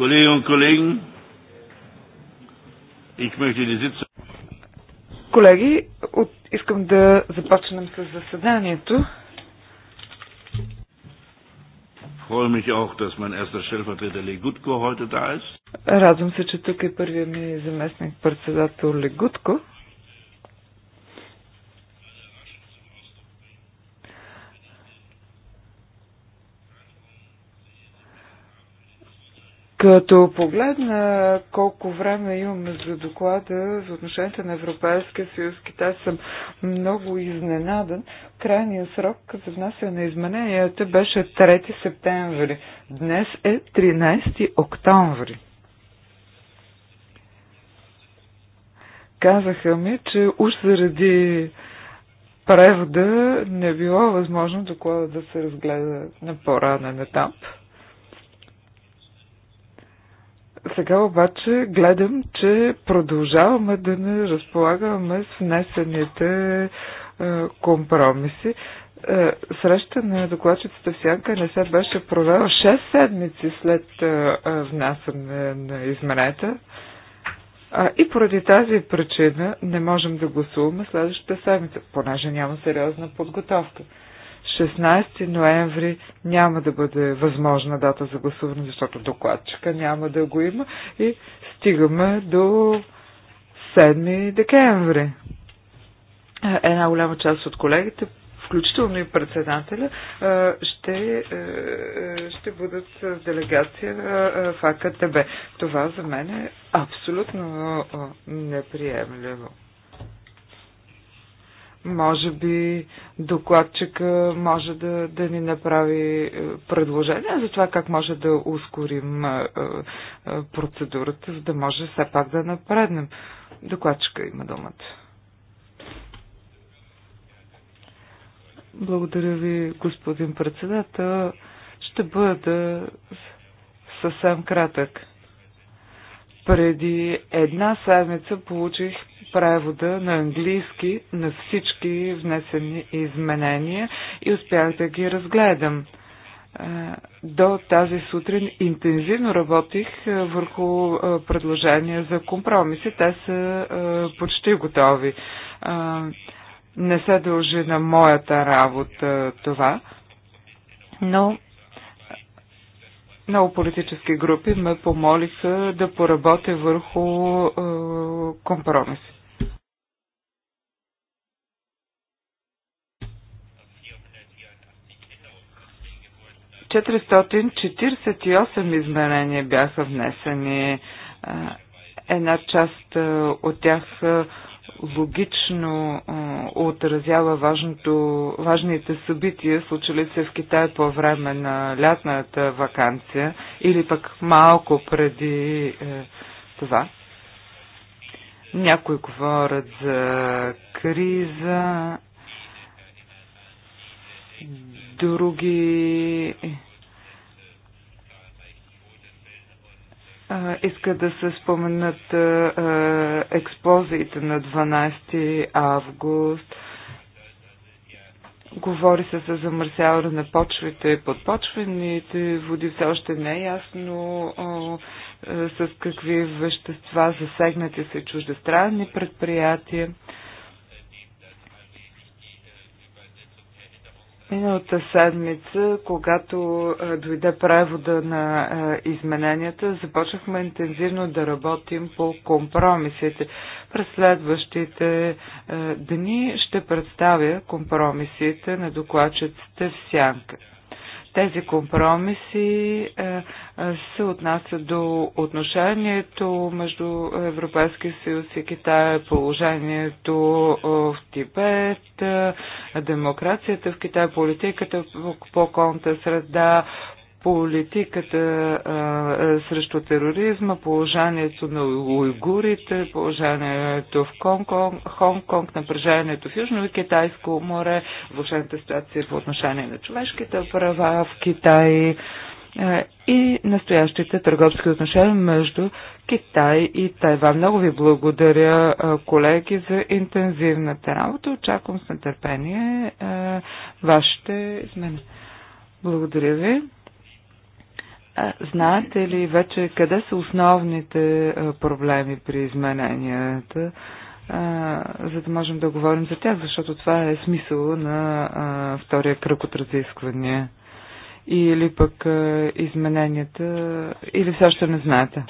Kolleginnen und Kollegen, ich möchte die Sitzung. Колеги, от, искам да започнем с заседанието. Радвам се, че тук е първият ми заместник председател Легутко. Като погледна колко време имаме за доклада за отношенията на Европейския съюз Китай, съм много изненадан. Крайният срок за внасяне на измененията беше 3 септември. Днес е 13 октомври. Казаха ми, че уж заради превода не било възможно доклада да се разгледа на по-ранен етап. Сега обаче гледам, че продължаваме да не разполагаме с внесените е, компромиси. Е, среща на докладчицата в Сянка не се беше провела 6 седмици след е, внасяне на изменета. А, и поради тази причина не можем да гласуваме следващата седмица, понеже няма сериозна подготовка. 16 ноември няма да бъде възможна дата за гласуване, защото докладчика няма да го има и стигаме до 7 декември. Е, една голяма част от колегите, включително и председателя, е, ще, е, ще бъдат в делегация в АКТБ. Това за мен е абсолютно неприемливо. Може би докладчика може да, да ни направи е, предложение за това как може да ускорим е, е, процедурата, за да може все пак да напреднем. Докладчика има думата. Благодаря ви, господин председател. Ще бъда съвсем кратък. Преди една седмица получих превода на английски на всички внесени изменения и успях да ги разгледам. Е, до тази сутрин интензивно работих е, върху е, предложения за компромиси. Те са почти готови. Не се дължи на моята работа това, но много политически групи ме помолиха да поработя върху компромиси. 448 изменения бяха внесени. Една част от тях логично отразява важното, важните събития, случили се в Китай по време на лятната вакансия или пък малко преди е, това. Някои говорят за криза, други искат да се споменат експозиите на 12 август. Говори се за замърсяване на почвите и подпочвените води. Все още не е ясно с какви вещества засегнати са чуждестранни предприятия. Миналата седмица, когато дойде превода на измененията, започнахме интензивно да работим по компромисите. През следващите дни ще представя компромисите на докладчиците в сянка. Тези компромиси е, е, се отнасят до отношението между Европейския съюз и Китай, положението е, в Тибет, демокрацията в Китай, политиката по конта среда, политиката а, а, срещу тероризма, положението на уйгурите, положението в Хонг-Конг, хонг напрежението в Южно и Китайско море, вълшената ситуация по отношение на човешките права в Китай а, и настоящите търговски отношения между Китай и Тайван. Много ви благодаря, колеги, за интензивната работа. Очаквам с нетърпение вашите измени. Благодаря ви. Знаете ли вече къде са основните проблеми при измененията, за да можем да говорим за тях, защото това е смисъл на втория кръг от разисквания? Или пък измененията, или все още не знаете?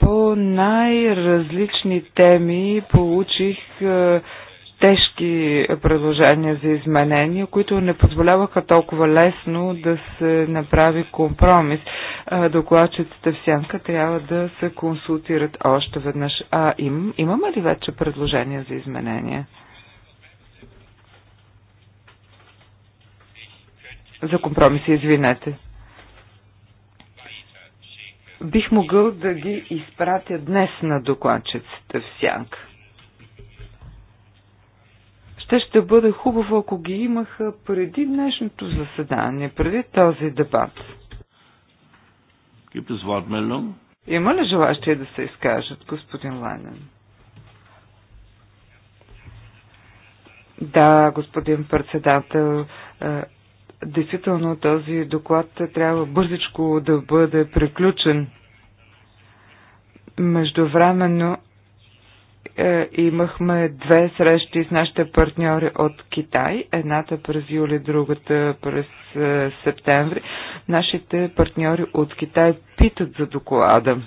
по най-различни теми получих е, тежки предложения за изменения, които не позволяваха толкова лесно да се направи компромис. Докладчиците в сянка трябва да се консултират още веднъж. А им, имаме ли вече предложения за изменения? За компромиси, извинете. Бих могъл да ги изпратя днес на докладчиците в сянка. Те ще бъде хубаво, ако ги имаха преди днешното заседание, преди този дебат. Има ли желащие да се изкажат, господин Ланен? Да, господин председател, е, действително този доклад трябва бързичко да бъде приключен. Междувременно е, имахме две срещи с нашите партньори от Китай, едната през юли, другата през е, септември. Нашите партньори от Китай питат за доклада.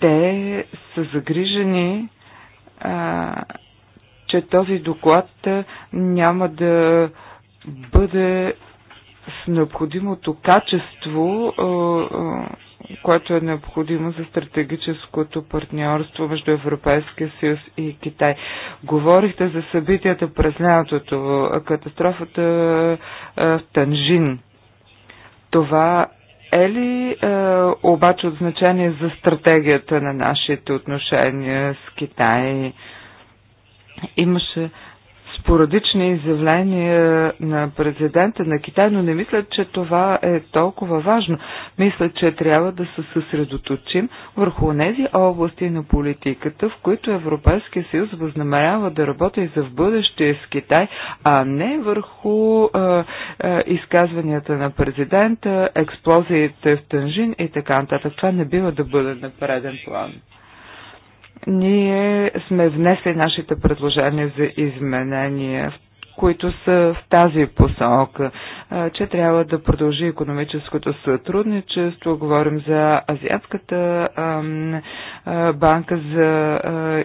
Те са загрижени, а, е, че този доклад няма да бъде с необходимото качество. А, а, което е необходимо за стратегическото партньорство между Европейския съюз и Китай. Говорихте за събитията през лятото, катастрофата в Танжин. Това е ли е, обаче от значение за стратегията на нашите отношения с Китай? Имаше спорадични изявления на президента на Китай, но не мисля, че това е толкова важно. Мисля, че трябва да се съсредоточим върху тези области на политиката, в които Европейския съюз възнамерява да работи и за в бъдеще с Китай, а не върху е, е, изказванията на президента, експлозиите в Тънжин и така нататък. Това не бива да бъде на преден план. Ние сме внесли нашите предложения за изменения в които са в тази посока, че трябва да продължи економическото сътрудничество. Говорим за Азиатската банка за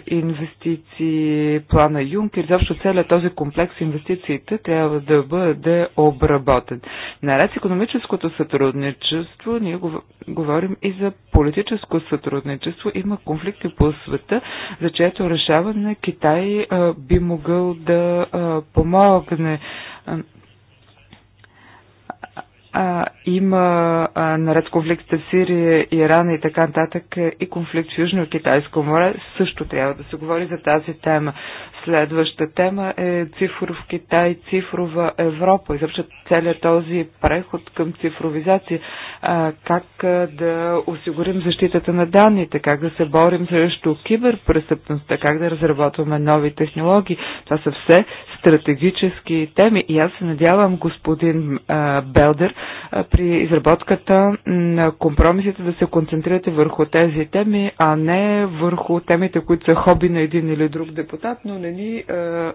инвестиции, плана Юнкер. Защо целият този комплекс инвестициите трябва да бъде обработен. Наред с економическото сътрудничество, ние говорим и за политическо сътрудничество. Има конфликти по света, за чието решаване Китай би могъл да помогне огне. А, има а, наред конфликтите в Сирия, Иран и така нататък и конфликт в Южно Китайско море. Също трябва да се говори за тази тема. Следваща тема е цифров Китай, цифрова Европа. И Изобщо целият този преход към цифровизация. А, как а, да осигурим защитата на данните, как да се борим срещу киберпрестъпността, как да разработваме нови технологии. Това са все стратегически теми. И аз се надявам господин а, Белдер а, при изработката на компромисите да се концентрирате върху тези теми, а не върху темите, които са хоби на един или друг депутат, но не ни а, а,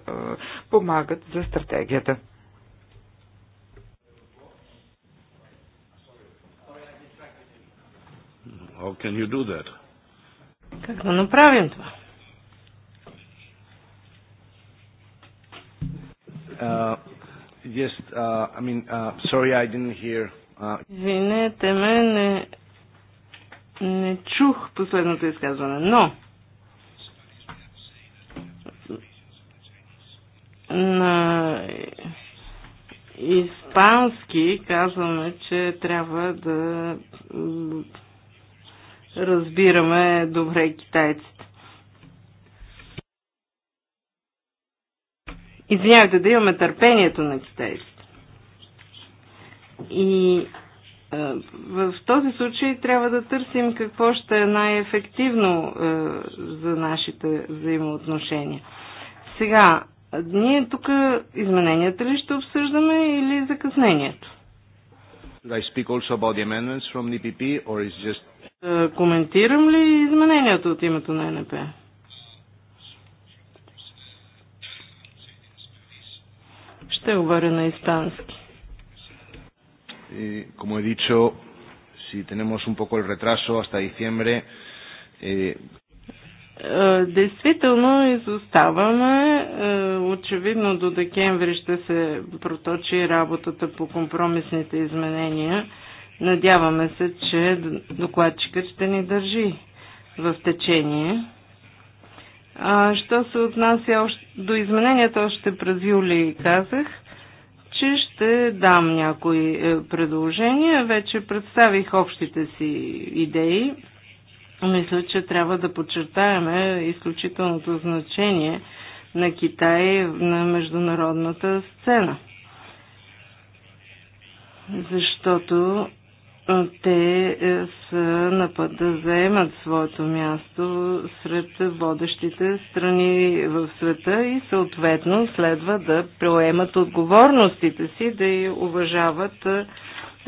помагат за стратегията. How can you do that? Как да направим това? just, uh, uh, I mean, uh, sorry, I didn't hear. Uh... ме, не, не чух последното изказване, но на испански казваме, че трябва да разбираме добре китайците. извинявайте, да имаме търпението на китайците. И е, в този случай трябва да търсим какво ще е най-ефективно е, за нашите взаимоотношения. Сега, ние тук измененията ли ще обсъждаме или закъснението? E е, коментирам ли измененията от името на НП? Ще объря на испански. Eh, como he dicho, si tenemos un poco el retraso hasta diciembre, eh, е, Действително изоставаме. Е, очевидно до декември ще се проточи работата по компромисните изменения. Надяваме се, че докладчикът ще ни държи в течение. А, що се отнася още, до измененията, още през юли казах, че ще дам някои е, предложения. Вече представих общите си идеи. Мисля, че трябва да подчертаеме изключителното значение на Китай на международната сцена. Защото те е, са на път да заемат своето място сред водещите страни в света и съответно следва да проемат отговорностите си, да и уважават е,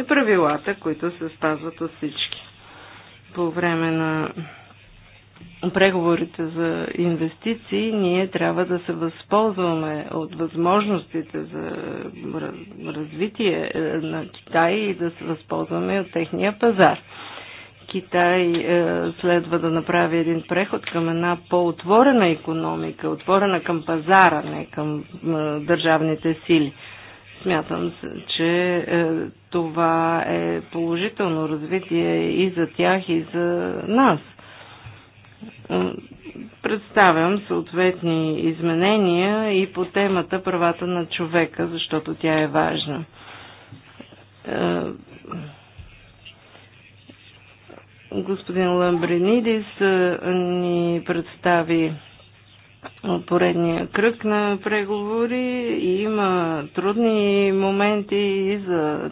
правилата, които се спазват от всички. По време на преговорите за инвестиции, ние трябва да се възползваме от възможностите за развитие е, на Китай и да се възползваме от техния пазар. Китай е, следва да направи един преход към една по-отворена економика, отворена към пазара, не към е, държавните сили. Смятам, че това е положително развитие и за тях, и за нас е, представям съответни изменения и по темата правата на човека, защото тя е важна. Е, господин Ламбренидис е, ни представи поредния кръг на преговори и има трудни моменти и за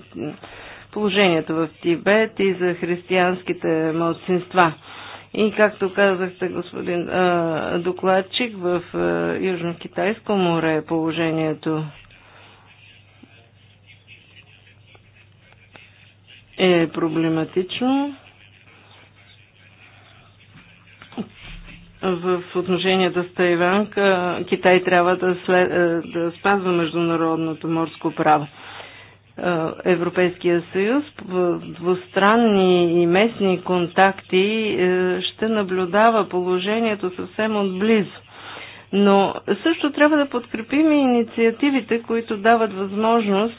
положението в Тибет и за християнските младсинства. И както казахте, господин а, докладчик, в Южно-Китайско море е положението е проблематично. в отношенията с Тайван Китай трябва да, след, да спазва международното морско право. Е, Европейския съюз, двустранни и местни контакти е, ще наблюдава положението съвсем отблизо. Но също трябва да подкрепим и инициативите, които дават възможност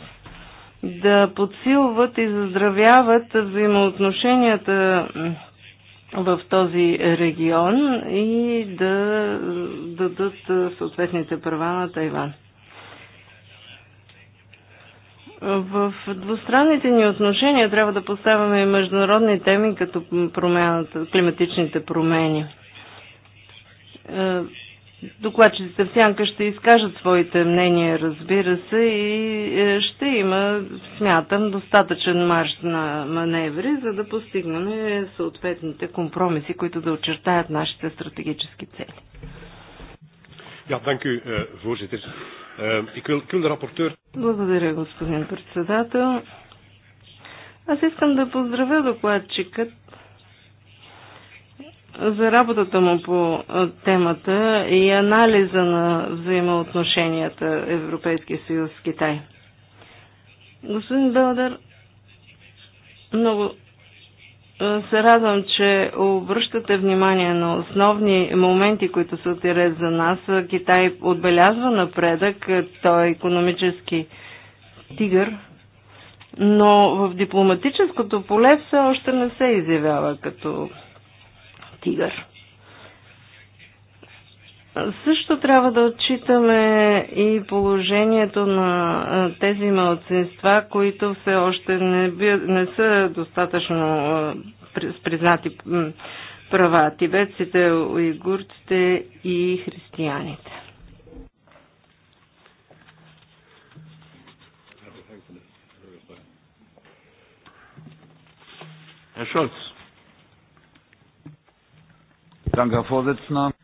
да подсилват и заздравяват взаимоотношенията в този регион и да дадат е, съответните права на Тайван. В двустранните ни отношения трябва да поставяме и международни теми, като промяната, климатичните промени. Е, докладчиците в Сянка ще изкажат своите мнения, разбира се, и е, ще има, смятам, достатъчен марш на маневри, за да постигнем съответните компромиси, които да очертаят нашите стратегически цели. Ja, dank u, uh, voorzitter. Uh, ik, wil, ik wil de rapporteur... Благодаря, господин председател. Аз искам да поздравя докладчикът за работата му по темата и анализа на взаимоотношенията Европейския съюз с Китай. Господин Белдер много е, се радвам, че обръщате внимание на основни моменти, които са отирят за нас. Китай отбелязва напредък, той е економически тигър, но в дипломатическото поле все още не се изявява като тигър. Също трябва да отчитаме и положението на тези малцинства, които все още не, би, не са достатъчно с признати права. Тибетците, уйгурците и християните. Herr Scholz.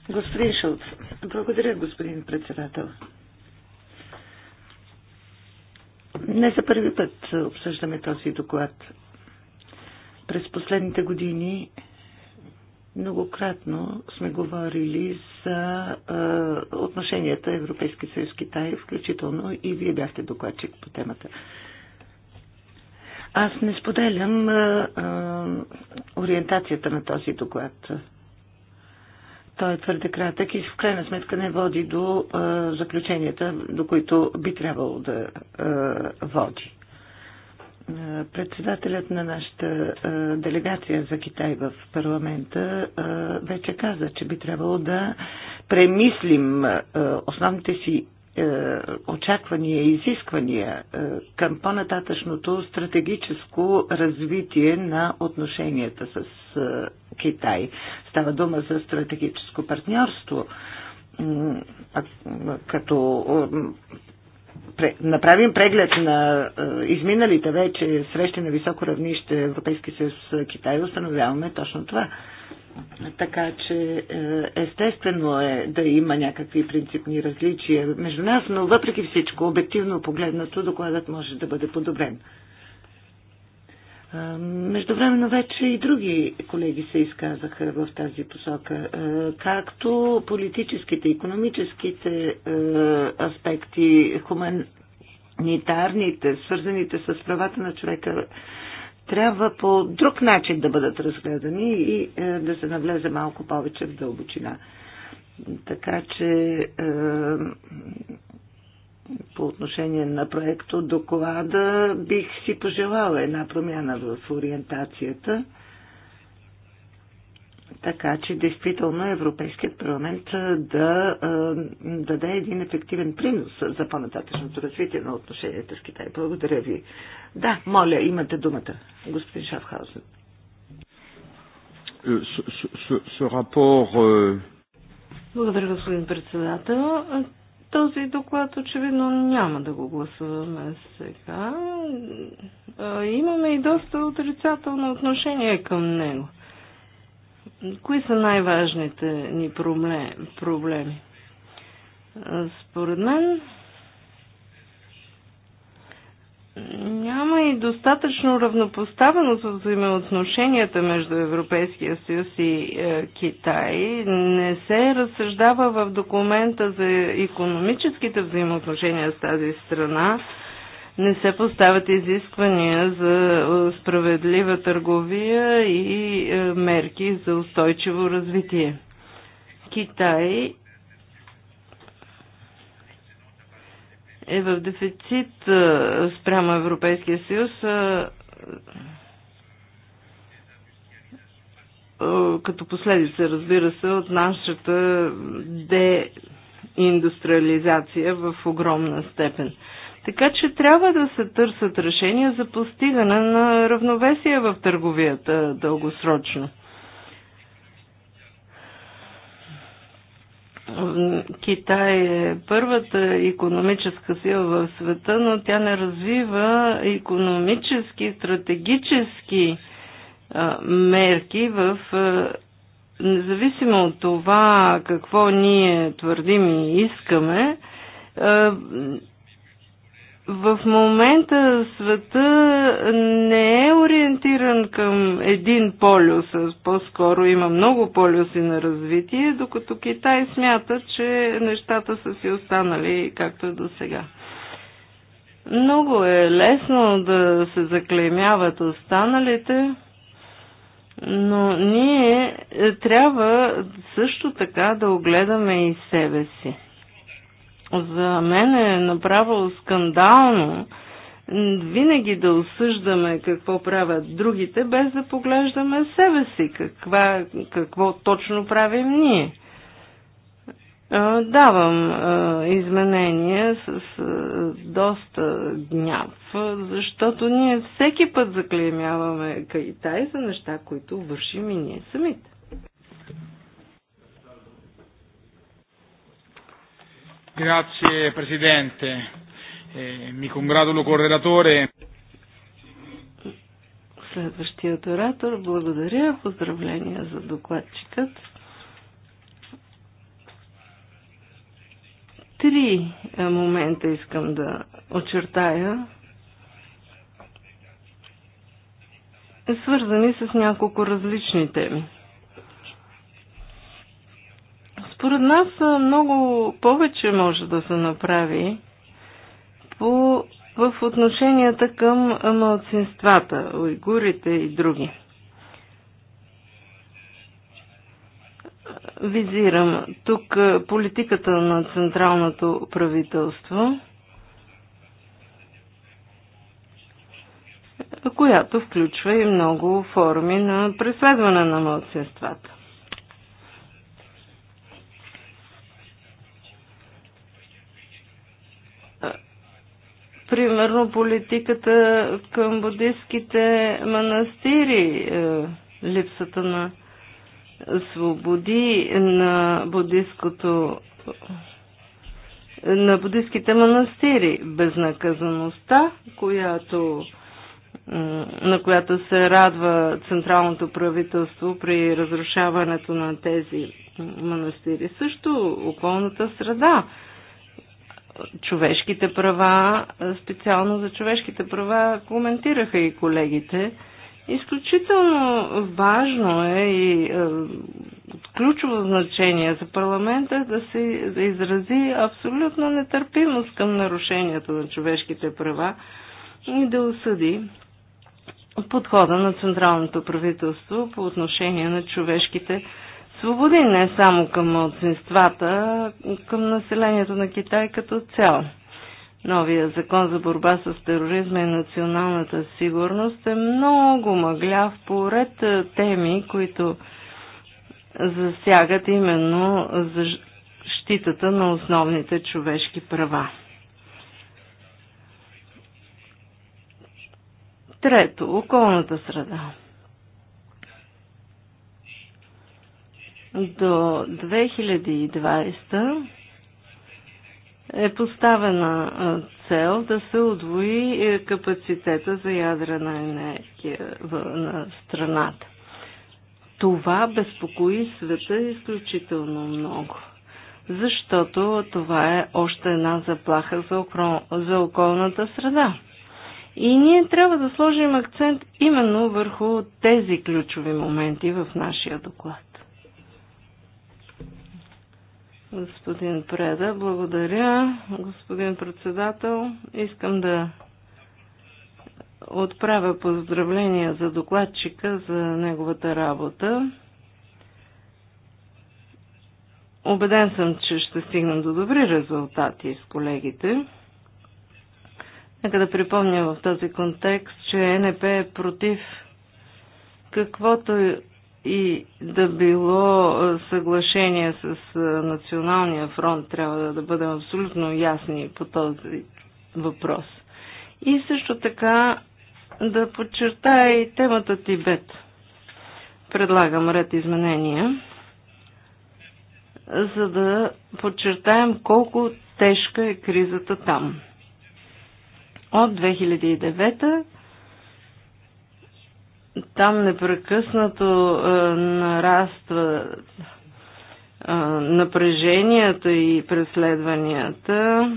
Господин Шулц, благодаря, господин председател. Не за първи път обсъждаме този доклад. През последните години многократно сме говорили за е, отношенията Европейски съюз Китай, включително и вие бяхте докладчик по темата. Аз не споделям е, е, ориентацията на този доклад. Той е твърде кратък и в крайна сметка не води до а, заключенията, до които би трябвало да а, води. Председателят на нашата делегация за Китай в парламента вече каза, че би трябвало да премислим основните си е, очаквания и изисквания е, към по-нататъчното стратегическо развитие на отношенията с е, Китай. Става дума за стратегическо партньорство, като направим преглед на изминалите вече срещи на високо равнище Европейски съюз Китай, установяваме точно това. Така че е, естествено е да има някакви принципни различия между нас, но въпреки всичко, обективно погледнато, докладът може да бъде подобрен. Е, междувременно вече и други колеги се изказаха в тази посока, е, както политическите, економическите аспекти, хуманитарните, свързаните с правата на човека трябва по друг начин да бъдат разгледани и е, да се навлезе малко повече в дълбочина. Така че е, по отношение на проекто доклада бих си пожелала една промяна в ориентацията така че действително Европейският парламент да даде един ефективен принос за по-нататъчното развитие на отношенията с Китай. Благодаря ви. Да, моля, имате думата, господин Шафхаузен. Е, е, Благодаря, господин председател. Този доклад очевидно няма да го гласуваме сега. Имаме и доста отрицателно отношение към него. Кои са най-важните ни проблеми? Според мен няма и достатъчно равнопоставеност в взаимоотношенията между Европейския съюз и е, Китай. Не се разсъждава в документа за економическите взаимоотношения с тази страна не се поставят изисквания за е, справедлива търговия и е, мерки за устойчиво развитие. Китай е в дефицит е, спрямо Европейския съюз като последица, разбира се, от нашата деиндустриализация в огромна степен. Така че трябва да се търсят решения за постигане на равновесие в търговията дългосрочно. Китай е първата економическа сила в света, но тя не развива економически, стратегически мерки в независимо от това какво ние твърдим и искаме, в момента света не е ориентиран към един полюс, а по-скоро има много полюси на развитие, докато Китай смята, че нещата са си останали както е до сега. Много е лесно да се заклемяват останалите, но ние трябва също така да огледаме и себе си за мен е направо скандално винаги да осъждаме какво правят другите, без да поглеждаме себе си, каква, какво точно правим ние. Давам изменения с доста гняв, защото ние всеки път заклеймяваме Китай за неща, които вършим и ние самите. Grazie Presidente, eh, mi congratulo con relatore. Следващият оратор, благодаря, поздравления за докладчикът. Три момента искам да очертая, свързани с няколко различни теми. Според нас много повече може да се направи по, в отношенията към малцинствата, уйгурите и други. Визирам тук политиката на Централното правителство, която включва и много форми на преследване на младсинствата. Примерно политиката към буддистските манастири, е, липсата на свободи на буддистското на буддистските манастири, безнаказаността, която, на която се радва централното правителство при разрушаването на тези манастири. Също околната среда, човешките права, специално за човешките права коментираха и колегите. Изключително важно е и е, ключово значение за парламента да се да изрази абсолютна нетърпимост към нарушенията на човешките права и да осъди подхода на централното правителство по отношение на човешките права свободи, не само към младсинствата, към населението на Китай като цяло. Новия закон за борба с тероризма и националната сигурност е много мъгляв по ред теми, които засягат именно защитата на основните човешки права. Трето, околната среда. до 2020 е поставена цел да се отвои е, капацитета за ядрена енергия на страната. Това безпокои света изключително много, защото това е още една заплаха за, окол... за околната среда. И ние трябва да сложим акцент именно върху тези ключови моменти в нашия доклад. Господин Преда, благодаря. Господин председател, искам да отправя поздравления за докладчика за неговата работа. Обеден съм, че ще стигнем до добри резултати с колегите. Нека да припомня в този контекст, че НП е против каквото и да било съглашение с Националния фронт, трябва да, бъдем абсолютно ясни по този въпрос. И също така да подчертая и темата Тибет. Предлагам ред изменения, за да подчертаем колко тежка е кризата там. От 2009 там непрекъснато а, нараства а, напреженията и преследванията.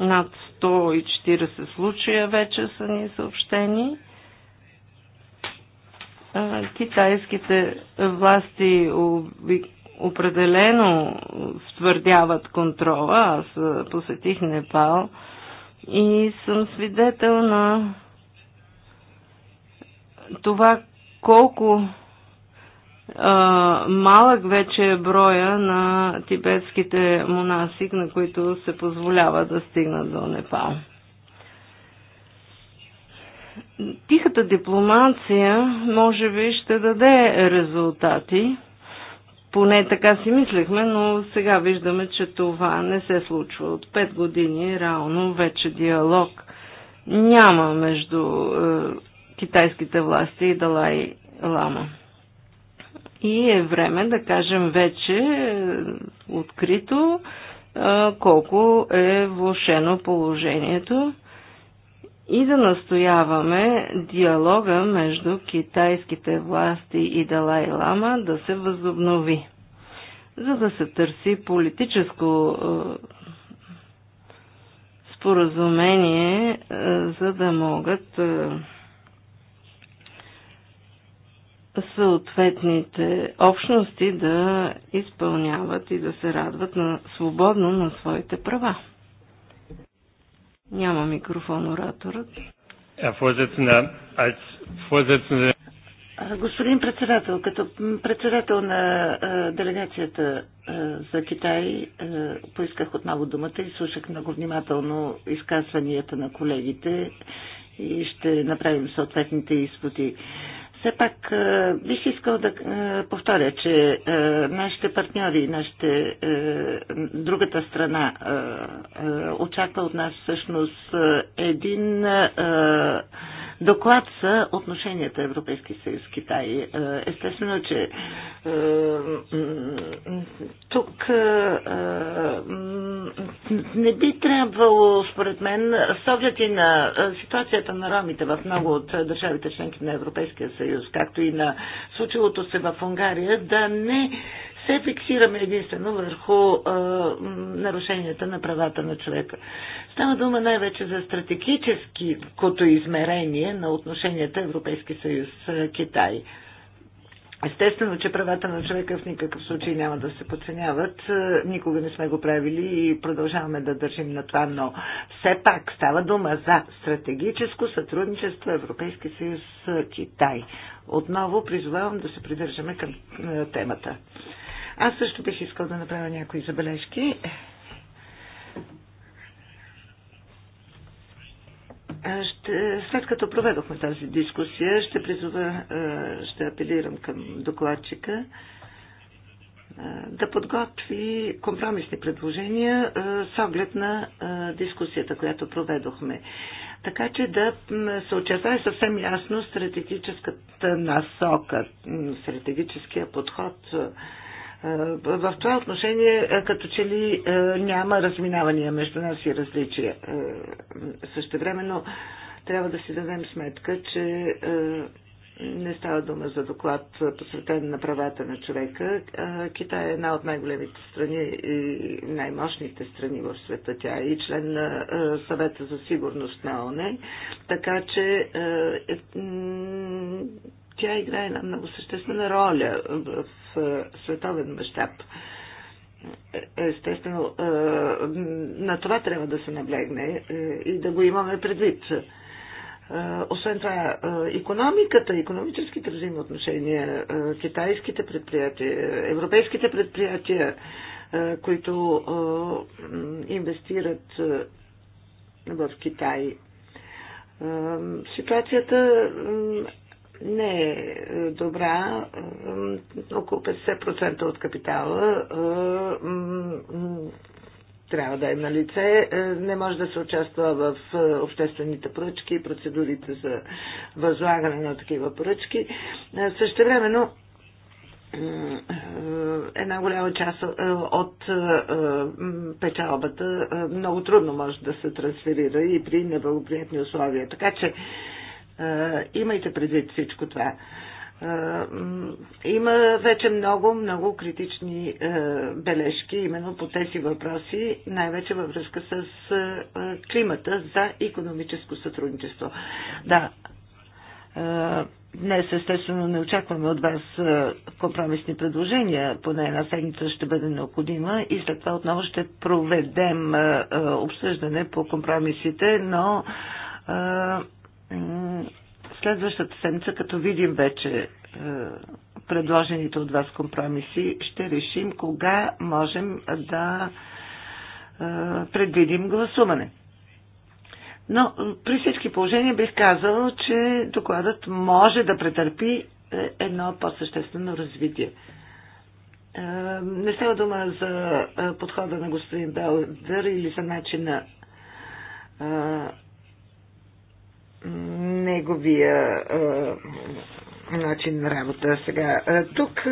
Над 140 случая вече са ни съобщени. А, китайските власти оби определено твърдяват контрола. Аз посетих Непал и съм свидетел на това колко а, малък вече е броя на тибетските монаси, на които се позволява да стигнат до Непал. Тихата дипломация може би ще даде резултати. Поне така си мислехме, но сега виждаме, че това не се случва. От пет години реално вече диалог няма между е, китайските власти и Далай Лама. И е време да кажем вече е, открито е, колко е влошено положението и да настояваме диалога между китайските власти и Далай Лама да се възобнови, за да се търси политическо е, споразумение, за да могат съответните общности да изпълняват и да се радват на, свободно на своите права. Няма микрофон ораторът. Господин председател, като председател на делегацията за Китай, поисках отново думата и слушах много внимателно изказванията на колегите и ще направим съответните изпоти. Все пак е, бих искал да е, повторя, че е, нашите партньори, нашите, другата страна очаква от нас всъщност един доклад за отношенията Европейски съюз Китай. Естествено, че тук не би трябвало, според мен, с оглед и на ситуацията на ромите в много от държавите членки на Европейския съюз, съюз, както и на случилото се в Унгария, да не се фиксираме единствено върху а, нарушенията на правата на човека. Става дума най-вече за стратегическото измерение на отношенията Европейски съюз-Китай. Естествено, че правата на човека в никакъв случай няма да се подценяват. Е, никога не сме го правили и продължаваме да държим на това, но все пак става дума за стратегическо сътрудничество Европейски съюз Китай. Отново призовавам да се придържаме към е, темата. Аз също бих искал да направя някои забележки. Ще, след като проведохме тази дискусия, ще призова, ще апелирам към докладчика да подготви компромисни предложения с оглед на дискусията, която проведохме. Така че да се очертае съвсем ясно стратегическата насока, стратегическия подход в това отношение, е, като че ли е, няма разминавания между нас и различия. Е, същевременно трябва да си дадем сметка, че не става дума за доклад посветен на правата на човека. Китай е една от най-големите страни и най-мощните страни в света. Тя е и член на съвета за сигурност на ОНЕ. Така че тя играе една много съществена роля в световен мащаб. Естествено, е, на това трябва да се наблегне е, и да го имаме предвид. Е, освен това, економиката, економическите взаимоотношения, китайските предприятия, европейските предприятия, които инвестират в Китай. Ситуацията не е, е добра. Е, около 50% от капитала е, трябва да е на лице. Не може да се участва в обществените поръчки и процедурите за възлагане на такива поръчки. Също времено една голяма част от печалбата много трудно може да се трансферира и при неблагоприятни условия. Така че Имайте предвид всичко това. Има вече много, много критични бележки именно по тези въпроси, най-вече във връзка с климата за економическо сътрудничество. Да, Днес, естествено, не очакваме от вас компромисни предложения. Поне една седмица ще бъде необходима и след това отново ще проведем обсъждане по компромисите, но следващата седмица, като видим вече е, предложените от вас компромиси, ще решим кога можем да е, предвидим гласуване. Но е, при всички положения бих казал, че докладът може да претърпи едно по-съществено развитие. Не става дума за подхода на господин Белдър или за начина неговия начин на работа сега. Тук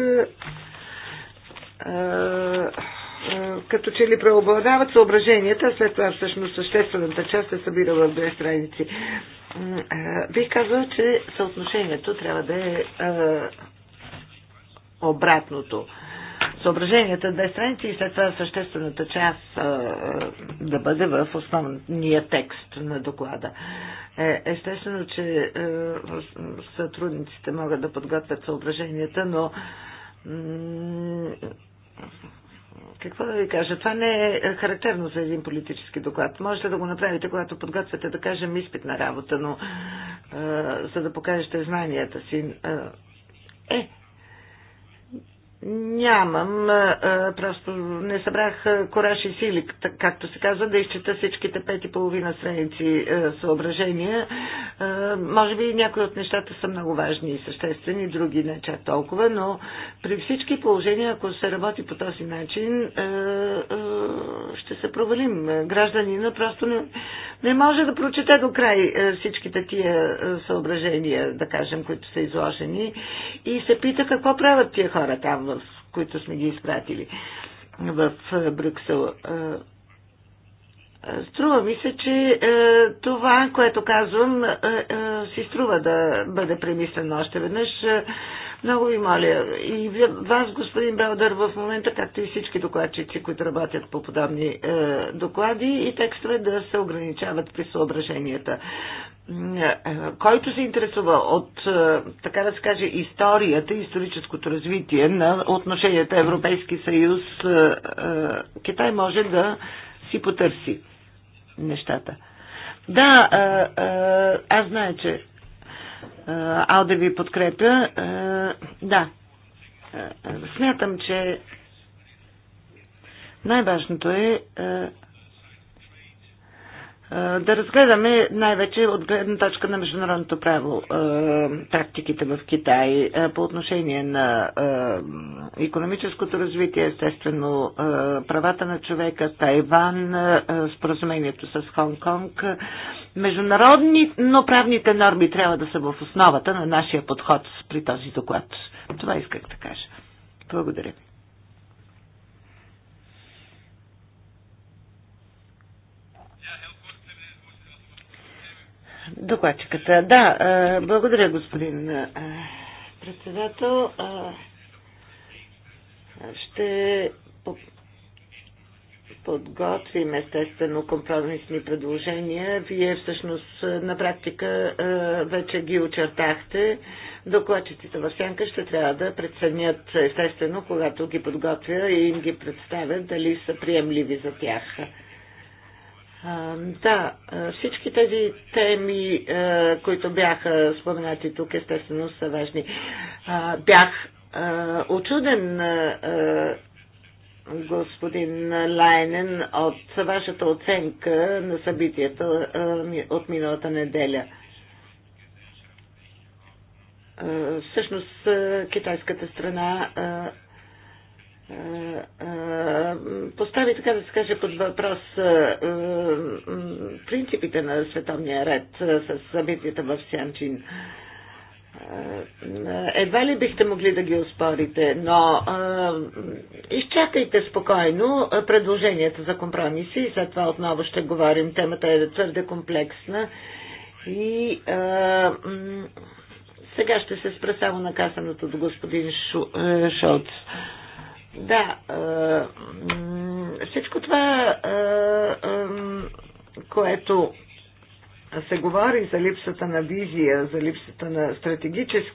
като че ли преобладават съображенията, след това всъщност съществената част се събира в две страници. Бих казал, че съотношението трябва да е обратното. Съображенията две страници и след това съществената част да бъде в основния текст на доклада. Е, естествено, че е, сътрудниците могат да подготвят съображенията, но какво да ви кажа, това не е характерно за един политически доклад. Можете да го направите, когато подготвяте, да кажем, изпит на работа, но е, за да покажете знанията си. Е, Нямам, просто не събрах кораж и сили, както се казва, да изчета всичките пет и половина страници съображения. Може би някои от нещата са много важни и съществени, други не чак толкова, но при всички положения, ако се работи по този начин, ще се провалим. Гражданина просто не, не може да прочете до край всичките тия съображения, да кажем, които са изложени и се пита какво правят тия хора там в които сме ги изпратили в е, Брюксел. Е, е, струва ми се, че е, това, което казвам, е, е, си струва да бъде премислено още веднъж. Много ви моля и вас, господин Белдър, в момента, както и всички докладчици, които работят по подобни е, доклади и текстове, да се ограничават при съображенията който се интересува от, е, така да се каже, историята, историческото развитие на отношенията Европейски съюз, е, е, Китай може да си потърси нещата. Да, аз знае, че Алде ви подкрепя. Да, смятам, че най-важното е да разгледаме най-вече от гледна точка на международното право практиките в Китай по отношение на економическото развитие, естествено правата на човека, Тайван, споразумението с Хонг-Конг. Международни, но правните норми трябва да са в основата на нашия подход при този доклад. Това исках да кажа. Благодаря ви. Докладчиката. Да, благодаря, господин председател. Ще подготвим естествено компромисни предложения. Вие всъщност на практика вече ги очертахте. Докладчиците в сянка ще трябва да преценят естествено, когато ги подготвя и им ги представят, дали са приемливи за тях. Да, всички тези теми, които бяха споменати тук, естествено са важни. Бях очуден господин Лайнен от вашата оценка на събитията от миналата неделя. Всъщност китайската страна е, е, постави, така да се каже, под въпрос е, принципите на световния ред с събитията в Сянчин. Едва ли бихте могли да ги оспорите, но изчакайте спокойно предложенията за компромиси и след това отново ще говорим. Темата е твърде комплексна и сега ще се спра само на касаното до господин Шоц. Да, всичко това, което се говори за липсата на визия, за липсата на стратегически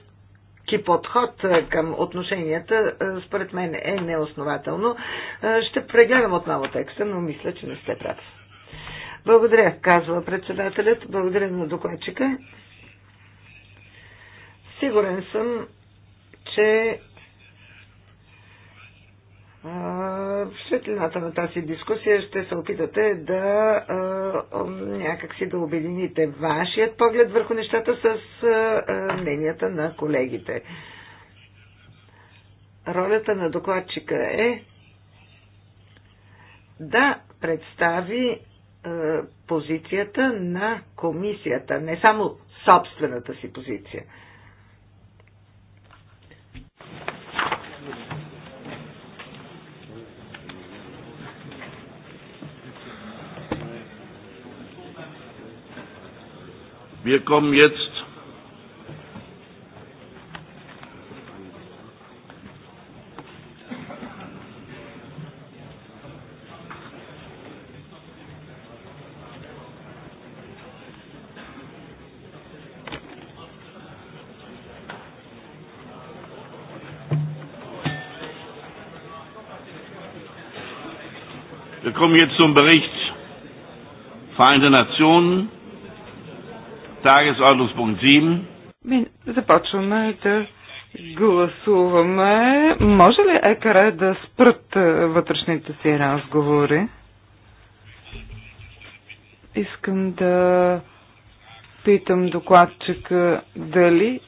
подход към отношенията, според мен е неоснователно. Ще прегледам отново текста, но мисля, че не сте прав. Благодаря, казва председателят. Благодаря на докладчика. Сигурен съм, че в светлината на тази дискусия ще се опитате да някакси да обедините вашият поглед върху нещата с мненията на колегите. Ролята на докладчика е да представи позицията на комисията, не само собствената си позиция. Wir kommen jetzt Wir kommen jetzt zum Bericht Vereinten Nationen Tages, 7. Започваме да гласуваме. Може ли ЕКР да спрат е, вътрешните си разговори? Искам да питам докладчика дали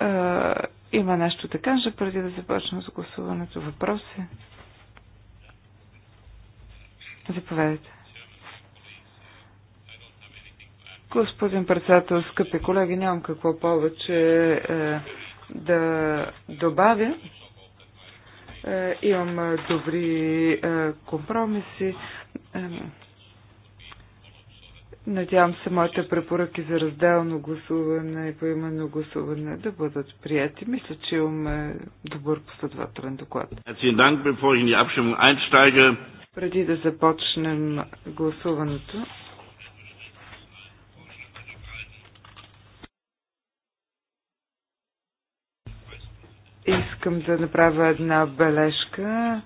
а, е, има нещо да каже преди да започнем с гласуването. Въпроси? Заповядайте. Господин председател, скъпи колеги, нямам какво повече е, да добавя. Е, имам добри е, компромиси. Е, надявам се моите препоръки за разделно гласуване и поименно гласуване да бъдат прияти. Мисля, че имам добър последователен доклад. Преди да започнем гласуването, Искам да направя една бележка.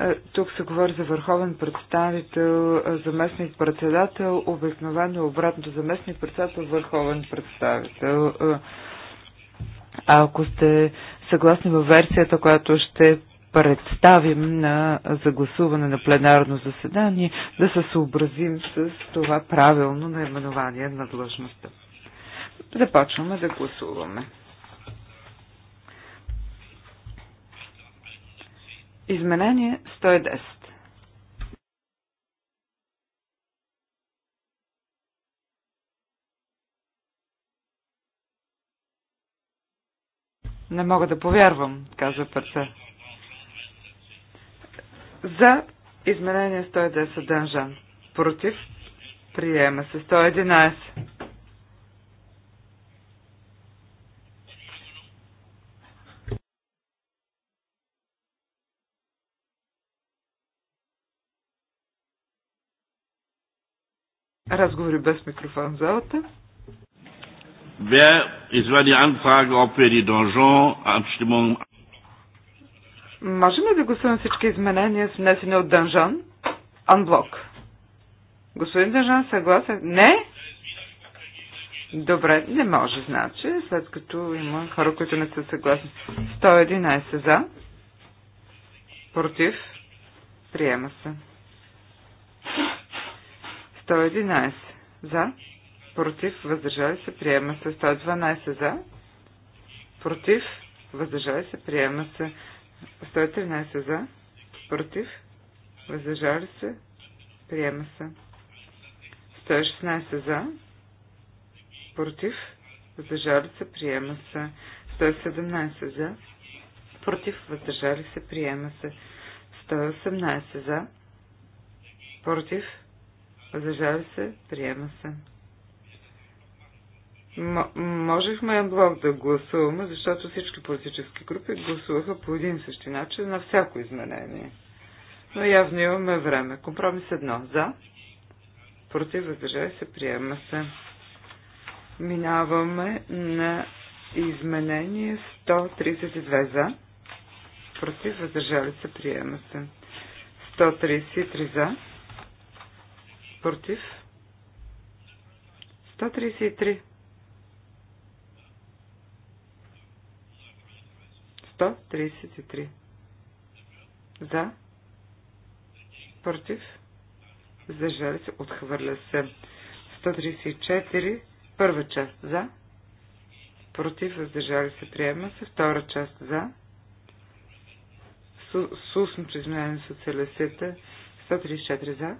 Е, тук се говори за върховен представител, е, заместник председател, обикновено обратно заместник председател, върховен представител. А е, ако сте съгласни във версията, която ще представим на, загласуване на пленарно заседание, да се съобразим с това правилно наименование на длъжността. Започваме да гласуваме. Изменение 110. Не мога да повярвам, каза Пърце. За изменение 110 Дънжан. Против. Приема се 111. Разговори без микрофон в залата. Wer, es war ob wir die Donjon-Abstimmung... Можем ли да гласуваме всички изменения, внесени от Дънжан? Анблок. Господин Дънжан, съгласен? Не? Добре, не може, значи, след като има хора, които не са съгласни. 111 за. Против. Приема се. 111 за, против, въздържали се, приема се. 112 за, против, въздържали се, приема се. 113 за, против, въздържали се, приема се. 116 за, против, въздържали се, приема се. 117 за, против, въздържали се, приема се. 118 за, против, Въздържали се, приема се. М- можехме блок да гласуваме, защото всички политически групи гласуваха по един същи начин на всяко изменение. Но явно имаме време. Компромис едно. За. Против. въздържава се. Приема се. Минаваме на изменение 132 за. Против. Въздържали се. Приема се. 133 за. Против. 133. 133. За. Против. Въздържали се. Отхвърля се. 134. Първа част. За. Против. Въздържали се. Приема се. Втора част. За. Сусно признание целесета. 134 за.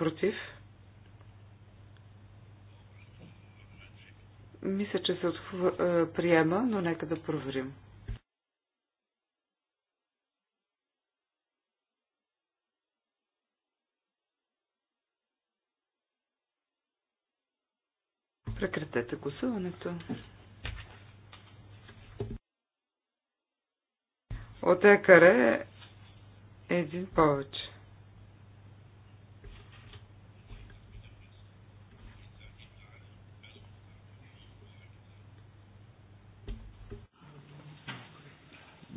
Против? Мисля, че се е, приема, но нека да проверим. Прекратете гласуването. От екаре един повече.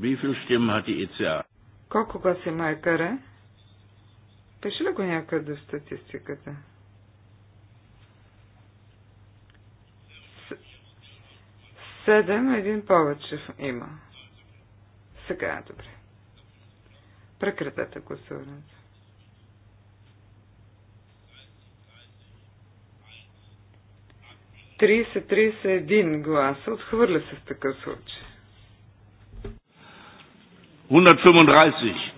Wie viel Stimmen hat die ECA? Колко гласа има ЕКР? Пиши е? ли го някъде в статистиката? Седем, един повече има. Сега е добре. Прекратете гласуването. Тридесет, 31 гласа. Отхвърля се в такъв случай. 135,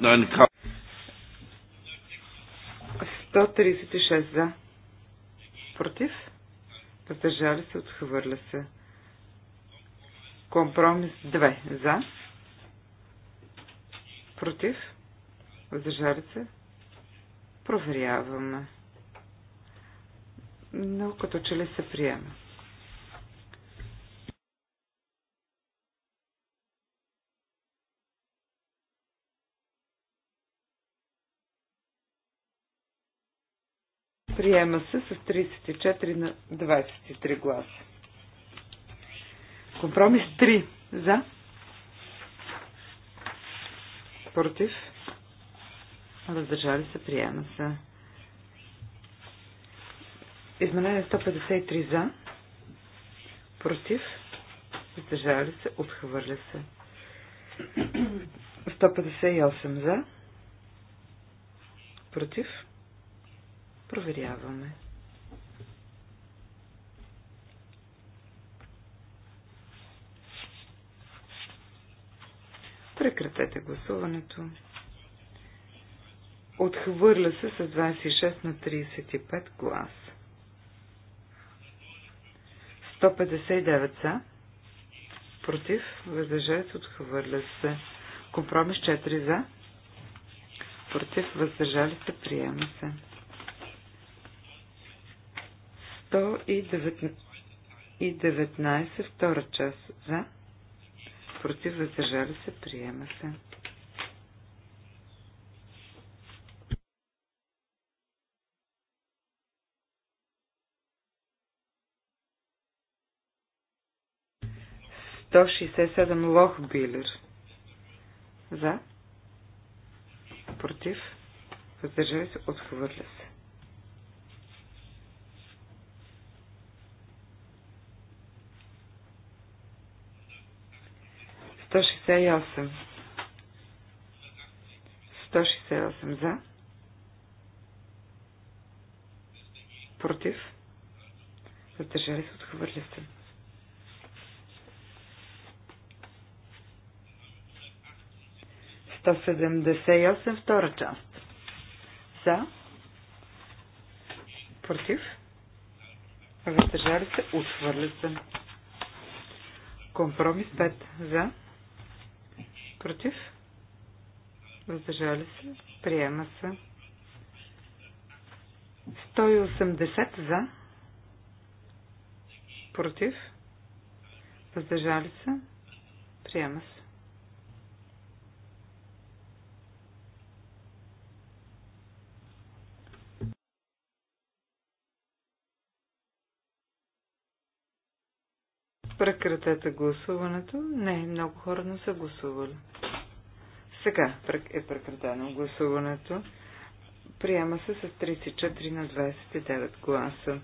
136 за. Против? Въздържали се, отхвърля се. Компромис 2 за. Против? Въздържали се? Проверяваме. Но като че ли се приема? Приема се с 34 на 23 гласа. Компромис 3. За. Против. Въздържали се. Приема се. Изменение 153 за. Против. Въздържали се. Отхвърля се. 158 за. Против Проверяваме. Прекратете гласуването. Отхвърля се с 26 на 35 глас. 159 са. Против. Въздържали се. Отхвърля се. Компромис 4 за. Против. Въздържали се. Приема се. 119, втора част за, против, въздържали се, приема се. До 67 лох билер. За. Против. Въздържали се. Отхвърля се. 168. 168 за. Против. Въздържали се, отхвърли се. 178, втора част. За. Против. Въздържали се, Отхвърли се. Компромис 5. За. Против? Въздържали се? Приема се. 180 за. Против? Въздържали се? Приема се. Прекратете гласуването. Не, много хора не са гласували. Сега е прекратено гласуването. Приема се с 34 на 29 гласа.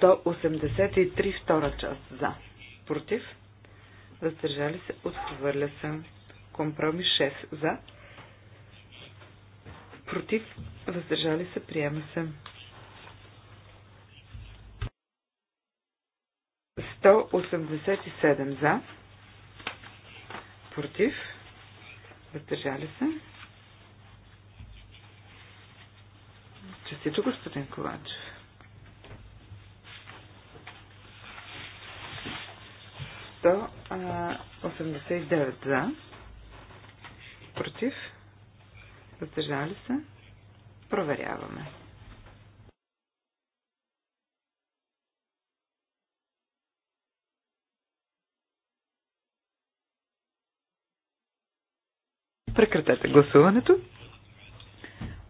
183 втора част за. Против. Въздържали се. Отхвърля се. Компромис 6 за. Против. Въздържали се. Приема се. 187 за, против, въздържали се. Честито, господин Ковачев. Сто 89 за, против, въздържали се. Проверяваме. Прекратете гласуването.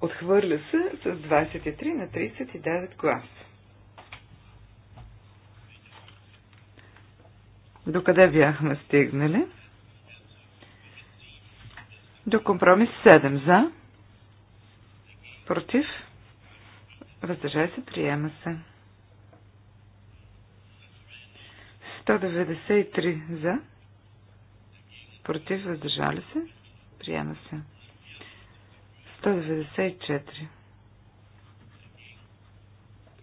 Отхвърля се с 23 на 39 гласа. Докъде бяхме стигнали? До компромис 7 за. Против. Въздържай се, приема се. 193 за. Против, въздържали се. Приема се. 194.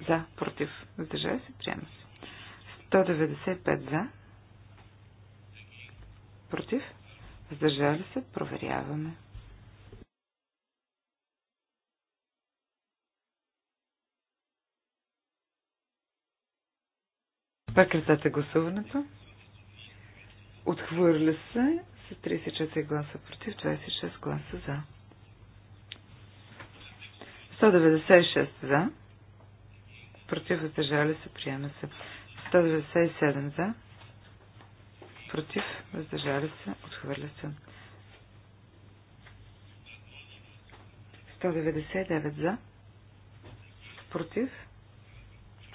За, против, въздържали се, приема се. 195 за, против, въздържали се, проверяваме. Прекратете гласуването. Отхвърля се с 34 гласа против, 26 гласа за. 196 за. Против въздържали се, приема се. 197 за. Против въздържали се, отхвърля се. 199 за. Против.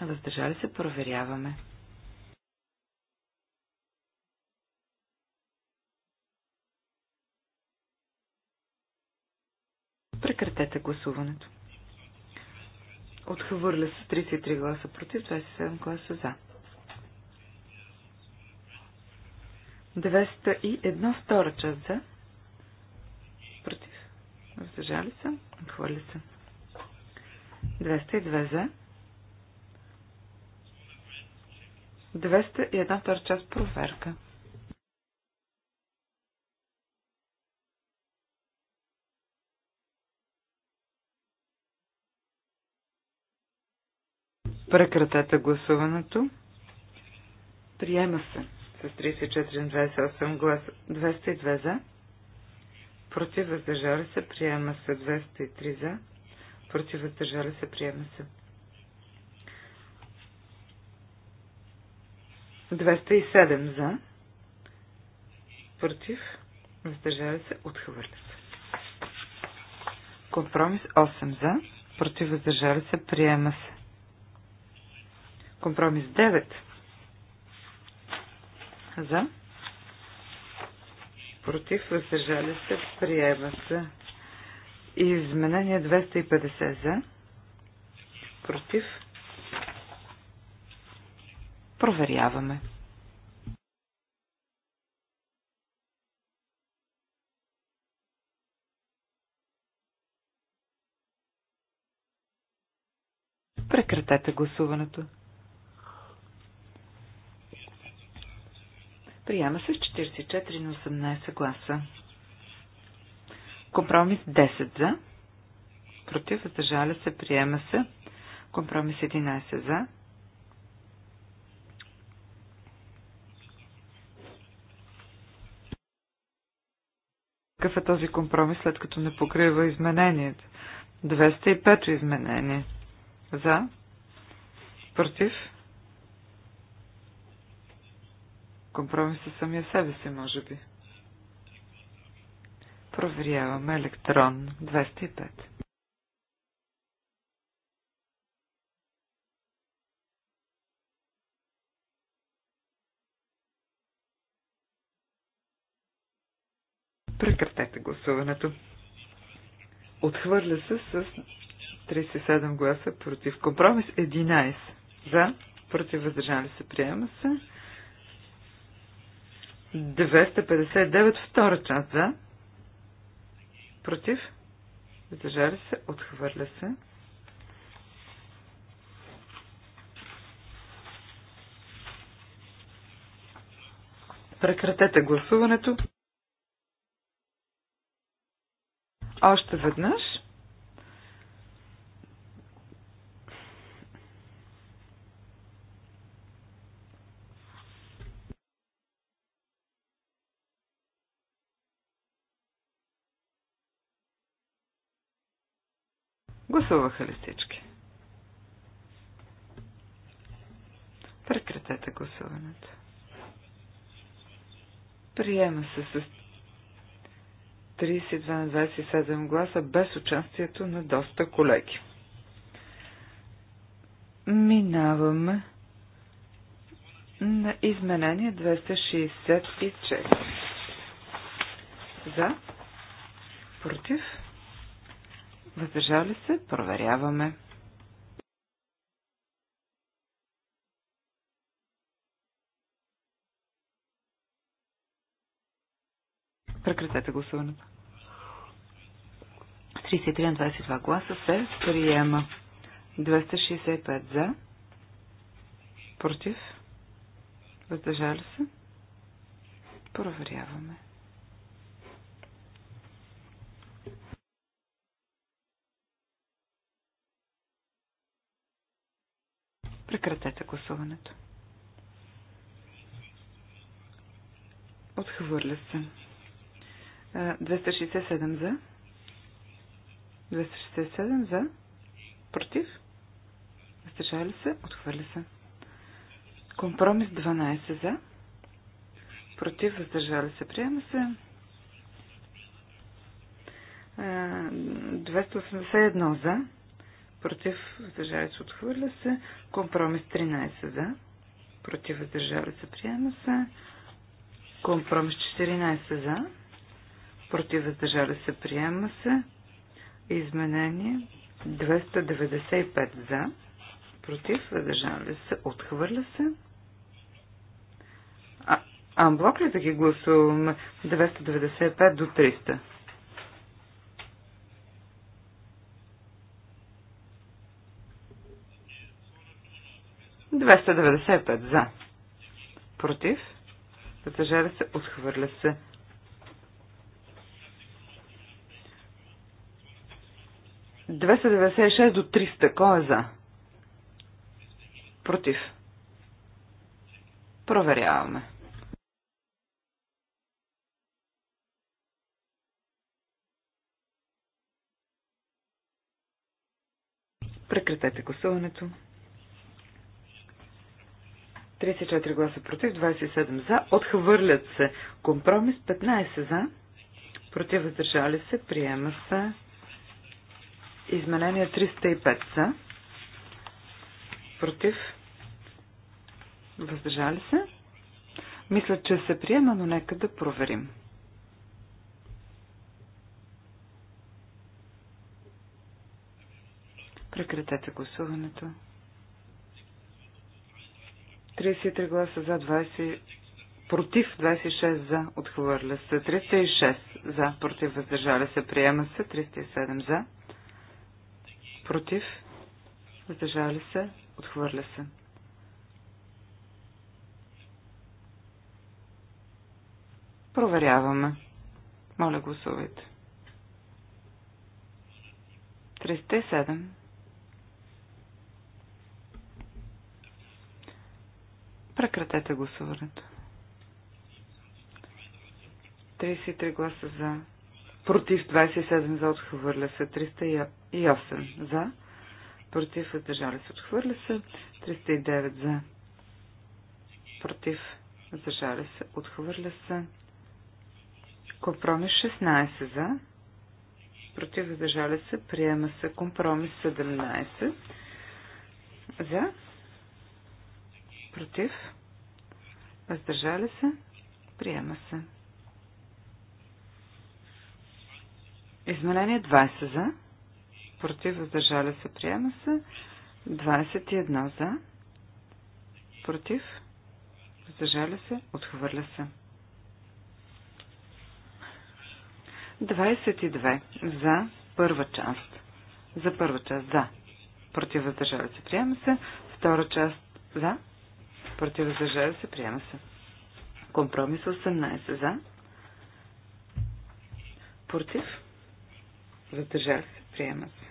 Въздържали се, проверяваме. Прекратете гласуването. Отхвърля се 33 гласа против, 27 гласа за. 201 втора част за. Против. Въздържали се. Отхвърля се. 202 за. 201 втора част проверка. Прекратете гласуването. Приема се с 34 28 гласа. 202 за. Против въздържали се. Приема се 203 за. Против въздържали се. Приема се. 207 за. Против. Въздържали се. Отхвърля се. Компромис 8 за. Против въздържали се. Приема се. Компромис 9. За. Против. Въздържали се. Приема се. Изменение 250 за. Против. Проверяваме. Прекратете гласуването. Приема се с 44 на 18 гласа. Компромис 10 за. Против, въздържали се, приема се. Компромис 11 за. Какъв е този компромис, след като не покрива изменението? 205 изменение. За. Против. Компромис със самия себе си, може би. Проверяваме електрон 205. Прекратете гласуването. Отхвърля се с 37 гласа против компромис, 11 за, против въздържали се, приема се. 259 втора част за. Против. Въздържали се. Отхвърля се. Прекратете гласуването. Още веднъж. Гласуваха ли всички? Прекратете гласуването. Приема се с 32 на 27 гласа без участието на доста колеги. Минаваме на изменение 264. За? Против? Въздържали се? Проверяваме. Прекратете гласуването. 33 на 22 гласа се приема. 265 за. Против. Въздържали се. Проверяваме. Прекратете гласуването. Отхвърля се. 267 за. 267 за. Против. Въздържали се. Отхвърля се. Компромис 12 за. Против. Въздържали се. Приема се. 281 за против, въздържали се, отхвърля се. Компромис 13 за, против, въздържали се, приема се. Компромис 14 за, против, въздържали се, приема се. Изменение 295 за, против, въздържали се, отхвърля се. А, амблок ли да ги гласуваме 295 до 300? 295 за. Против. Въздържали се. Отхвърля се. 296 до 300. Кой е за? Против. Проверяваме. Прекратете гласуването. 34 гласа против, 27 за, отхвърлят се. Компромис 15 за, против въздържали се, приема се. Изменение 305 за, против въздържали се. Мисля, че се приема, но нека да проверим. Прекратете гласуването. 33 гласа за, 20 против, 26 за, отхвърля се. 306 за, против, въздържали се, приема се. 307 за, против, въздържали се, отхвърля се. Проверяваме. Моля, гласувайте. 307. Прекратете гласуването. 33 гласа за. Против 27 за отхвърля се. 308 за. Против въздържали се. Отхвърля се. 309 за. Против въздържали се. Отхвърля се. Компромис 16 за. Против въздържали се. Приема се. Компромис 17 за Против. Въздържали се. Приема се. Изменение 20 за. Против. Въздържали се. Приема се. 21 за. Против. Въздържали се. Отхвърля се. 22 за първа част. За първа част за. Против въздържава се. Приема се. Втора част за против, въздържава се, приема се. Компромис 18 за, против, Въздържава се, приема се.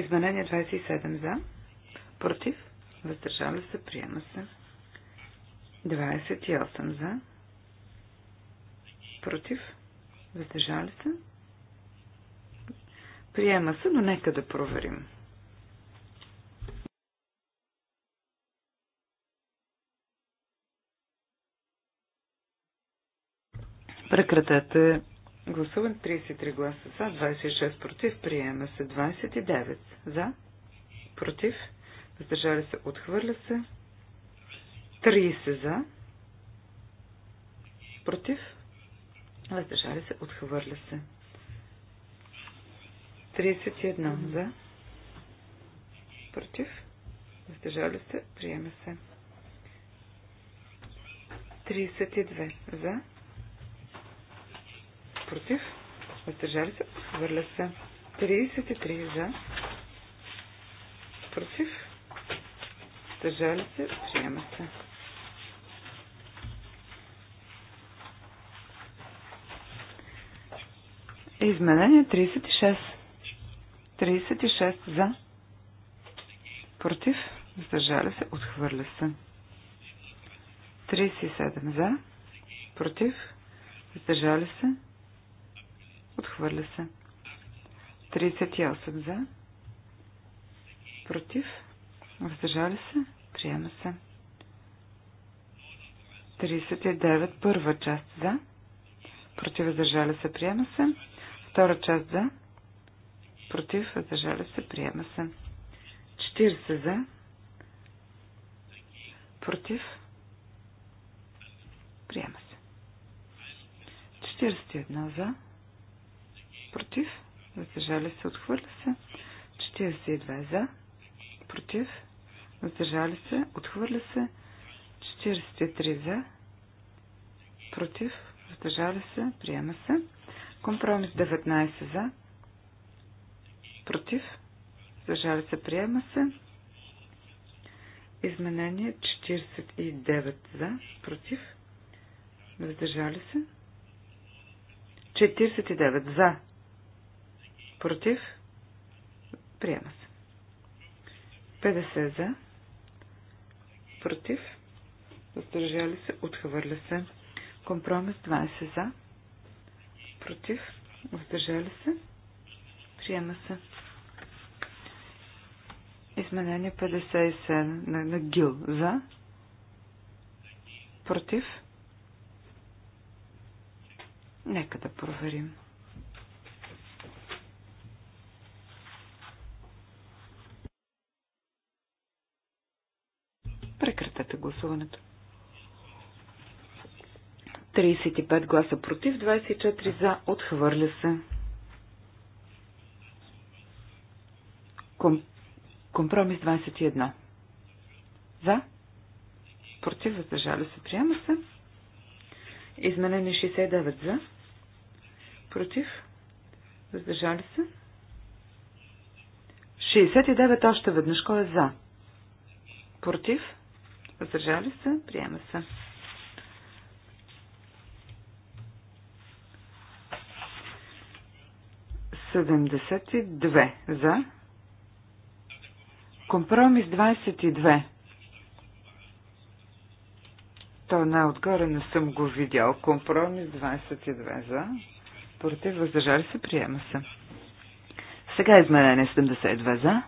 Изменение 27 за, против, въздържава се, приема се. 28 за, против, Въздържава се. Приема се, но нека да проверим. Прекратете. Гласуван 33 гласа за, 26 против. Приема се 29 за, против. Въздържали се, отхвърля се. 30 за, против. Въздържали се, отхвърля се. 31 за, против. Въздържали се, приема се. 32 за, против, въздържали се, Върля се. 33 за, против, въздържали се, приема се. Изменение 36. 36 за, против, въздържали се, отхвърля се. 37 за, против, въздържали се, Отхвърля се. 38 за. Против. Въздържали се. Приема се. 39 първа част за. Против. Въздържали се. Приема се. Втора част за. Против. Въздържали се. Приема се. 40 за. Против. Приема се. 41 за против, въздържали се, отхвърля се. 42 за, против, въздържали се, отхвърля се. 43 за, против, въздържали се, приема се. Компромис 19 за, против, въздържали се, приема се. Изменение 49 за, против, въздържали се. 49 за, Против. Приема се. 50 за. Против. Въздържали се. Отхвърля се. Компромис 20 за. Против. Въздържали се. Приема се. Изменение 57 на, на ГИЛ за. Против. Нека да проверим. подкрепяте гласуването. 35 гласа против, 24 за, отхвърля се. Ком... Компромис 21. За? Против, въздържали се, приема се. Изменение 69 за. Против, въздържали се. 69 още веднъж. Кой е за? Против? Въздържали се? Приема се. Седемдесет и две. За. Компромис 22. То най-отгоре не съм го видял. Компромис 22 за. Против въздържали се, приема се. Сега изменение 72 за.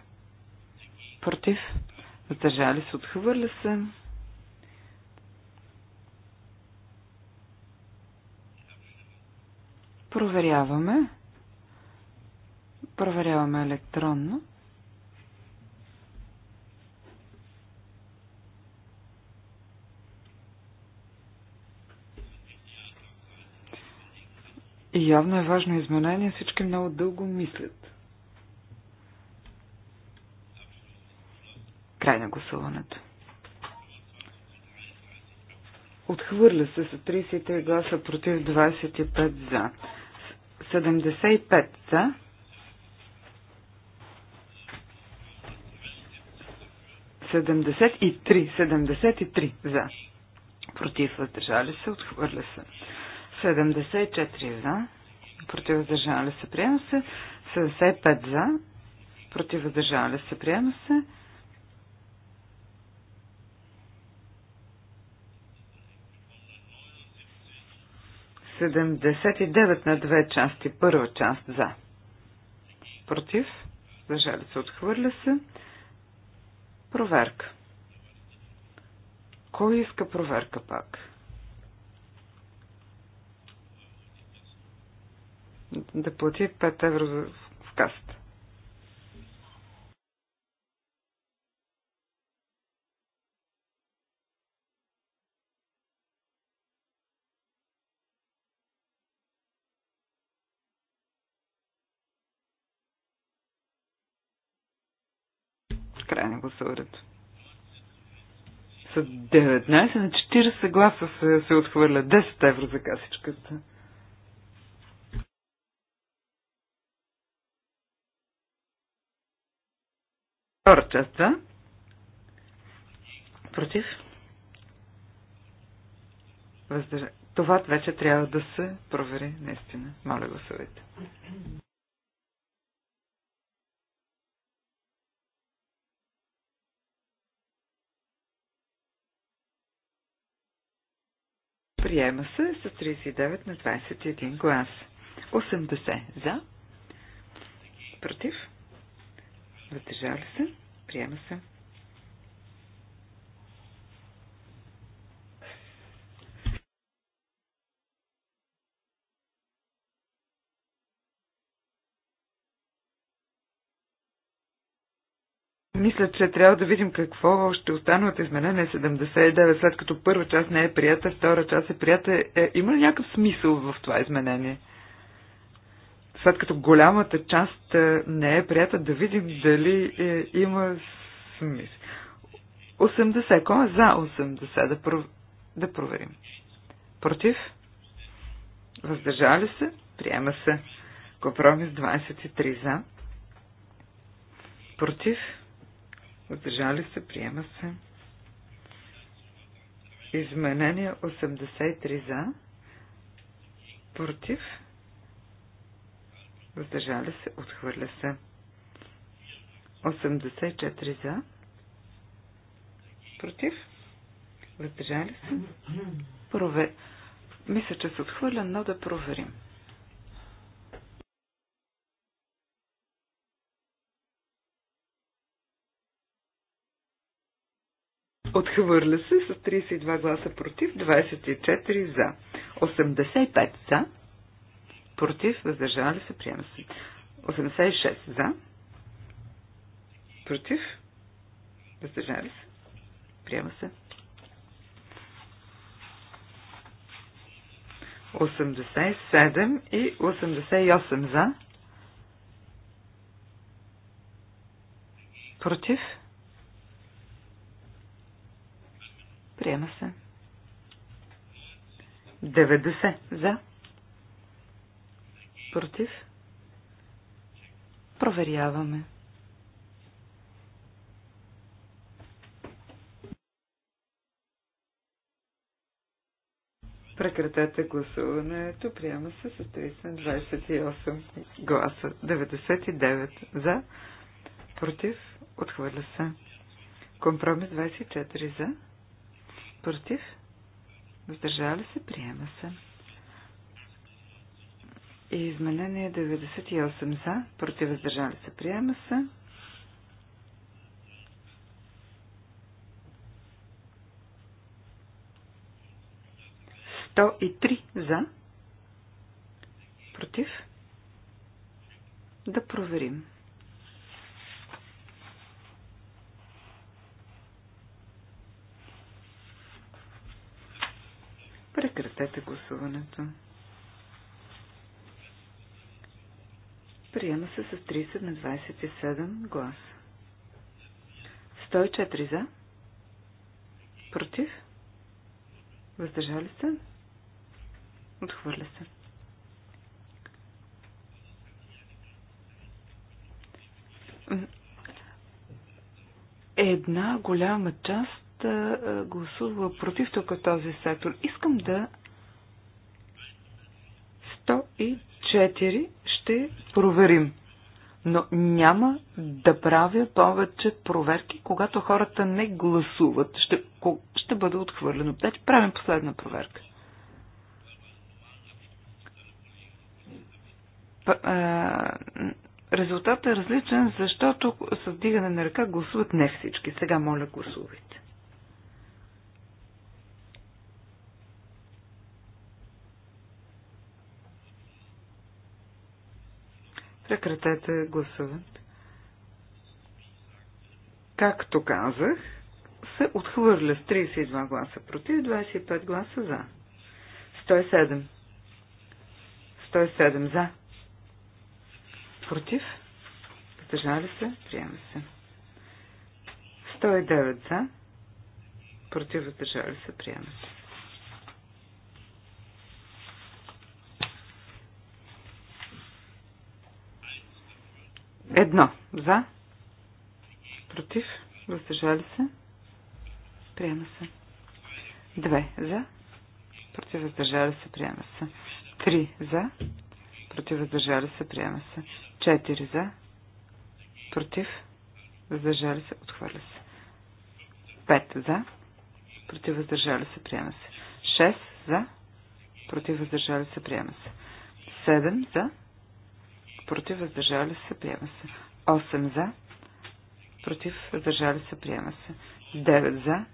Против въздържали се, отхвърля се. Проверяваме. Проверяваме електронно. И явно е важно изменение, всички много дълго мислят. Край на гласуването. Отхвърля се с 33 гласа против 25 за. 75 за. Седемдесет и три. Седемдесет и три за. Против въздържали се, отхвърля се. 74 за. Против въздържали се, приема се. 75 за. Против въздържали се, приема се. 79 на две части. Първа част за. Против. Въжали се. Отхвърля се. Проверка. Кой иска проверка пак? Да плати 5 евро в каста. го съдят. С 19 на 40 гласа се, се отхвърля 10 евро за касичката. Втора част, да? Против? Въздържа. Това вече трябва да се провери, наистина. Моля, съвете. Приема се с 39 на 21 глас. 80 за. Против. Въздържали се. Приема се. Мисля, че трябва да видим какво ще остане от изменение 79, след като първа част не е прията, втора част е прията. Е, има ли някакъв смисъл в това изменение? След като голямата част е, не е прията, да видим дали е, има смисъл. 80. Кой е за 80? Да, пров... да проверим. Против? Въздържали се? Приема се. Компромис 23 за. Против? Въздържали се, приема се. Изменение 83 за. Против. Въздържали се, отхвърля се. 84 за. Против. Въздържали се. Прове... Мисля, че се отхвърля, но да проверим. 84. Отхвърля се с 32 гласа против, 24 за. 85 за. Против, въздържали се, приема се. 86 за. Против, въздържали се, приема се. 87 и 88 за. Против, Приема се. 90 за. Против. Проверяваме. Прекратете гласуването. Приема се с 328 гласа. 99 за. Против. Отхвърля се. Компромис 24 за Против. Въздържали се. Приема се. И изменение 98 за. Против. Въздържали се. Приема се. Сто и три за. Против. Да проверим. Прекратете гласуването. Приема се с 30 на 27 глас. 104 за. Против. Въздържали се. Отхвърля се. Една голяма част да гласува против тук този сектор. Искам да 104 ще проверим. Но няма да правя повече проверки, когато хората не гласуват. Ще, ще бъде отхвърлено. Дайте значи, правим последна проверка. Резултатът е различен, защото с дигане на ръка гласуват не всички. Сега моля гласувайте. Прекратете гласуването. Както казах, се отхвърля с 32 гласа против, 25 гласа за. 107. 107 за. Против. Въздържали се. Приема се. 109 за. Против. Въздържали се. Приема се. Едно. За. Против. Въздържали се. Приема се. Две. За. Против. Въздържали се. Приема се. Три. За. Против. Въздържали се. Приема се. Четири. За. Против. Въздържали се. Отхвърля се. Пет. За. Против. Въздържали се. Приема се. Шест. За. Против. Въздържали се. Приема се. Седем. За против, въздържали се, приема се. 8 за, против, въздържали се, приема се. 9 за,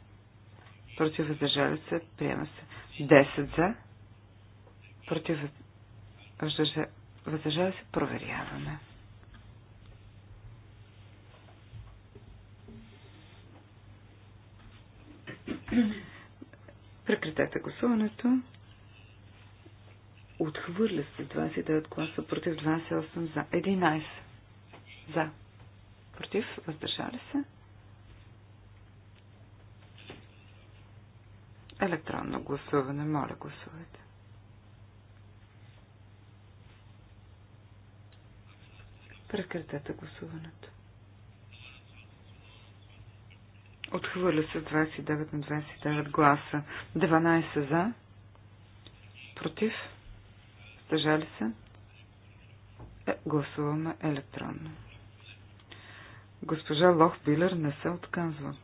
против, въздържали се, приема се. 10 за, против, въздържали се, проверяваме. Прекратете гласуването. Отхвърля се 29 гласа против 28 за. 11 за. Против. Въздържали се. Електронно гласуване. Моля, гласувайте. Прекратете гласуването. Отхвърля се 29 на 29 гласа. 12 за. Против. Въздържали се? Е, гласуваме електронно. Госпожа Лох Билер не се отказва.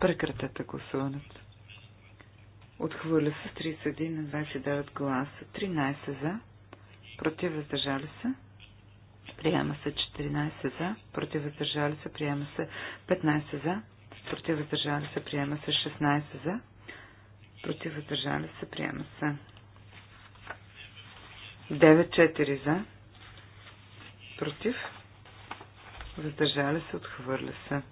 Прекратете гласуването. Отхвърля се с 31 на 29 гласа, 13 за, против въздържали се, приема се 14 за, против въздържали се, приема се 15 за, против въздържали се, приема се 16 за, против въздържали се, приема се 9-4 за, против въздържали се, отхвърля се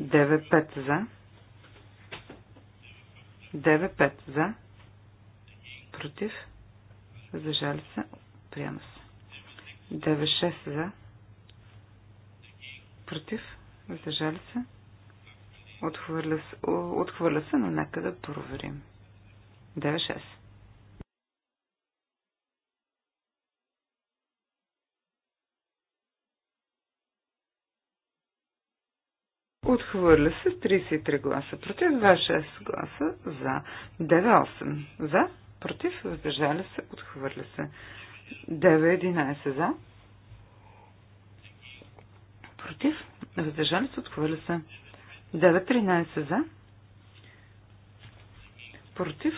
9-5 за, 9-5 за, против въздържали се, приема се 9-6 за, против въздържали се, Отхвърля, отхвърля се, но нека да проверим. 9-6. Отхвърля се с 33 гласа против, 26 гласа за, 9-8 за, против, въздържали се, отхвърля се. 9-11 за, против, въздържали се, отхвърля се. 9.13 за. Против.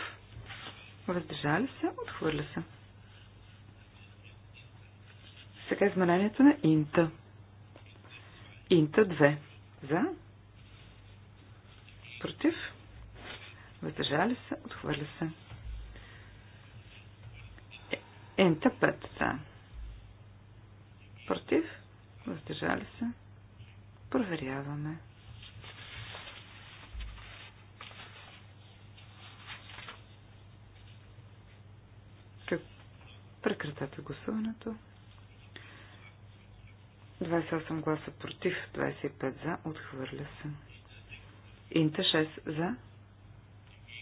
Въздържали се. Отхвърля се. Сега измерението на инта. Инта 2. За. Против. Въздържали се. Отхвърля се. Инта 5. За. Против. Въздържали се. Проверяваме. Прекратете гласуването. 28 гласа против, 25 за, отхвърля се. Инта 6 за,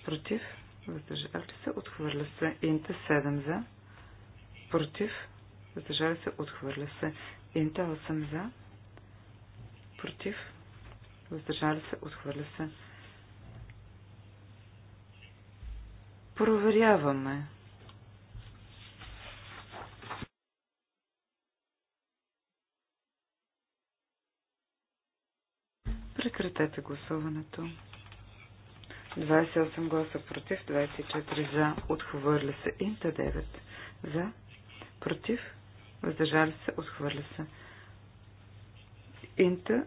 против, въздържава се, отхвърля се. Инта 7 за, против, въздържали се, отхвърля се. Инта 8 за, против, въздържали се, отхвърля се. Проверяваме. Прекратете гласуването. 28 гласа против, 24 за, отхвърля се. Инта 9 за, против, въздържали се, отхвърля се. Инта,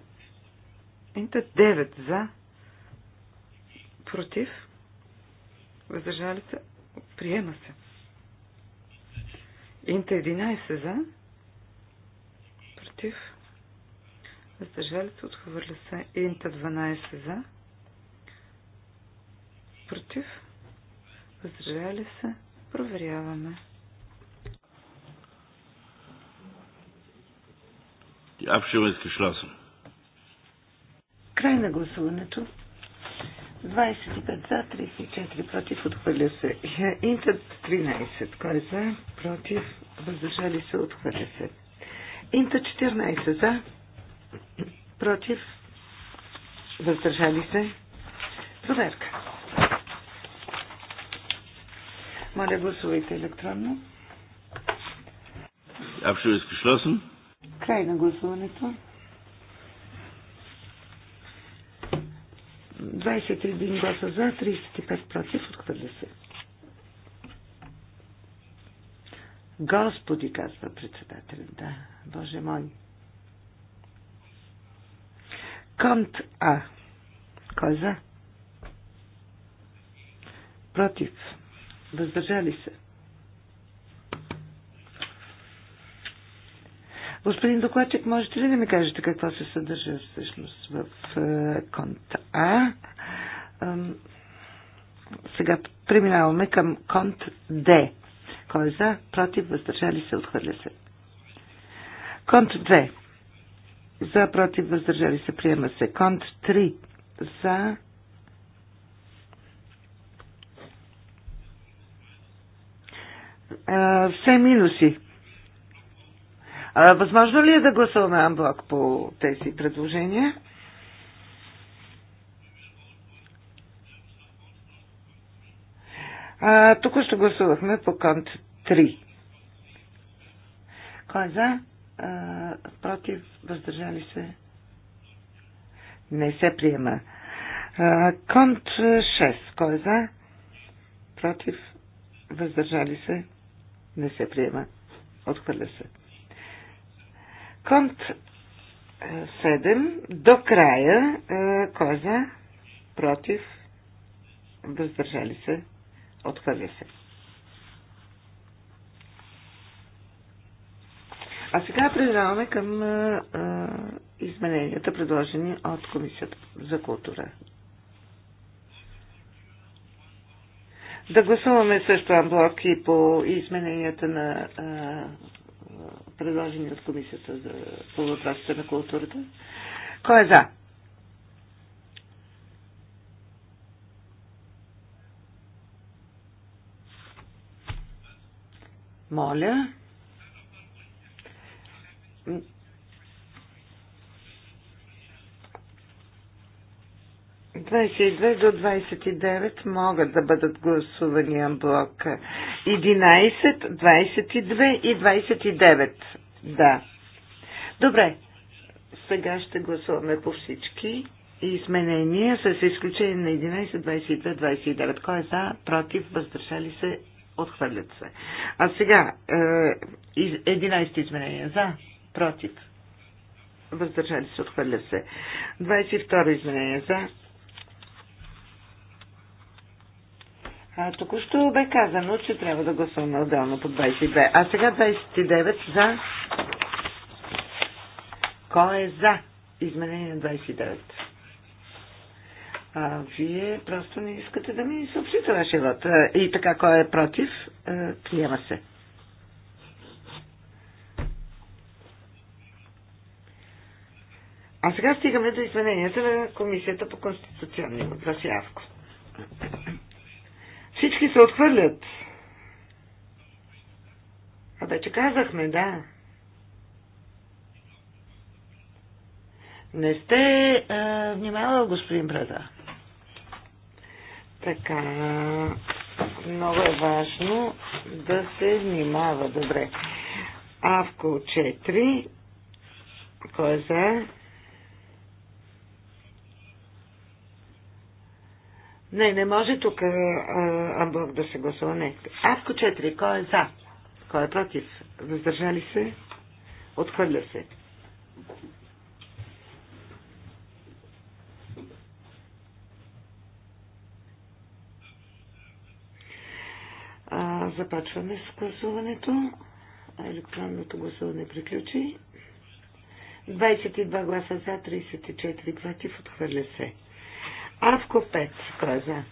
инта 9 за, против, въздържали се, приема се. Инта 11 за, против, Въздържали се, отхвърля се. Инта 12 за. Против. Въздържали се. Проверяваме. Die Abstimmung е Край на гласуването. 25 за, 34 против, отхвърля се. Инта 13. Кой е за? Против. Въздържали се, отхвърля се. Инта 14 за Против. Въздържали се. Проверка. Моля, гласувайте електронно. Абсолютно изключен. Край на гласуването. 21 гласа за, 35 против, отхвърля се. Господи, казва председателят, да, Боже мой. Конт А. Кой е за? Против. Въздържали се. Господин докладчик, можете ли да ми кажете какво се съдържа всъщност в е, конт А? Сега преминаваме към конт Д. Кой е за, против, въздържали се, отхвърля се. Конт за против въздържали се приема се. Конт 3 за а, е, все минуси. А, възможно ли е да гласуваме амблок по тези предложения? А, тук ще гласувахме по конт 3. Кой е за? против, въздържали се. Не се приема. Конт 6. Кой е за? Против, въздържали се. Не се приема. Отхвърля се. Конт 7. До края. Кой е за? Против, въздържали се. Отхвърля се. А сега преминаваме към а, а, измененията, предложени от Комисията за култура. Да гласуваме също анблок и по измененията на а, предложени от Комисията за, полуотрасите на културата. Кой е за? Моля. 22 до 29 могат да бъдат гласувани блок. 11, 22 и 29. Да. Добре. Сега ще гласуваме по всички изменения, с изключение на 11, 22, 29. Кой е за, против, въздържали се, отхвърлят се. А сега, 11 е, изменения за, против, въздържали се, отхвърля се. 22 изменение за. А, току-що бе казано, че трябва да гласуваме отделно по 22. А сега 29 за. Кой е за изменение 29? А, вие просто не искате да ми съобщите вашия вод. И така, кой е против, приема се. А сега стигаме до измененията на Комисията по конституционни въпроси Авко. Всички се отхвърлят. А вече казахме, да. Не сте а, внимавал, господин Брада. Така, много е важно да се внимава. Добре. Авко 4. Кой е за? Не, не може тук Амбург да се гласува. Не. Авко 4. Кой е за? Кой е против? Въздържали се? Отхвърля се. А, започваме с гласуването. Електронното гласуване приключи. 22 гласа за, 34 против. Отхвърля се. Авко 5. Кой е за?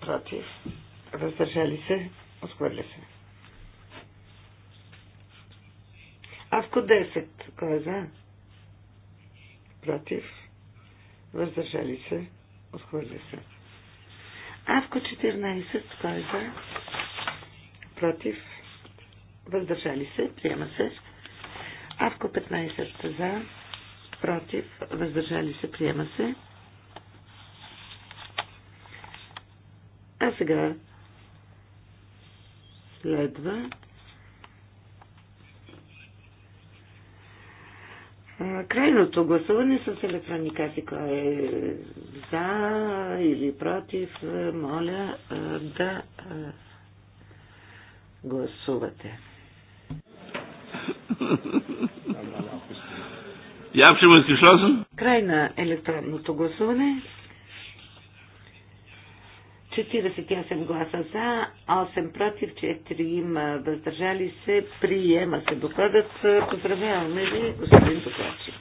Против. Въздържали се. Отхвърля се. Авко 10. Кой е за? Против. Въздържали се. Отхвърля се. Авко 14. Кой е за? Против. Въздържали се. Приема се. Авко 15. За. Против. Въздържали се. Приема се. А сега следва Крайното гласуване с електронни каси, кой е за или против, моля да гласувате. Край на електронното гласуване. 48 гласа за, 8 против, 4 има въздържали се. Приема се докладът. Поздравяваме ви, господин докладчик.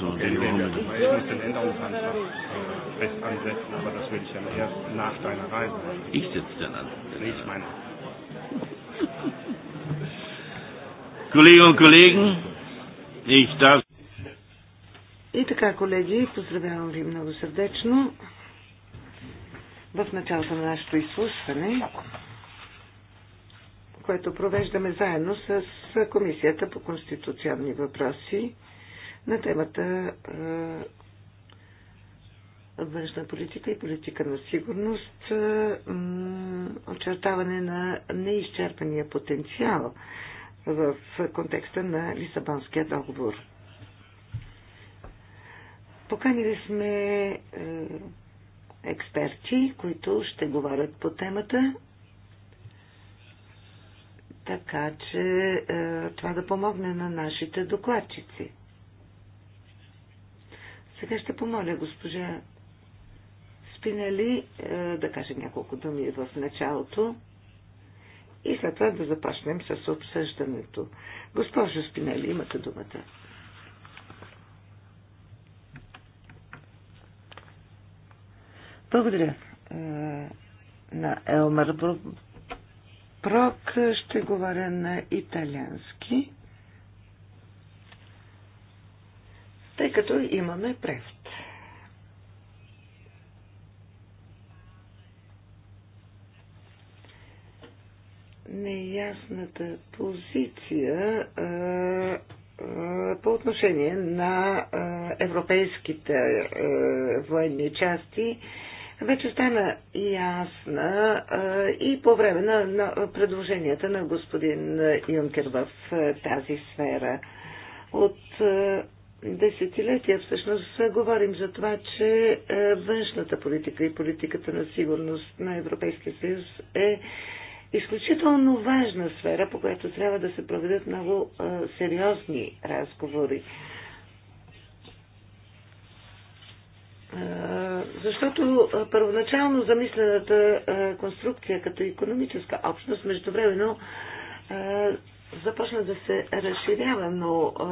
so den Rahmen. Ich muss den Änderungsantrag äh, fest ansetzen, aber das will ich dann erst nach deiner Reise. Ich setze den an. Nee, ich meine. Kolleginnen und Kollegen, ich darf. И така, колеги, поздравявам ви много сърдечно. В началото на нашето изслушване, което провеждаме заедно с Комисията по конституционни въпроси, на темата външна политика и политика на сигурност, очертаване на неизчерпания потенциал в контекста на Лисабонския договор. Поканили сме експерти, които ще говорят по темата, така че това да помогне на нашите докладчици. Сега ще помоля госпожа Спинали е, да каже няколко думи в началото и след това да започнем с обсъждането. Госпожо Спинели, имате думата. Благодаря е, на Елмар Брок. Ще говоря на италиански. тъй като имаме превод. Неясната позиция а, а, по отношение на а, европейските а, военни части вече стана ясна а, и по време на, на предложенията на господин Юнкер в а, тази сфера. От а, десетилетия всъщност говорим за това, че е, външната политика и политиката на сигурност на Европейския съюз е изключително важна сфера, по която трябва да се проведат много е, сериозни разговори. Е, защото първоначално замислената конструкция като економическа общност междувременно започна да се разширява, но а,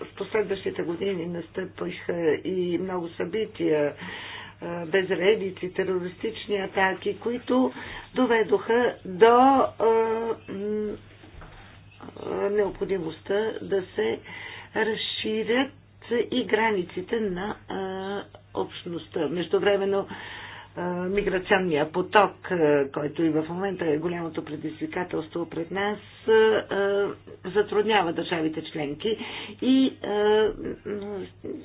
в последващите години настъпиха и много събития, а, безредици, терористични атаки, които доведоха до а, необходимостта да се разширят и границите на а, общността. Междувременно а, миграционния поток, който и в момента е голямото предизвикателство пред нас, затруднява държавите членки и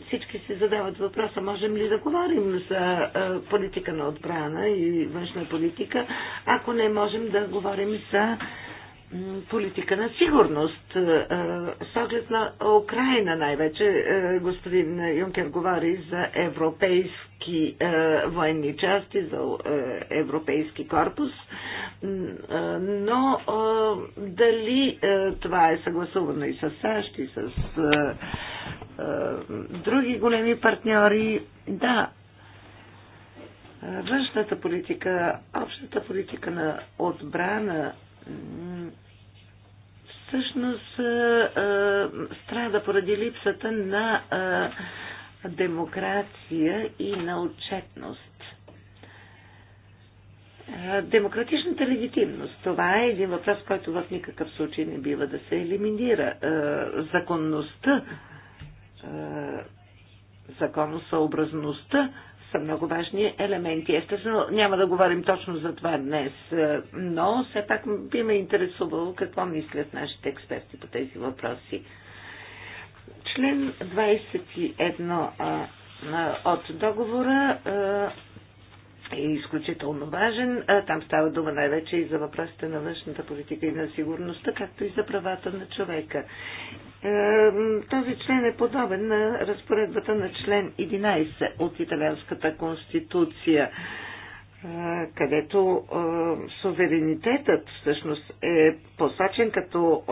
всички се задават въпроса, можем ли да говорим за политика на отбрана и външна политика, ако не можем да говорим за политика на сигурност. Е, е, с оглед на Украина най-вече е, господин Юнкер говори за европейски военни части, за европейски корпус, но дали това е съгласувано и с САЩ, и с други големи партньори, да, външната политика, общата политика на отбрана всъщност страда поради липсата на демокрация и на отчетност. Демократичната легитимност. Това е един въпрос, който в никакъв случай не бива да се елиминира. Законността, законосъобразността са много важни елементи. Естествено, няма да говорим точно за това днес, е, но все пак би ме интересувало какво мислят нашите експерти по тези въпроси. Член 21 от договора е, е изключително важен. Там става дума най-вече и за въпросите на външната политика и на сигурността, както и за правата на човека. Е, този член е подобен на разпоредбата на член 11 от Италианската конституция, е, където е, суверенитетът всъщност е посочен като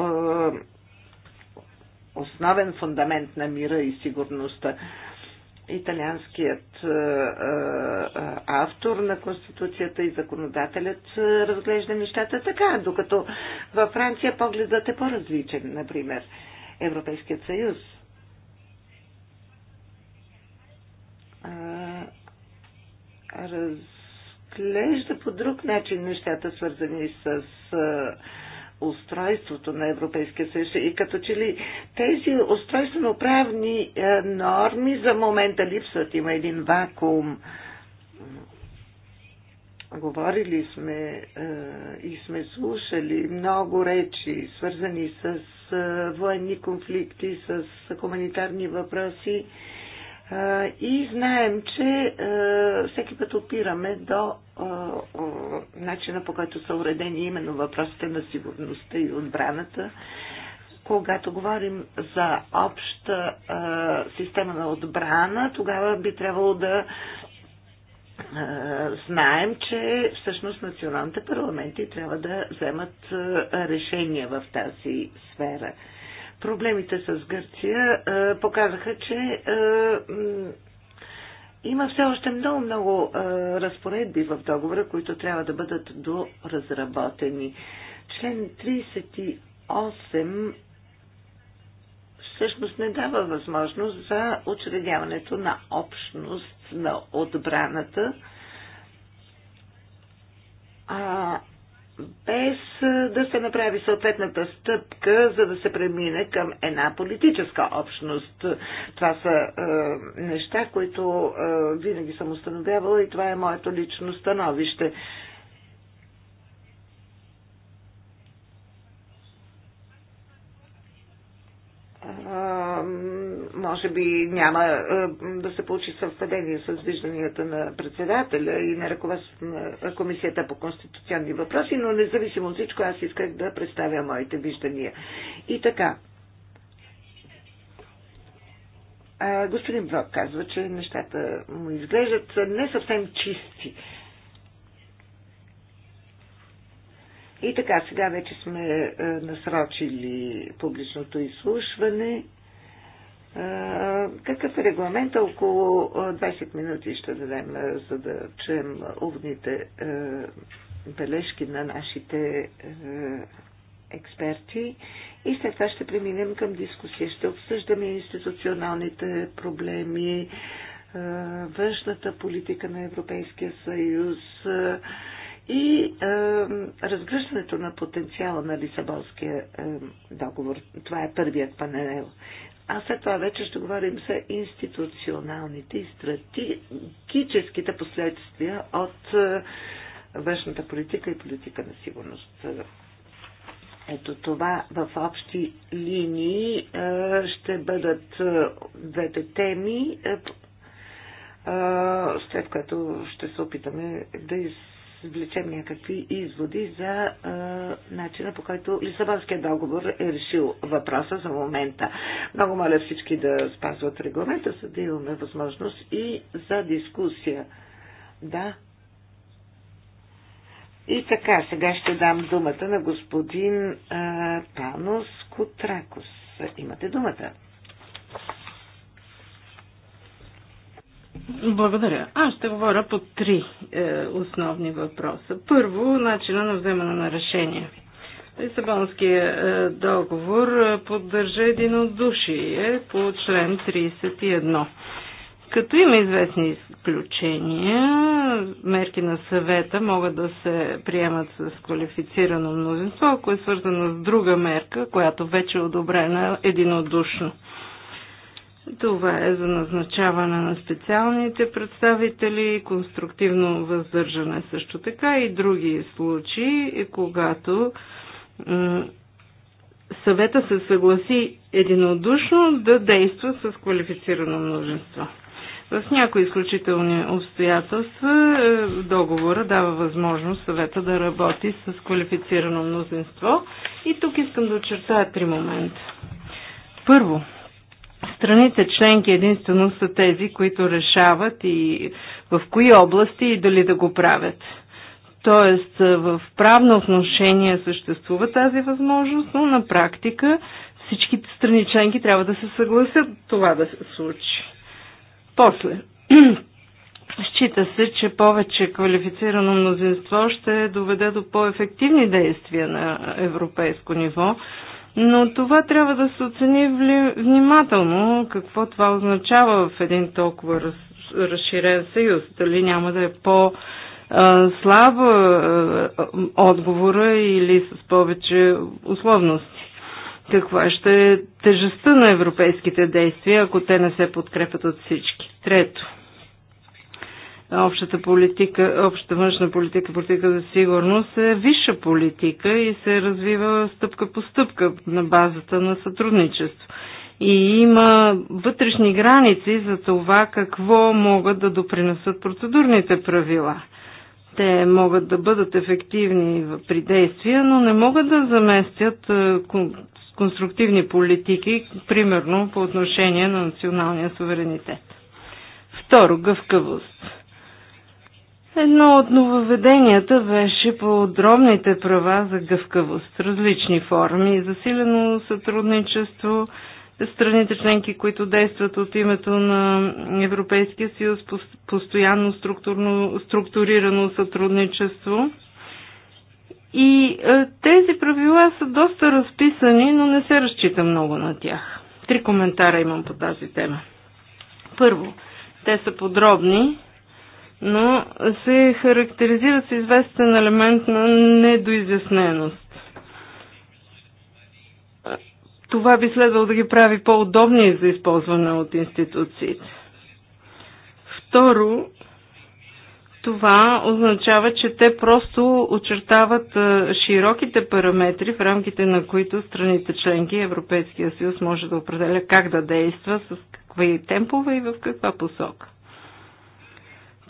основен фундамент на мира и сигурността италианският е, е, автор на Конституцията и законодателят е, разглежда нещата така, докато във Франция погледът е по-различен, например. Европейският съюз разглежда по друг начин нещата, свързани с устройството на Европейския съюз и като че ли тези устройствено-правни е, норми за момента липсват. Има един вакуум. Говорили сме е, и сме слушали много речи, свързани с е, военни конфликти, с хуманитарни въпроси. И знаем, че всеки път опираме до начина по който са уредени именно въпросите на сигурността и отбраната. Когато говорим за обща система на отбрана, тогава би трябвало да знаем, че всъщност националните парламенти трябва да вземат решения в тази сфера проблемите с Гърция показаха, че има все още много-много разпоредби в договора, които трябва да бъдат доразработени. Член 38 всъщност не дава възможност за учредяването на общност на отбраната, а без да се направи съответната стъпка, за да се премине към една политическа общност. Това са е, неща, които е, винаги съм установявала и това е моето лично становище. А, може би няма е, да се получи съвпадение с вижданията на председателя и на ръководството на Комисията по конституционни въпроси, но независимо от всичко, аз исках да представя моите виждания. И така. Господин Брок казва, че нещата му изглеждат не съвсем чисти. И така, сега вече сме е, насрочили публичното изслушване. Какъв е регламент? Около 20 минути ще дадем, за да чуем увните бележки на нашите експерти и след това ще преминем към дискусия. Ще обсъждаме институционалните проблеми, външната политика на Европейския съюз и разгръщането на потенциала на Лисабонския договор. Това е първият панел. А след това вече ще говорим за институционалните и стратегическите последствия от е, външната политика и политика на сигурност. Ето това в общи линии е, ще бъдат е, двете теми, след което ще се опитаме да из извлечем някакви изводи за а, начина по който Лисабонския договор е решил въпроса за момента. Много моля всички да спазват регламента, за да имаме възможност и за дискусия. Да. И така, сега ще дам думата на господин а, Панос Котракос. Имате думата. Благодаря. Аз ще говоря по три е, основни въпроса. Първо, начина на вземане на решение. Лисабонския е, договор от е, поддържа единодушие по член 31. Като има известни изключения, мерки на съвета могат да се приемат с квалифицирано мнозинство, ако е свързано с друга мерка, която вече е одобрена единодушно. Това е за назначаване на специалните представители, конструктивно въздържане също така и други случаи, когато съвета се съгласи единодушно да действа с квалифицирано множество. В някои изключителни обстоятелства е, договора дава възможност съвета да работи с квалифицирано мнозинство. И тук искам да очертая три момента. Първо, Страните членки единствено са тези, които решават и в кои области и дали да го правят. Тоест, в правно отношение съществува тази възможност, но на практика всичките страни членки трябва да се съгласят това да се случи. После, счита се, че повече квалифицирано мнозинство ще доведе до по-ефективни действия на европейско ниво, но това трябва да се оцени внимателно какво това означава в един толкова раз, разширен съюз. Дали няма да е по- слаб отговора или с повече условности. Каква ще е тежестта на европейските действия, ако те не се подкрепят от всички? Трето общата политика, общата външна политика, политика за сигурност е висша политика и се развива стъпка по стъпка на базата на сътрудничество. И има вътрешни граници за това какво могат да допринесат процедурните правила. Те могат да бъдат ефективни при действия, но не могат да заместят е, конструктивни политики, примерно по отношение на националния суверенитет. Второ, гъвкавост Едно от нововведенията беше по дробните права за гъвкавост, различни форми, засилено сътрудничество, страните членки, които действат от името на Европейския съюз, постоянно структурирано сътрудничество. И е, тези правила са доста разписани, но не се разчита много на тях. Три коментара имам по тази тема. Първо, те са подробни, но се характеризират с известен елемент на недоизясненост. Това би следвало да ги прави по-удобни за използване от институциите. Второ, това означава, че те просто очертават широките параметри, в рамките на които страните членки Европейския съюз може да определя как да действа, с какви темпове и в каква посока.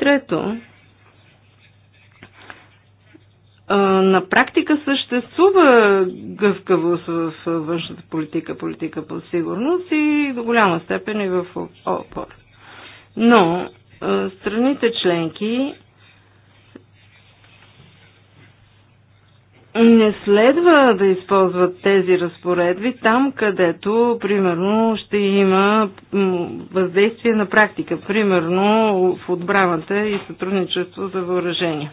Трето, на практика съществува гъвкавост в външната политика, политика по сигурност и до голяма степен и в опор. Но страните членки не следва да използват тези разпоредби там, където, примерно, ще има въздействие на практика, примерно в отбраната и сътрудничество за въоръжение.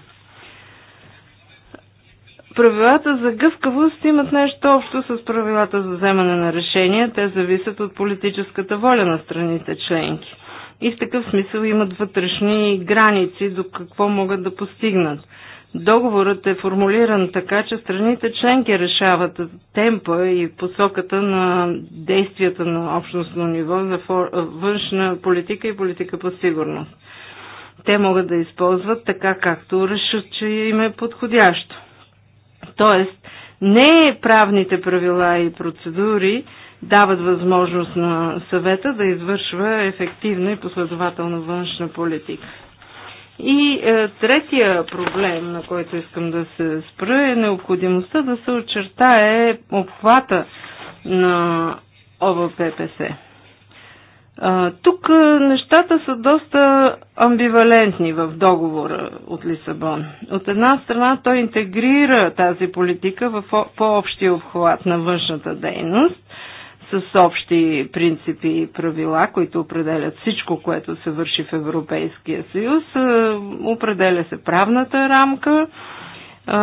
Правилата за гъвкавост имат нещо общо с правилата за вземане на решения. Те зависят от политическата воля на страните членки. И в такъв смисъл имат вътрешни граници до какво могат да постигнат – Договорът е формулиран така, че страните членки решават темпа и посоката на действията на общностно ниво за външна политика и политика по сигурност. Те могат да използват така, както решат, че им е подходящо. Тоест, не правните правила и процедури дават възможност на съвета да извършва ефективна и последователна външна политика. И е, третия проблем, на който искам да се спра, е необходимостта да се очертае обхвата на ОВППС. Е, тук е, нещата са доста амбивалентни в договора от Лисабон. От една страна той интегрира тази политика в по-общия обхват на външната дейност, с общи принципи и правила, които определят всичко, което се върши в Европейския съюз. Е, определя се правната рамка. Е,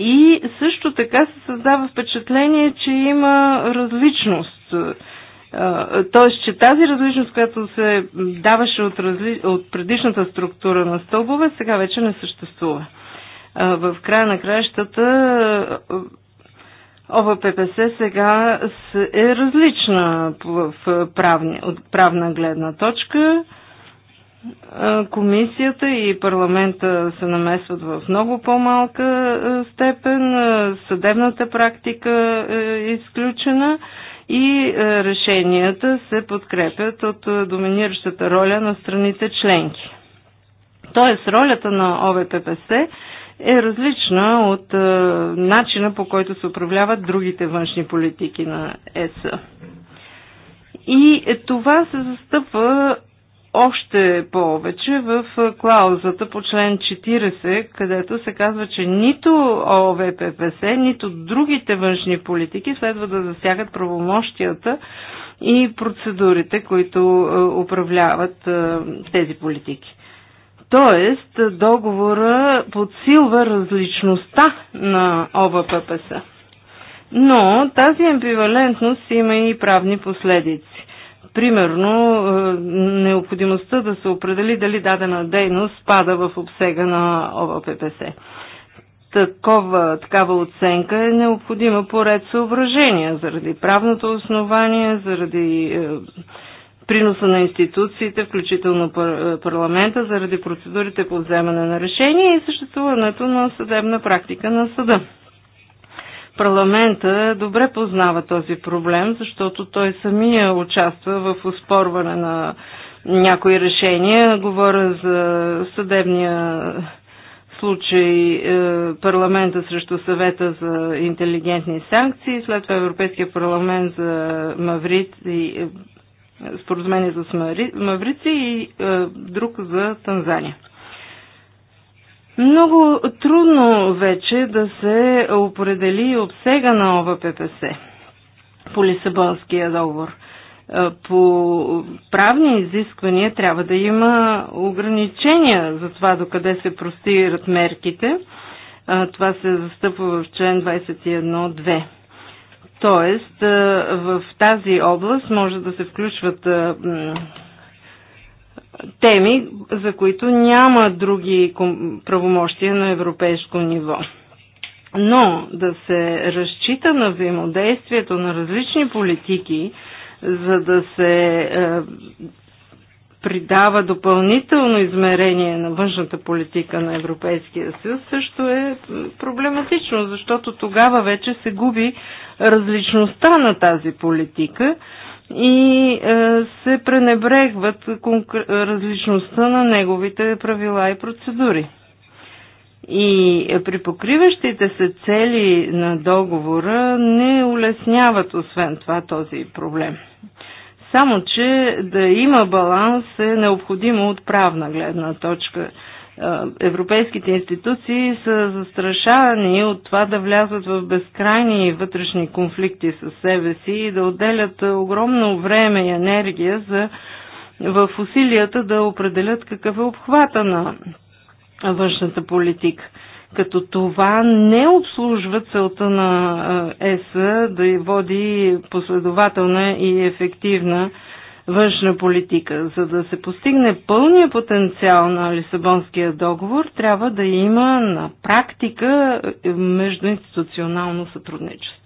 и също така се създава впечатление, че има различност. Е, тоест, че тази различност, която се даваше от, разли... от предишната структура на стълбове, сега вече не съществува. В края на краищата ОВППС сега е различна в правни, от правна гледна точка. Комисията и парламента се намесват в много по-малка степен, съдебната практика е изключена и решенията се подкрепят от доминиращата роля на страните членки. Тоест, ролята на ОВППС е различна от е, начина по който се управляват другите външни политики на ЕС. И това се застъпва още повече в клаузата по член 40, където се казва, че нито ОВППС, нито другите външни политики следва да засягат правомощията и процедурите, които е, управляват е, тези политики. Тоест, договора подсилва различността на ППС. Но тази амбивалентност има и правни последици. Примерно, е, необходимостта да се определи дали дадена дейност пада в обсега на ППС. Такова, такава оценка е необходима по ред съображения, заради правното основание, заради е, приноса на институциите, включително е, парламента, заради процедурите по вземане на решения и съществуването на съдебна практика на съда. Парламента добре познава този проблем, защото той самия участва в успорване на някои решения. Говоря за съдебния случай е, парламента срещу съвета за интелигентни санкции, след това Европейския парламент за Маврит и е, споразумение за Маврици и е, друг за Танзания. Много трудно вече да се определи обсега на ОВППС по Лисабонския договор. Е, по правни изисквания трябва да има ограничения за това докъде се простират мерките. Е, това се застъпва в член 21.2. Тоест, в тази област може да се включват теми, за които няма други правомощия на европейско ниво. Но да се разчита на взаимодействието на различни политики, за да се придава допълнително измерение на външната политика на Европейския съюз, също е проблематично, защото тогава вече се губи различността на тази политика и е, се пренебрегват различността на неговите правила и процедури. И при покриващите се цели на договора не улесняват освен това този проблем. Само, че да има баланс е необходимо от правна гледна точка – е, европейските институции са застрашавани от това да влязат в безкрайни вътрешни конфликти с себе си и да отделят огромно време и енергия за, в усилията да определят какъв е обхвата на външната политика. Като това не обслужва целта на е, ЕС да води последователна и ефективна външна политика. За да се постигне пълния потенциал на Лисабонския договор, трябва да има на практика е, междуинституционално сътрудничество.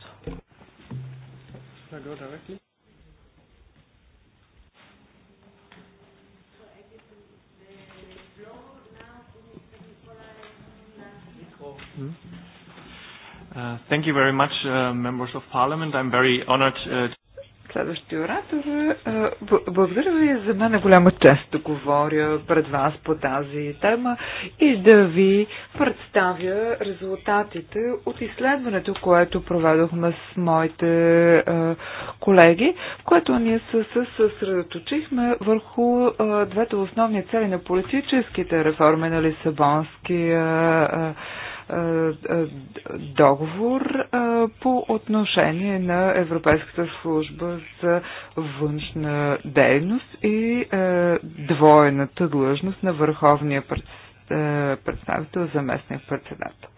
Hmm? Uh, thank you very much, uh, members of parliament. I'm very honored uh, to Следващия оратор. Е, е, благодаря ви. За мен е голяма чест да говоря пред вас по тази тема и да ви представя резултатите от изследването, което проведохме с моите е, колеги, в което ние се съсредоточихме върху двете основни цели на политическите реформи на Лисабонския е, е, договор е, по отношение на Европейската служба за външна дейност и двойната длъжност на върховния представител, заместник председател.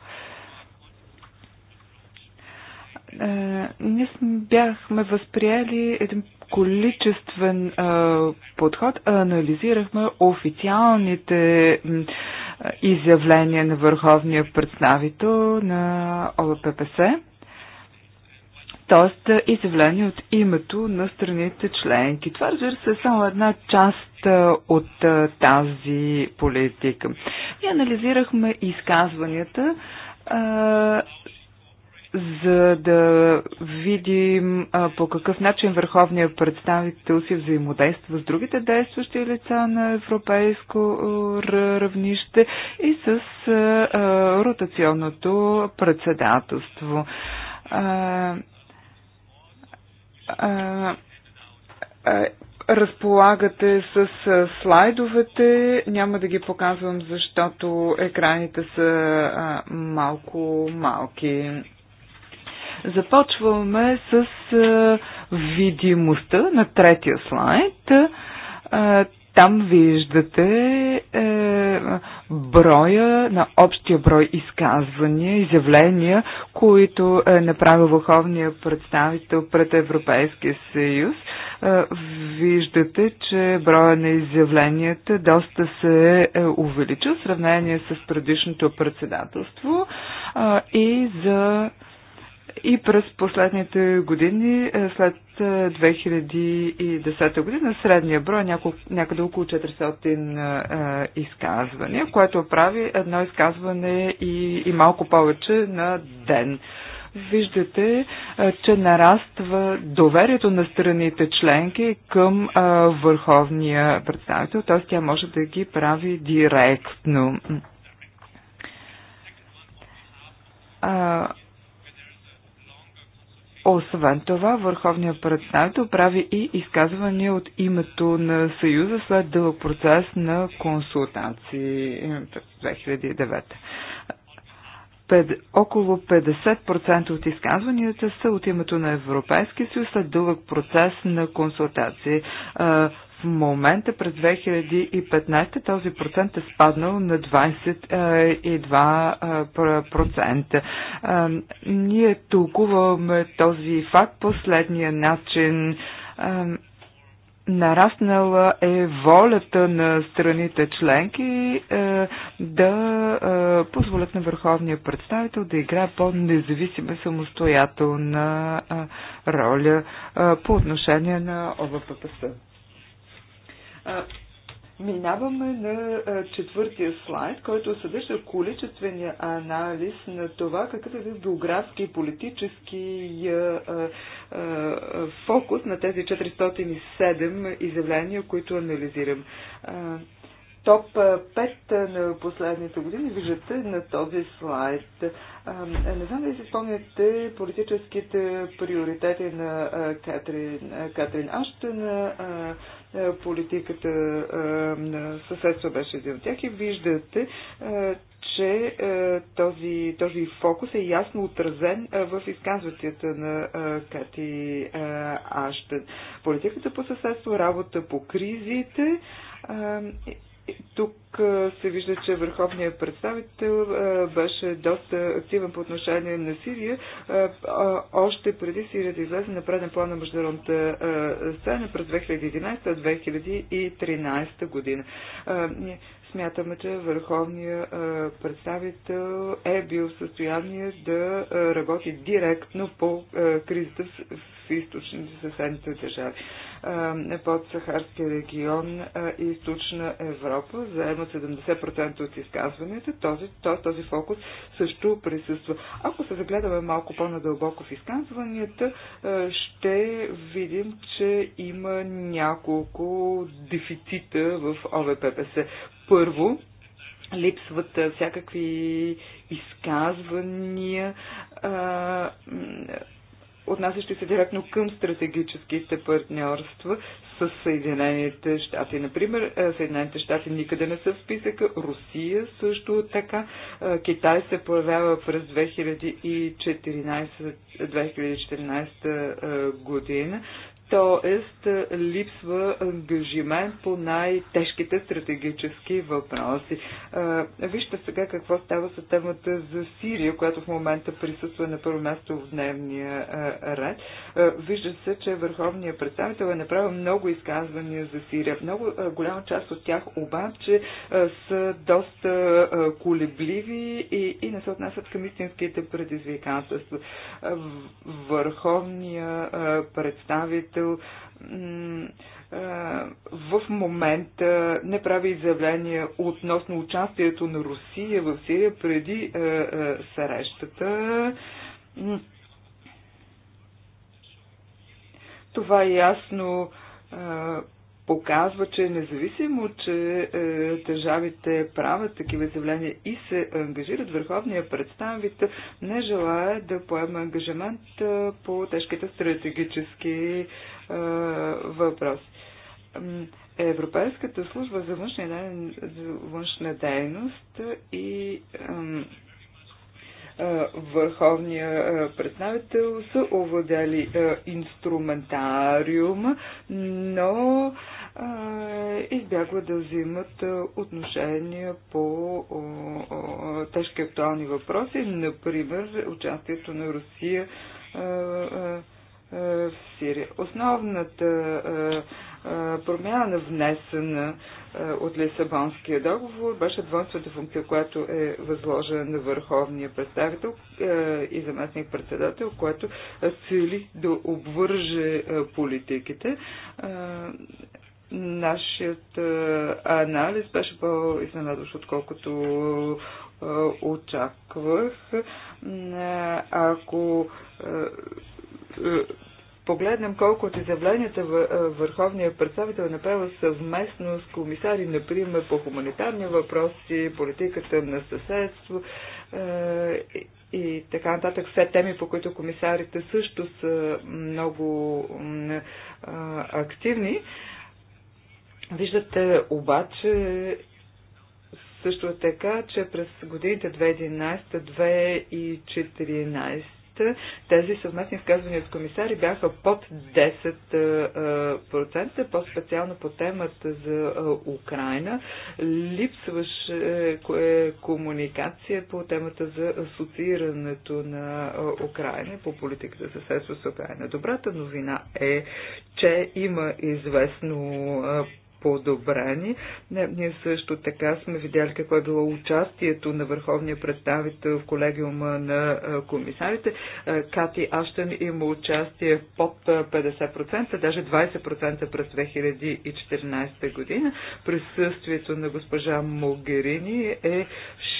Ние бяхме възприели един количествен а, подход, анализирахме официалните изявление на върховния представител на ОЛППС, т.е. изявление от името на страните членки. Това, разбира се, е само една част е, от е, тази политика. Ние анализирахме изказванията е, за да видим а, по какъв начин върховният представител си взаимодейства с другите действащи лица на европейско равнище и с а, а, ротационното председателство. А, а, разполагате с слайдовете. Няма да ги показвам, защото екраните са малко малки. Започваме с е, видимостта на третия слайд. Е, там виждате е, броя на общия брой изказвания, изявления, които е направил върховния представител пред Европейския съюз. Е, виждате, че броя на изявленията доста се е увеличил в сравнение с предишното председателство е, и за и през последните години, е, след 2010 е, година, средния брой е някъде около 400 е, изказвания, което прави едно изказване и, и малко повече на ден виждате, че нараства доверието на страните членки към върховния представител, т.е. тя може да ги прави директно. Освен това, върховният председател прави и изказвания от името на Съюза след дълъг процес на консултации е, през 2009. Пед, около 50% от изказванията са от името на Европейския съюз след дълъг процес на консултации. Е, момента през 2015 този процент е спаднал на 22%. Ние толкуваме този факт последния начин. Нараснала е волята на страните членки е, да е, позволят на върховния представител да играе по-независима самостоятелна е, роля е, по отношение на ОВППС. Минаваме на четвъртия слайд, който съдържа количествения анализ на това какъв е бил географски и политически фокус на тези 407 изявления, които анализирам. Топ 5 на последните години виждате на този слайд. Не знам дали си спомняте политическите приоритети на Катрин, Катрин Аштен, е, политиката е, на съседство беше един от тях и виждате, е, че този, този фокус е ясно отразен в изказванията на Кати Аштен. Политиката по съседство, работа по кризите тук се вижда, че върховният представител беше доста активен по отношение на Сирия. Още преди Сирия да излезе на преден план на международната сцена през 2011-2013 година. Ние смятаме, че върховният представител е бил в състояние да работи директно по кризата в източните съседните държави. Под Сахарския регион и източна Европа заедно от 70% от изказванията, този, този, този фокус също присъства. Ако се загледаме малко по-надълбоко в изказванията, е, ще видим, че има няколко дефицита в ОВППС. Първо, липсват всякакви изказвания, отнасящи се директно към стратегическите партньорства с Съединените щати. Например, е, Съединените щати никъде не са в списъка, Русия също така, е, Китай се появява през 2014, 2014 е, година. Тоест, липсва ангажимент по най-тежките стратегически въпроси. Вижте сега какво става с темата за Сирия, която в момента присъства на първо място в дневния ред. Вижда се, че върховният представител е направил много изказвания за Сирия. Много голяма част от тях обаче са доста колебливи и, и не се отнасят към истинските предизвикателства. Върховният представител Израел в момента не прави изявления относно участието на Русия в Сирия преди срещата. Това е ясно показва, че независимо, че е, държавите правят такива заявления и се ангажират, върховния представител не желая да поема ангажимент е, по тежките стратегически е, въпроси. Европейската служба за външна, дейност и е, върховния представител са овладяли инструментариум, но избягва да взимат отношения по тежки актуални въпроси, например участието на Русия в Сирия. Основната промяна, внесена от Лисабонския договор, беше двойната функция, която е възложена на върховния представител и заместник председател, което цели да обвърже политиките. Нашият анализ беше по-изненадващ, отколкото очаквах. Ако погледнем колко от изявленията върховния представител е направил съвместно с комисари, например, по хуманитарни въпроси, политиката на съседство и така нататък, все теми, по които комисарите също са много активни. Виждате обаче също така, че през годините 2011-2014 тези съвместни изказвания с комисари бяха под 10%, по-специално по темата за Украина. Липсваше е, е, комуникация по темата за асоциирането на Украина по политиката за съседство с Украина. Добрата новина е, че има известно подобрени. Не, ние също така сме видяли какво е било участието на върховния представител в колегиума на комисарите. Кати Аштен има участие под 50%, даже 20% през 2014 година. Присъствието на госпожа Могерини е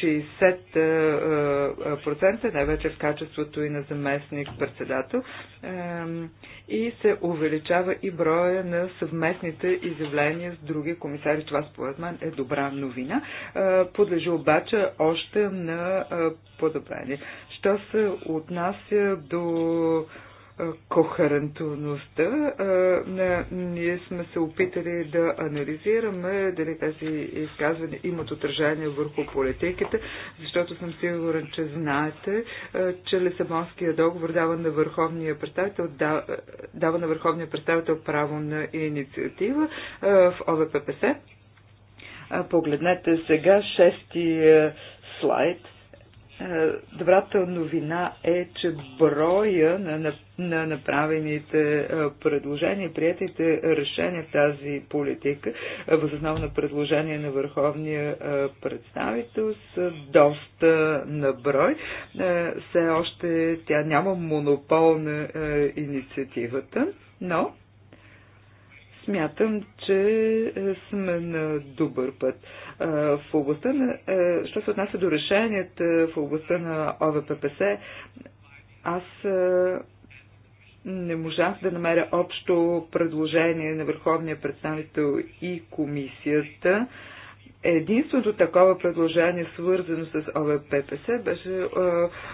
60%, най-вече в качеството и на заместник-председател. И се увеличава и броя на съвместните изявления с други комисари. Това според мен е добра новина. Е, подлежи обаче още на е, подобрение. Що се отнася до кохерентността. Ние сме се опитали да анализираме дали тези изказвания имат отражение върху политиките, защото съм сигурен, че знаете, че Лисабонския договор дава на върховния представител, дава на върховния представител право на инициатива в ОВППС. Погледнете сега шести слайд – е, добрата новина е, че броя на, на направените е, предложения, приятите решения в тази политика, е, възоснова на предложение на Върховния представител, са доста на брой. Все още тя няма монопол на инициативата, но Смятам, че е, сме на добър път. Е, в областта на, е, що се отнася до решенията в областта на ОВППС, аз не можах да намеря общо предложение на Върховния представител и комисията. Единственото такова предложение, свързано с ОВППС, беше а, е,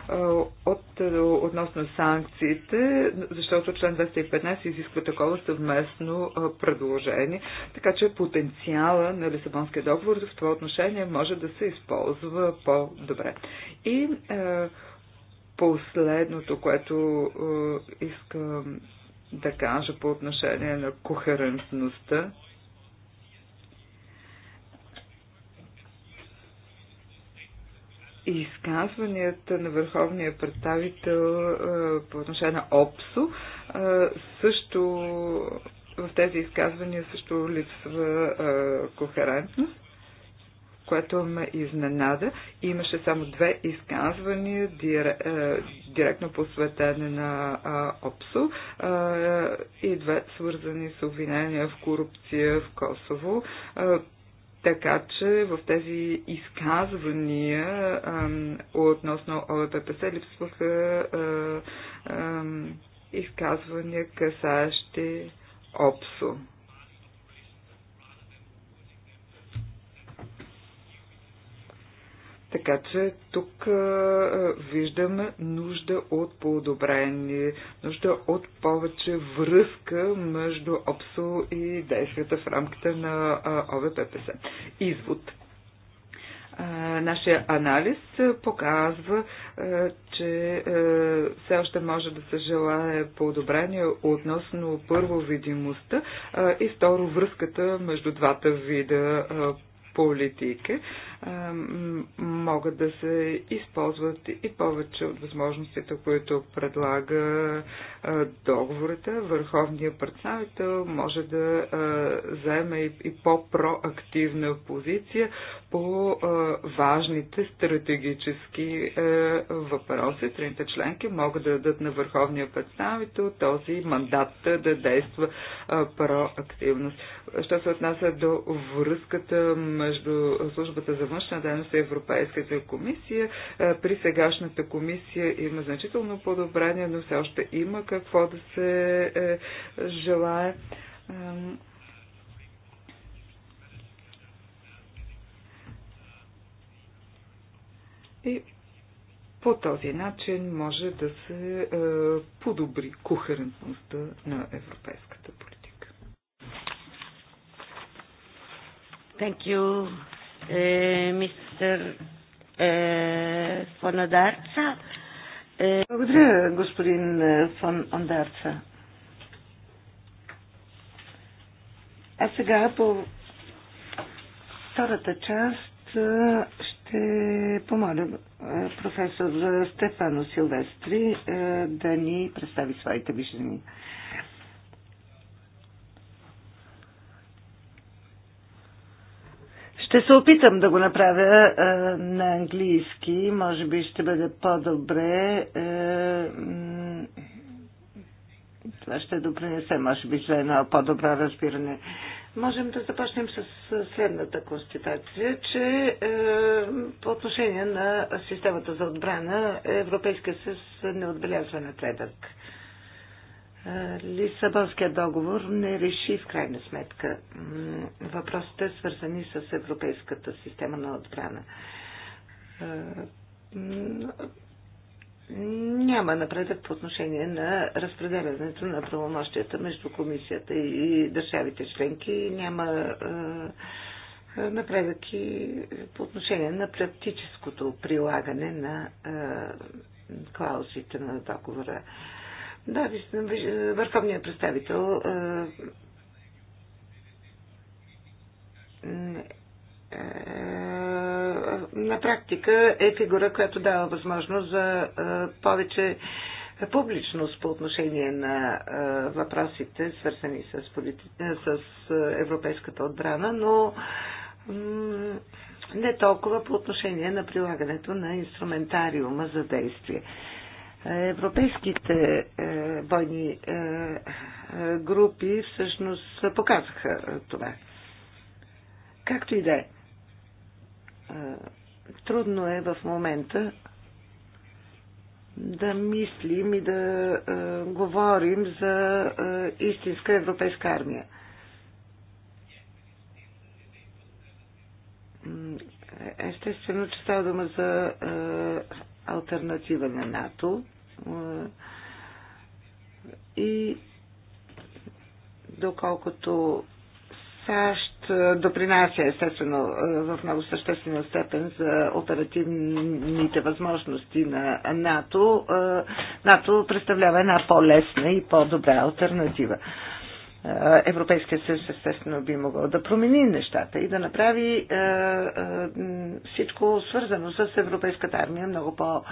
а, е, от, е, относно санкциите, защото член 215 изисква такова съвместно а, предложение, така че потенциала на Лисабонския договор в това отношение може да се използва по-добре. И а, последното, което а, искам да кажа по отношение на кохерентността, изказванията на върховния представител по отношение на ОПСО също в тези изказвания също липсва кохерентност което ме изненада. Имаше само две изказвания, директно посветени на ОПСО и две свързани с обвинения в корупция в Косово. Така че в тези изказвания а, относно ОЛППС липсваха а, а, изказвания касаещи ОПСО. Така че тук виждаме нужда от подобрение, нужда от повече връзка между ОПСО и действията в рамките на ОВППС. Извод нашия анализ показва, че все още може да се желае подобрение относно първо видимостта и второ връзката между двата вида политики могат да се използват и повече от възможностите, които предлага договорите. Върховният представител може да заеме и по-проактивна позиция по важните стратегически въпроси. Трите членки могат да дадат на върховния представител този мандат да действа проактивно. Що се отнася до връзката между службата за външна дейност Европейската комисия. Е, при сегашната комисия има значително подобрение, но все още има какво да се е, желае. И по този начин може да се е, подобри кохерентността на европейската политика. Thank you е, мистер е, фон Андарца. Е, Благодаря, господин фон Андарца. А сега по втората част ще помоля професор Стефано Силвестри да ни представи своите виждания. Ще се опитам да го направя а, е, на английски. Може би ще бъде по-добре. Е, това ще допринесе, може би, за едно по-добро разбиране. Можем да започнем с следната констатация, че е, по отношение на системата за отбрана Европейска съюз не отбелязва напредък. Е, Лисабонският договор не реши в крайна сметка въпросите, свързани с европейската система на отбрана. Няма напредък по отношение на разпределянето на правомощията между комисията и държавите членки. Няма напредък и по отношение на практическото прилагане на клаузите на договора. Да, е, върховният представител е, е, на практика е фигура, която дава възможност за повече публичност по отношение на въпросите, свързани с, полити... с европейската отбрана, но не толкова по отношение на прилагането на инструментариума за действие. Европейските е, бойни е, е, групи всъщност показаха това. Както и да е. Трудно е в момента да мислим и да говорим за истинска европейска армия. Естествено, че става дума за альтернатива на НАТО и доколкото САЩ допринася естествено в много съществена степен за оперативните възможности на НАТО. НАТО представлява една по-лесна и по-добра альтернатива. Европейския съюз естествено би могъл да промени нещата и да направи е, е, всичко свързано с Европейската армия много по-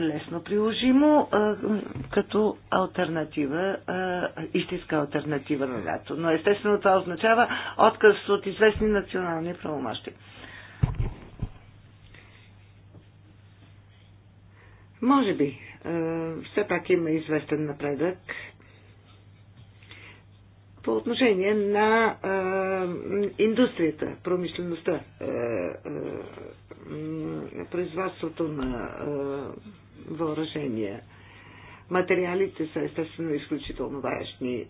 лесно приложимо е, като альтернатива, е, истинска альтернатива на НАТО. Но естествено това означава отказ от известни национални правомощи. Може би, е, все пак има известен напредък по отношение на а, индустрията, промишлеността, а, а, производството на а, въоръжения. Материалите са естествено изключително важни е,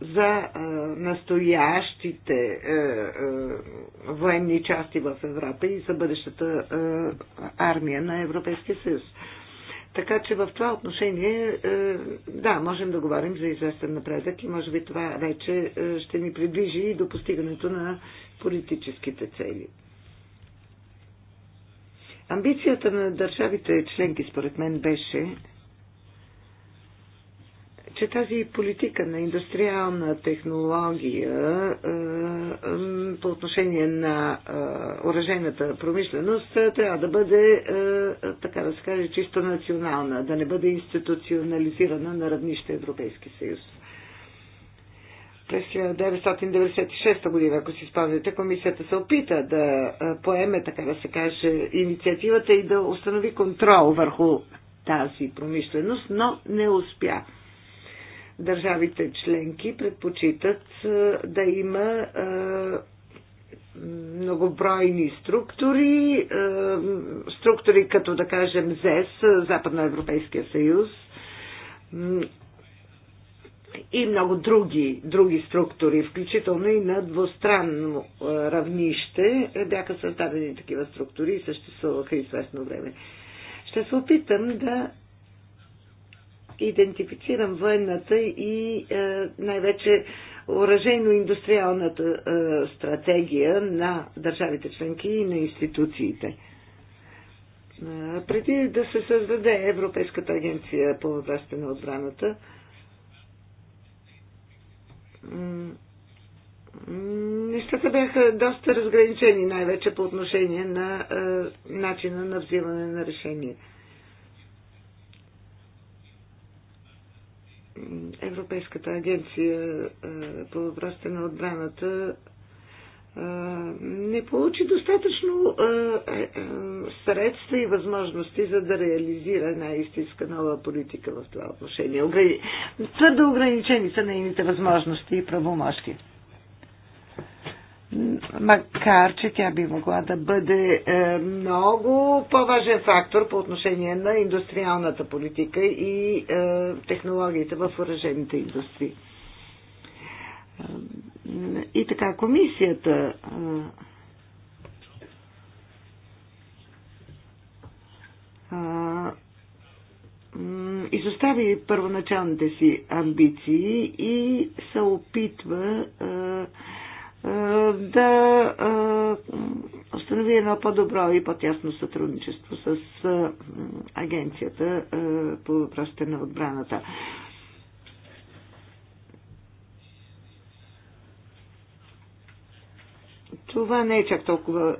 за е, настоящите е, е, военни части в Европа и за бъдещата е, армия на Европейския съюз. Е, така че в това отношение, е, да, можем да говорим за известен напредък и може би това вече е, ще ни приближи и до постигането на политическите цели. Амбицията на държавите членки, според мен, беше че тази политика на индустриална технология е, по отношение на е, оръжейната промишленост е, трябва да бъде, така да се каже, чисто национална, да не бъде институционализирана на равнище Европейски съюз. През 1996 година, ако си спомняте, комисията се опита да поеме, така да се каже, инициативата и да установи контрол върху тази промишленост, но не успя държавите членки предпочитат да има многобройни структури, структури като да кажем ЗЕС, Западноевропейския съюз и много други, други структури, включително и на двустранно равнище бяха създадени такива структури и съществуваха известно време. Ще се опитам да идентифицирам военната и е, най-вече оръжейно-индустриалната е, стратегия на държавите членки и на институциите. Е, преди да се създаде Европейската агенция по въпросите на отбраната, нещата бяха доста разграничени, най-вече по отношение на начина на взимане на решения. Европейската агенция по въпросите на отбраната не получи достатъчно средства и възможности за да реализира една истинска нова политика в това отношение. Твърдо ограничени са нейните възможности и правомощи макар че тя би могла да бъде е, много по-важен фактор по отношение на индустриалната политика и е, технологиите в оръжените индустрии. Е, и така, комисията изостави първоначалните си амбиции и се опитва а, да установи едно по-добро и по-тясно сътрудничество с агенцията по въпросите на отбраната. Това не е чак толкова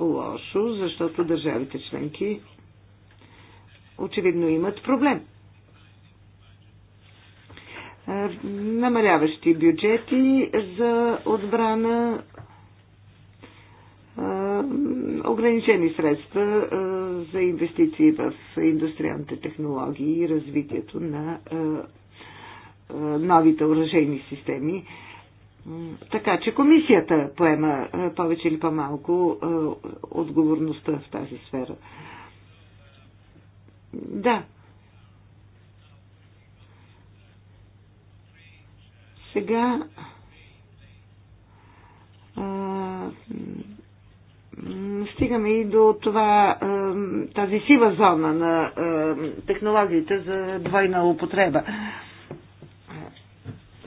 лошо, защото държавите членки очевидно имат проблем е, намаляващи бюджети за отбрана, е, ограничени средства е, за инвестиции в индустриалните технологии и развитието на новите оръжейни системи. Така че комисията поема повече или по-малко отговорността в тази сфера. Да, Сега а, стигаме и до това, а, тази сива зона на а, технологиите за двойна употреба,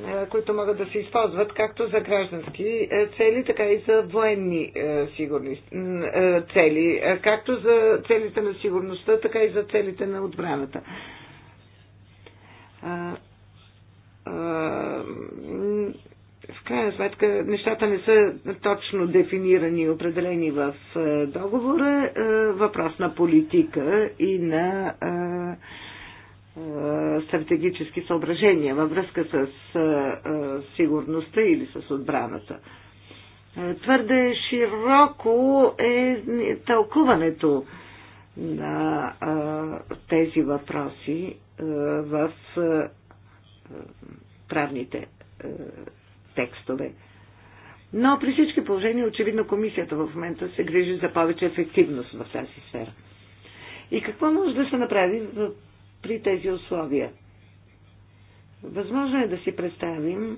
а, които могат да се използват както за граждански цели, така и за военни а, сигурни, а, цели, а, както за целите на сигурността, така и за целите на отбраната крайна сметка нещата не са точно дефинирани и определени в е, договора. Е, въпрос на политика и на е, стратегически съображения във връзка с сигурността или с отбраната. Твърде широко е тълкуването на тези въпроси в правните текстове. Но при всички положения, очевидно, комисията в момента се грижи за повече ефективност в тази сфера. И какво може да се направи при тези условия? Възможно е да си представим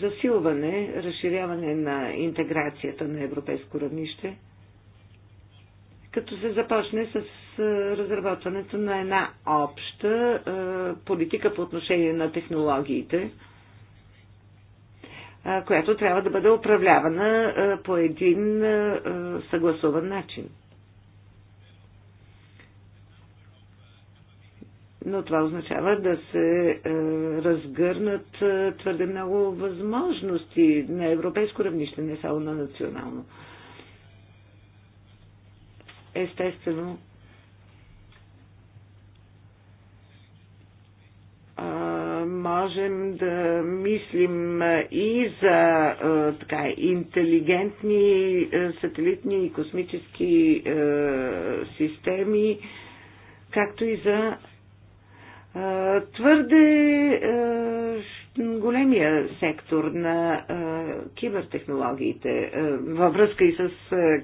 засилване, разширяване на интеграцията на европейско равнище, като се започне с разработването на една обща политика по отношение на технологиите – която трябва да бъде управлявана по един съгласуван начин. но това означава да се е, разгърнат е, твърде много възможности на европейско равнище, не само на национално. Естествено, можем да мислим и за е, така, интелигентни е, сателитни и космически е, системи, както и за твърде големия сектор на кибертехнологиите във връзка и с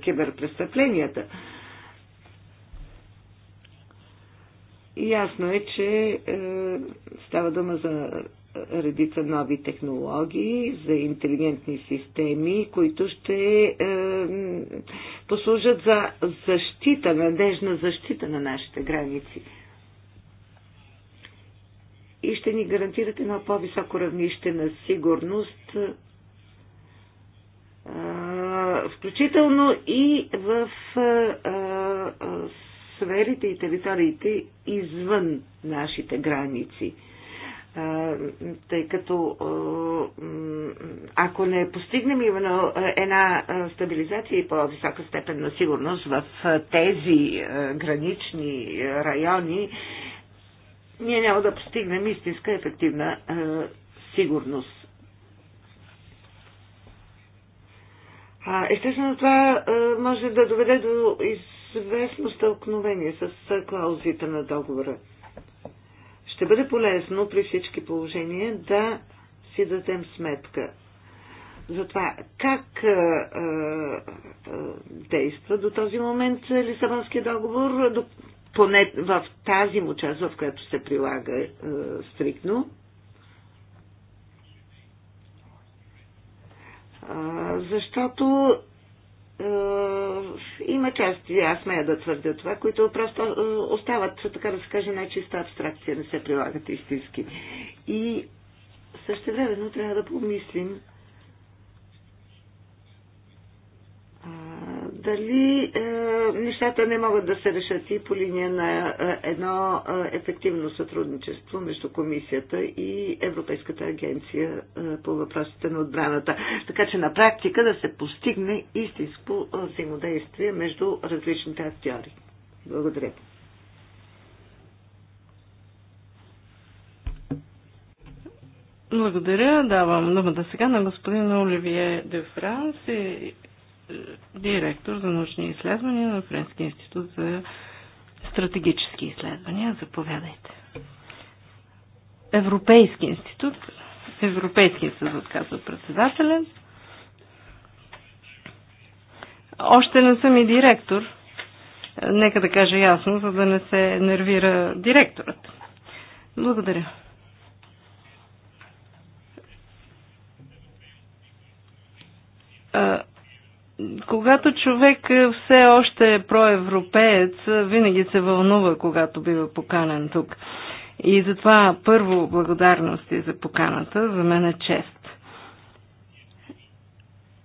киберпрестъпленията. Ясно е, че е, става дума за редица нови технологии, за интелигентни системи, които ще е, послужат за защита, надежна защита на нашите граници. И ще ни гарантират едно по-високо равнище на сигурност, е, включително и в е, е, сферите и териториите извън нашите граници. Тъй като ако не постигнем именно една стабилизация и по-висока степен на сигурност в тези гранични райони, ние няма да постигнем истинска ефективна сигурност. естествено това може да доведе до из, известно стълкновение с клаузите на договора. Ще бъде полезно при всички положения да си дадем сметка за това как а, а, действа до този момент Лисабонския договор, до, поне в тази му част, в която се прилага а, стрикно. А, защото е, има части, аз смея да твърдя това, които просто е, остават, така да се каже, най-чиста абстракция, не се прилагат истински. И също времено трябва да помислим дали е, нещата не могат да се решат и по линия на е, едно е, ефективно сътрудничество между комисията и Европейската агенция е, по въпросите на отбраната. Така че на практика да се постигне истинско е, взаимодействие между различните актьори. Благодаря. Благодаря. Давам думата сега на господин Оливие Де Франс и директор за научни изследвания на Френския институт за стратегически изследвания. Заповядайте. Европейски институт. Европейския институт казва председателя. Още не съм и директор. Нека да кажа ясно, за да не се нервира директорът. Благодаря. А, когато човек все още е проевропеец, винаги се вълнува, когато бива поканен тук. И затова първо благодарности за поканата, за мен е чест.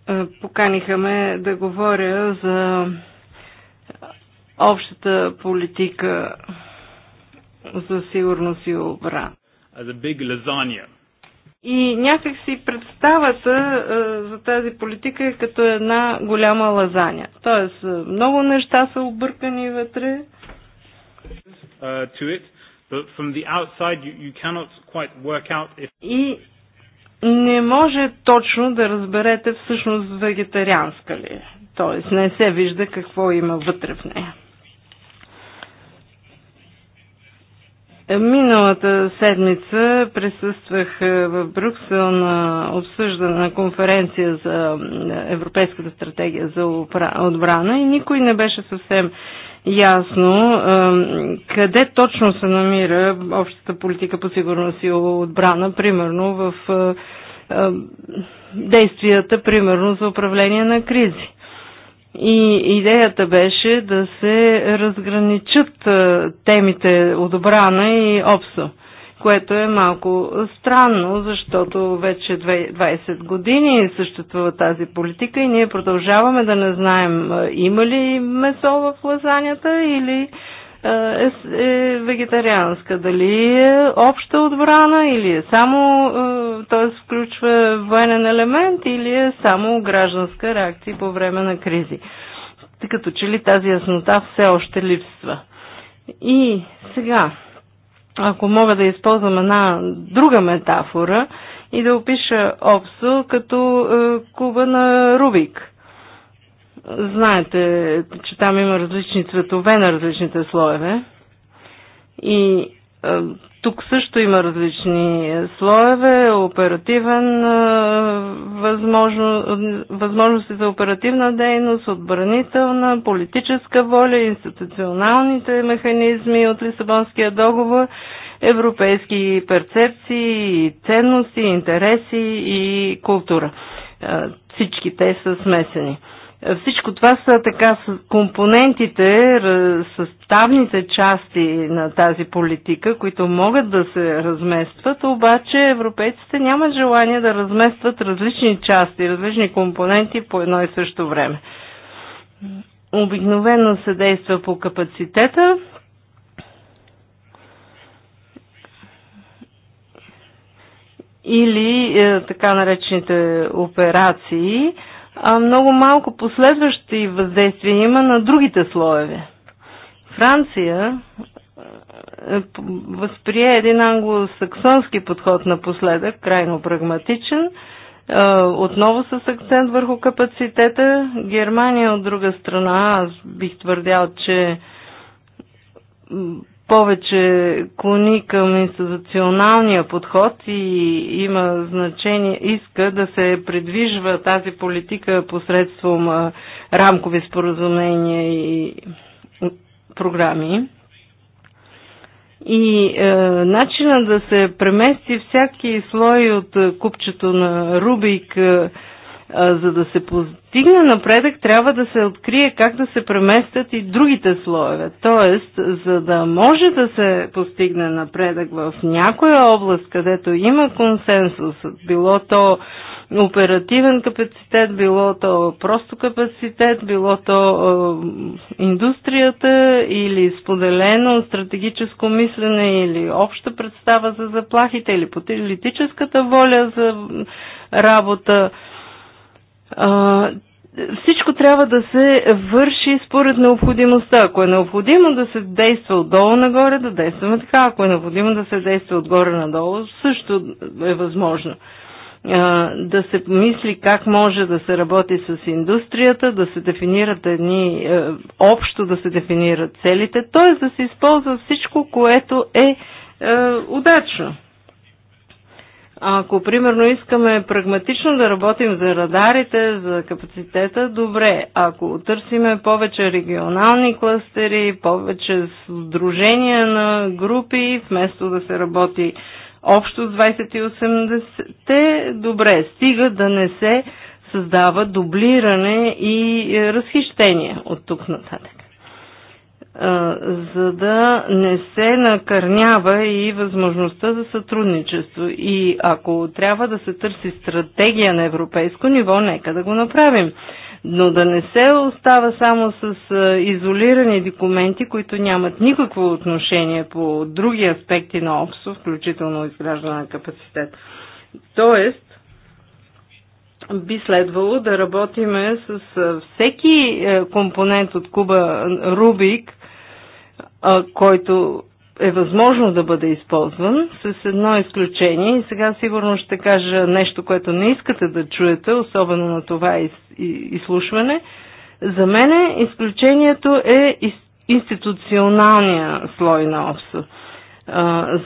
Е, поканиха ме да говоря за общата политика за сигурност и обра. As a big lasagna. И някак си представата е, за тази политика е като една голяма лазаня. Тоест, е, много неща са объркани вътре. Uh, И не може точно да разберете всъщност вегетарианска ли е. Тоест, не се вижда какво има вътре в нея. Миналата седмица присъствах е, в Брюксел на обсъждане на конференция за е, Европейската стратегия за отбрана и никой не беше съвсем ясно е, къде точно се намира общата политика по сигурност и отбрана, примерно в действията, примерно за управление на кризи. И идеята беше да се разграничат темите одобрана и обсо, което е малко странно, защото вече 20 години съществува тази политика и ние продължаваме да не знаем има ли месо в лазанята или е, е, е вегетарианска. Дали е обща отбрана или е само, е, т.е. включва военен елемент или е само гражданска реакция по време на кризи. Тъй като че ли тази яснота все още липсва. И сега, ако мога да използвам една друга метафора и да опиша ОПСО като е, куба на Рубик – Знаете, че там има различни цветове на различните слоеве. И тук също има различни слоеве, оперативен възможно, възможности за оперативна дейност, отбранителна, политическа воля, институционалните механизми от Лисабонския договор, европейски перцепции, ценности, интереси и култура. Всички те са смесени. Всичко това са така компонентите, съставните части на тази политика, които могат да се разместват, обаче европейците нямат желание да разместват различни части, различни компоненти по едно и също време. Обикновено се действа по капацитета, или е, така наречените операции, а много малко последващи въздействия има на другите слоеве. Франция възприе един англосаксонски подход напоследък, крайно прагматичен, отново с акцент върху капацитета. Германия от друга страна, аз бих твърдял, че повече клони към институционалния подход и има значение, иска да се предвижва тази политика посредством рамкови споразумения и програми. И е, начина да се премести всяки слой от е, купчето на Рубик е, за да се постигне напредък, трябва да се открие как да се преместят и другите слоеве. Тоест, за да може да се постигне напредък в някоя област, където има консенсус, било то оперативен капацитет, било то просто капацитет, било то е, индустрията или споделено стратегическо мислене или обща представа за заплахите или политическата воля за работа. Е, всичко трябва да се върши според необходимостта. Ако е необходимо да се действа отдолу нагоре, да действаме така. Ако е необходимо да се действа отгоре надолу, също е възможно. Да се мисли как може да се работи с индустрията, да се дефинират едни, е, общо да се дефинират целите, т.е. да се използва всичко, което е, е удачно. Ако, примерно, искаме прагматично да работим за радарите, за капацитета, добре. Ако търсиме повече регионални кластери, повече сдружения на групи, вместо да се работи общо с 28-те, добре. Стига да не се създава дублиране и е, разхищение от тук нататък за да не се накърнява и възможността за сътрудничество. И ако трябва да се търси стратегия на европейско ниво, нека да го направим. Но да не се остава само с изолирани документи, които нямат никакво отношение по други аспекти на общо, включително изграждане на капацитет. Тоест, би следвало да работиме с всеки е, компонент от Куба Рубик, който е възможно да бъде използван, с едно изключение. И сега сигурно ще кажа нещо, което не искате да чуете, особено на това из, изслушване. За мен изключението е институционалния слой на ОПСО.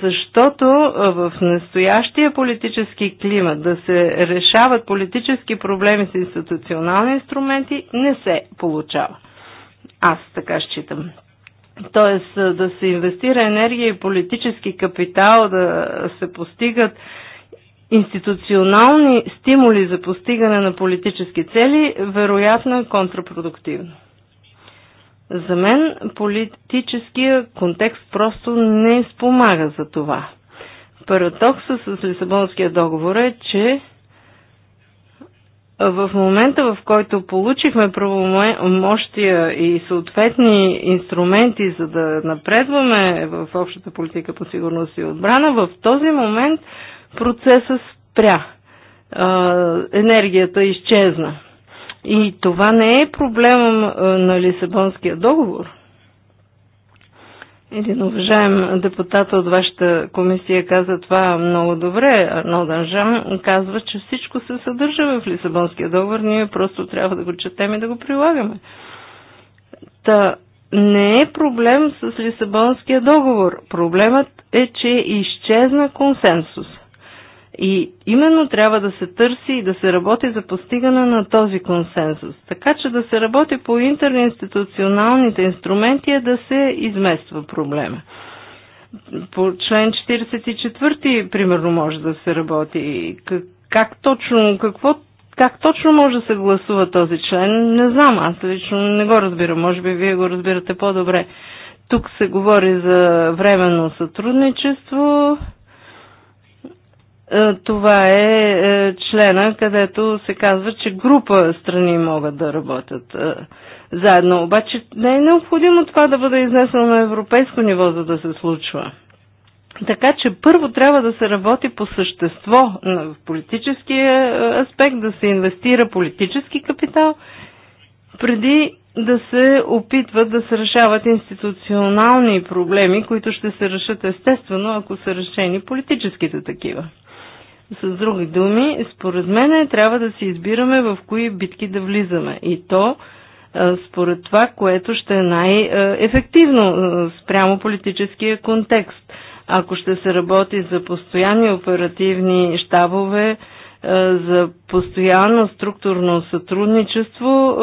Защото в настоящия политически климат да се решават политически проблеми с институционални инструменти не се получава. Аз така считам т.е. да се инвестира енергия и политически капитал, да се постигат институционални стимули за постигане на политически цели, вероятно е контрапродуктивно. За мен политическия контекст просто не спомага за това. Парадоксът с Лисабонския договор е, че в момента, в който получихме правомощия и съответни инструменти, за да напредваме в общата политика по сигурност и отбрана, в този момент процесът спря. Енергията изчезна. И това не е проблем на Лисабонския договор – един уважаем депутат от вашата комисия каза това много добре. Нодан Жан казва, че всичко се съдържа в Лисабонския договор. Ние просто трябва да го четем и да го прилагаме. Та не е проблем с Лисабонския договор. Проблемът е, че изчезна консенсус. И именно трябва да се търси и да се работи за постигане на този консенсус. Така че да се работи по интеринституционалните инструменти е да се измества проблема. По член 44, примерно, може да се работи. Как, как точно, какво как точно може да се гласува този член, не знам. Аз лично не го разбирам. Може би вие го разбирате по-добре. Тук се говори за временно сътрудничество, е, това е, е члена, където се казва, че група страни могат да работят е, заедно. Обаче не е необходимо това да бъде изнесено на европейско ниво, за да се случва. Така че първо трябва да се работи по същество в политическия аспект, да се инвестира политически капитал, преди да се опитват да се решават институционални проблеми, които ще се решат естествено, ако са решени политическите такива. С други думи, според мен трябва да си избираме в кои битки да влизаме. И то според това, което ще е най-ефективно спрямо политическия контекст. Ако ще се работи за постоянни оперативни щабове, за постоянно структурно сътрудничество,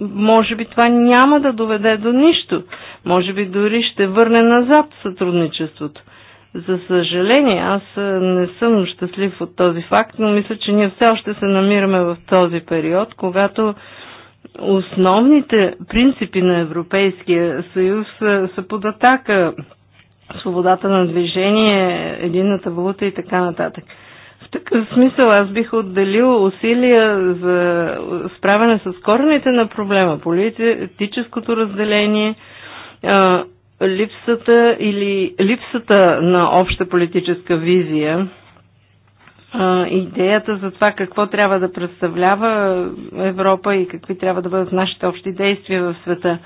може би това няма да доведе до нищо. Може би дори ще върне назад сътрудничеството. За съжаление, аз е, не съм щастлив от този факт, но мисля, че ние все още се намираме в този период, когато основните принципи на Европейския съюз са, е, са под атака. Свободата на движение, единната валута и така нататък. В такъв смисъл аз бих отделил усилия за справяне с корените на проблема, политическото разделение, е, липсата или липсата на обща политическа визия, идеята за това какво трябва да представлява Европа и какви трябва да бъдат нашите общи действия в света.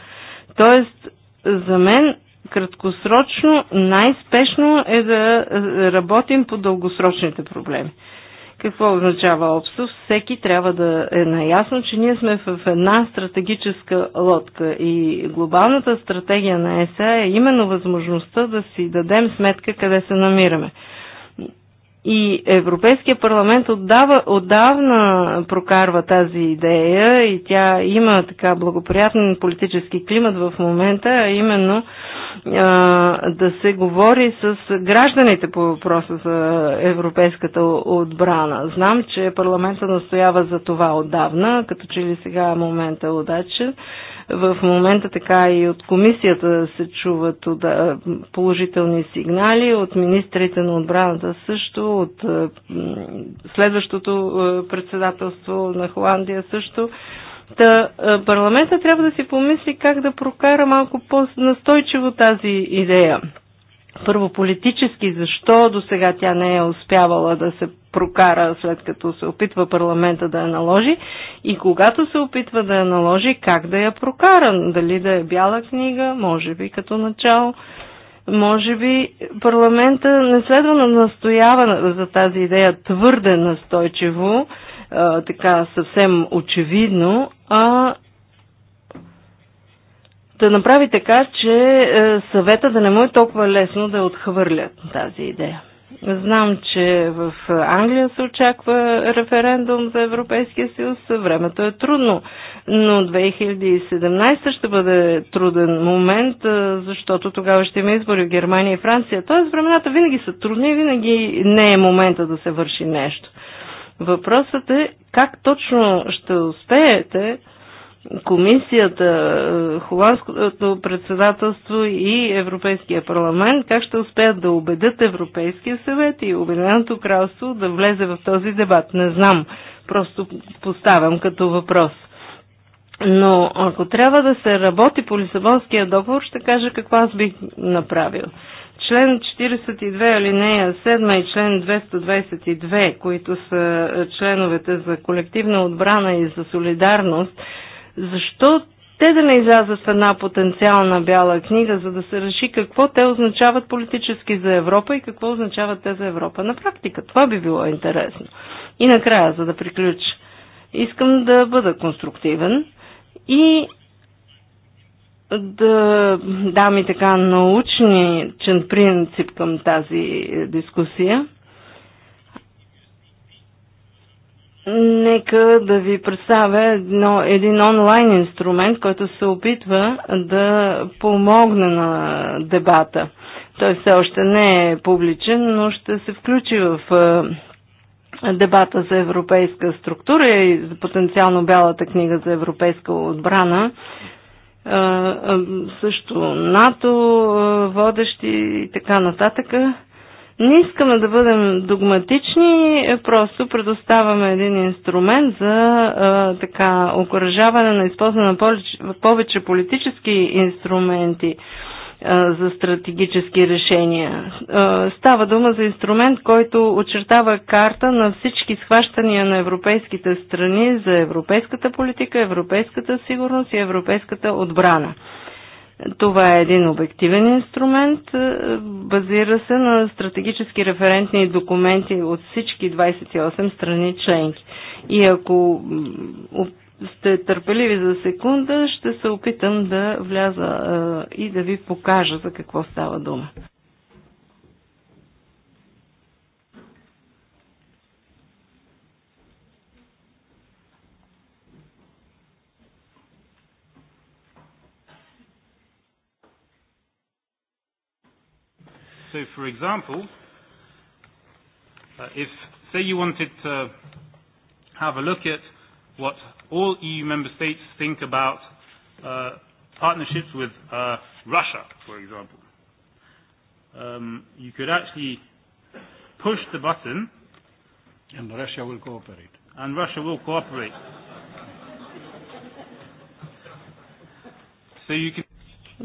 Тоест, за мен краткосрочно най-спешно е да е, работим по дългосрочните проблеми. Какво означава общо? Всеки трябва да е наясно, че ние сме в една стратегическа лодка и глобалната стратегия на ЕСА е именно възможността да си дадем сметка къде се намираме. И Европейския парламент отдава, отдавна прокарва тази идея и тя има така благоприятен политически климат в момента, а именно а, да се говори с гражданите по въпроса за европейската отбрана. Знам, че парламента настоява за това отдавна, като че ли сега момента е удачен в момента така и от комисията се чуват положителни сигнали, от министрите на отбраната също, от следващото председателство на Холандия също. Та, парламента трябва да си помисли как да прокара малко по-настойчиво тази идея. Първо политически, защо до сега тя не е успявала да се прокара след като се опитва парламента да я наложи и когато се опитва да я наложи, как да я прокара? Дали да е бяла книга, може би като начало може би парламента не следва да настоява за тази идея твърде настойчиво, така съвсем очевидно, а да направи така, че е, съвета да не му е толкова лесно да отхвърлят тази идея. Знам, че в Англия се очаква референдум за Европейския съюз. Времето е трудно, но 2017 ще бъде труден момент, е, защото тогава ще има избори в Германия и Франция. Тоест времената винаги са трудни и винаги не е момента да се върши нещо. Въпросът е как точно ще успеете комисията, е, холандското председателство и Европейския парламент, как ще успеят да убедят Европейския съвет и Обединеното кралство да влезе в този дебат. Не знам, просто поставям като въпрос. Но ако трябва да се работи по Лисабонския договор, ще кажа какво аз бих направил. Член 42 алинея 7 и член 222, които са членовете за колективна отбрана и за солидарност, защо те да не излязат в една потенциална бяла книга, за да се реши какво те означават политически за Европа и какво означават те за Европа на практика. Това би било интересно. И накрая, за да приключа, искам да бъда конструктивен и да дам и така научни принцип към тази дискусия. Нека да ви представя едно, един онлайн инструмент, който се опитва да помогне на дебата. Той все още не е публичен, но ще се включи в дебата за европейска структура и за потенциално бялата книга за европейска отбрана. Също НАТО, водещи и така нататък. Не искаме да бъдем догматични, е, просто предоставяме един инструмент за а, е, така окоръжаване на използване на повече, политически инструменти а, е, за стратегически решения. А, става дума за инструмент, който очертава карта на всички схващания на европейските страни за европейската политика, европейската сигурност и европейската отбрана. Това е един обективен инструмент, е, базира се на стратегически референтни документи от всички 28 страни членки. И ако сте търпеливи за секунда, ще се опитам да вляза е, и да ви покажа за какво става дума. So, for example, uh, if, say, you wanted to have a look at what all EU member states think about uh, partnerships with uh, Russia, for example, um, you could actually push the button. And Russia will cooperate. And Russia will cooperate. So you can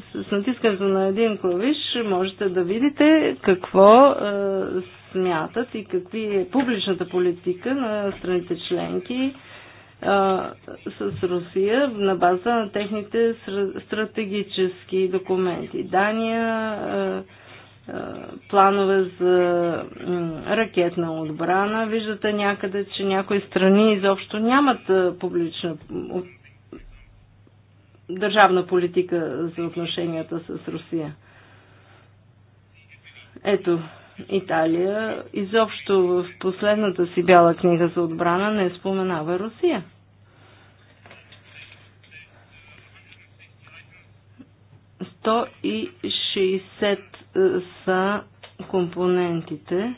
с натискането на един клавиш можете да видите какво е, смятат и какви е публичната политика на страните членки е, с Русия на база на техните стратегически документи. Дания, е, е, планове за ракетна отбрана. Виждате някъде, че някои страни изобщо нямат е, публична държавна политика за отношенията с Русия. Ето, Италия изобщо в последната си бяла книга за отбрана не споменава Русия. То и 60 е, са компонентите.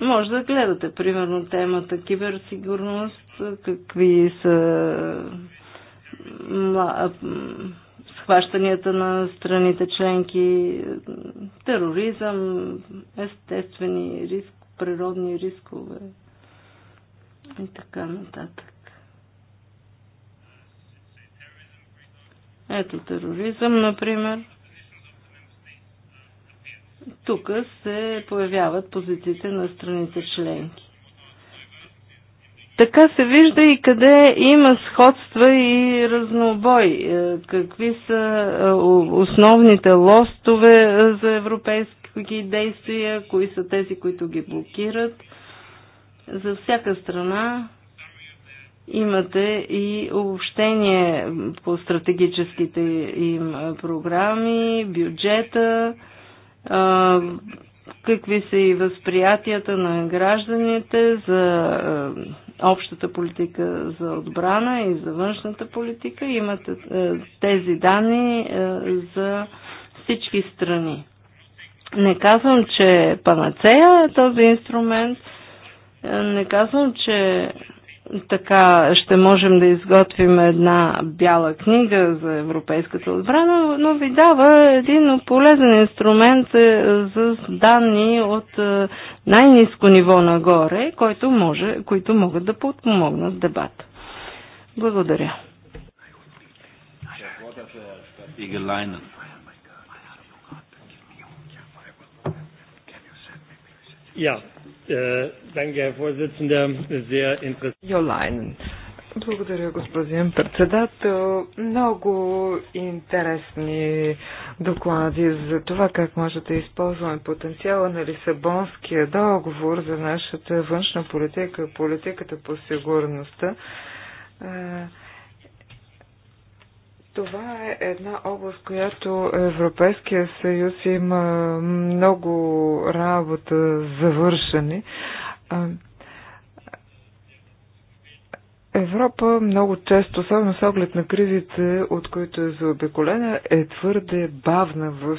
Може да гледате, примерно, темата киберсигурност, какви са схващанията на страните членки, тероризъм, естествени риск, природни рискове и така нататък. Ето тероризъм, например. Тук се появяват позициите на страните членки. Така се вижда и къде има сходства и разнобой. Е, какви са е, основните лостове е, за европейски действия, кои са тези, които ги блокират. За всяка страна имате и общение по стратегическите им програми, бюджета, какви са и възприятията на гражданите за общата политика за отбрана и за външната политика. Имате тези данни е, за всички страни. Не казвам, че панацея е този инструмент. Е, не казвам, че така ще можем да изготвим една бяла книга за европейската отбрана, но ви дава един полезен инструмент е, за данни от е, най-низко ниво нагоре, който може, които могат да подпомогнат дебата. Благодаря. Yeah. Äh, Благодаря, господин председател. Много интересни доклади за това как може да използваме потенциала на Лисабонския договор за нашата външна политика, политиката по сигурността. Е, това е една област, която Европейския съюз има много работа завършени. Европа много често, особено с оглед на кризите, от които е заобиколена, е твърде бавна в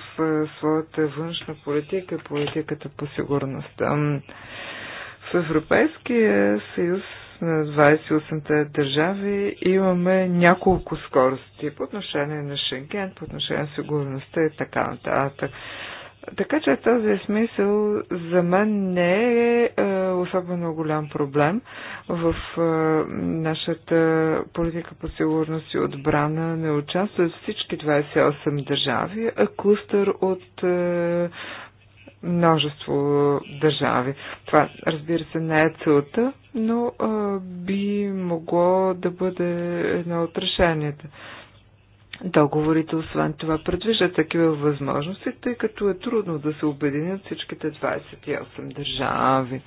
своята външна политика, политиката по сигурността. В Европейския съюз на 28-те държави имаме няколко скорости по отношение на Шенген, по отношение на сигурността и така нататък. Така че този смисъл за мен не е, е особено голям проблем в е, нашата политика по сигурност и отбрана. Не участват всички 28 държави, а клъстър от е, множество държави. Това, разбира се, не е целта, но а, би могло да бъде едно от решенията. Договорите, освен това, предвиждат такива възможности, тъй като е трудно да се обединят всичките 28 държави.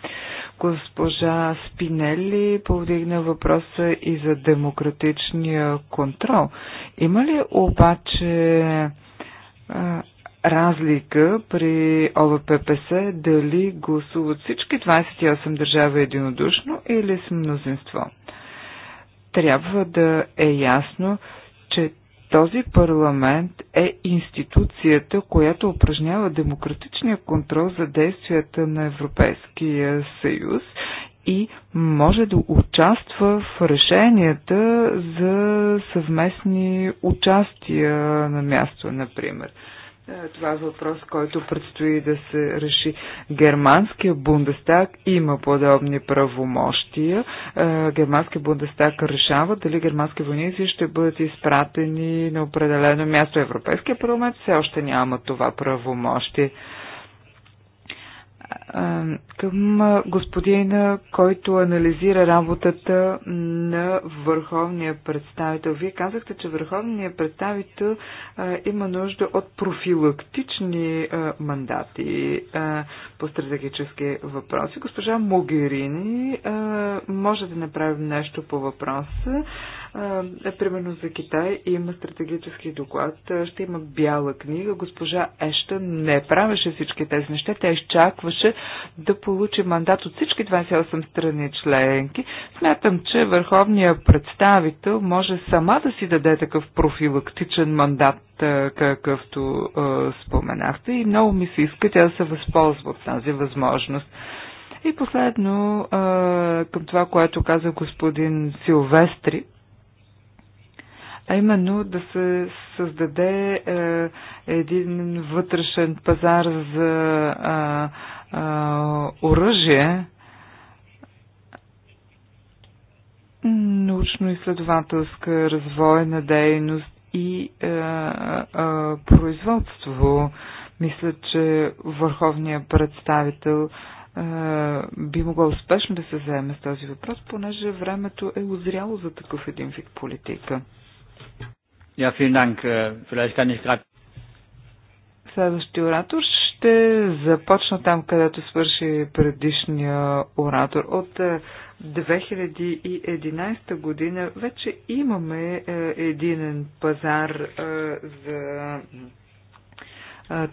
Госпожа Спинели повдигна въпроса и за демократичния контрол. Има ли обаче а, разлика при ОВППС дали гласуват всички 28 държави единодушно или с мнозинство. Трябва да е ясно, че този парламент е институцията, която упражнява демократичния контрол за действията на Европейския съюз и може да участва в решенията за съвместни участия на място, например. Е, това е въпрос, който предстои да се реши. Германския Бундестаг има подобни правомощия. Е, Германския Бундестаг решава дали германски войници ще бъдат изпратени на определено място. Европейския парламент все още няма това правомощие към господина, който анализира работата на върховния представител. Вие казахте, че върховният представител има нужда от профилактични мандати по стратегически въпроси. Госпожа Могерини може да направим нещо по въпроса. Примерно за Китай има стратегически доклад, ще има бяла книга. Госпожа Еща не правеше всички тези неща. Тя изчакваше да получи мандат от всички 28 страни членки. Смятам, че върховният представител може сама да си даде такъв профилактичен мандат, какъвто споменахте. И много ми се иска тя да се възползва от тази възможност. И последно, към това, което каза господин Силвестри, а именно да се създаде е, един вътрешен пазар за е, е, оръжие, научно-изследователска развойна дейност и е, е, производство. Мисля, че върховният представител е, би могъл успешно да се заеме с този въпрос, понеже времето е озряло за такъв един вид политика. Ja, vielen Dank. Äh, vielleicht kann ich gerade. Следващия оратор ще започна там, където свърши предишния оратор. От 2011 е, година вече имаме е, единен пазар е, за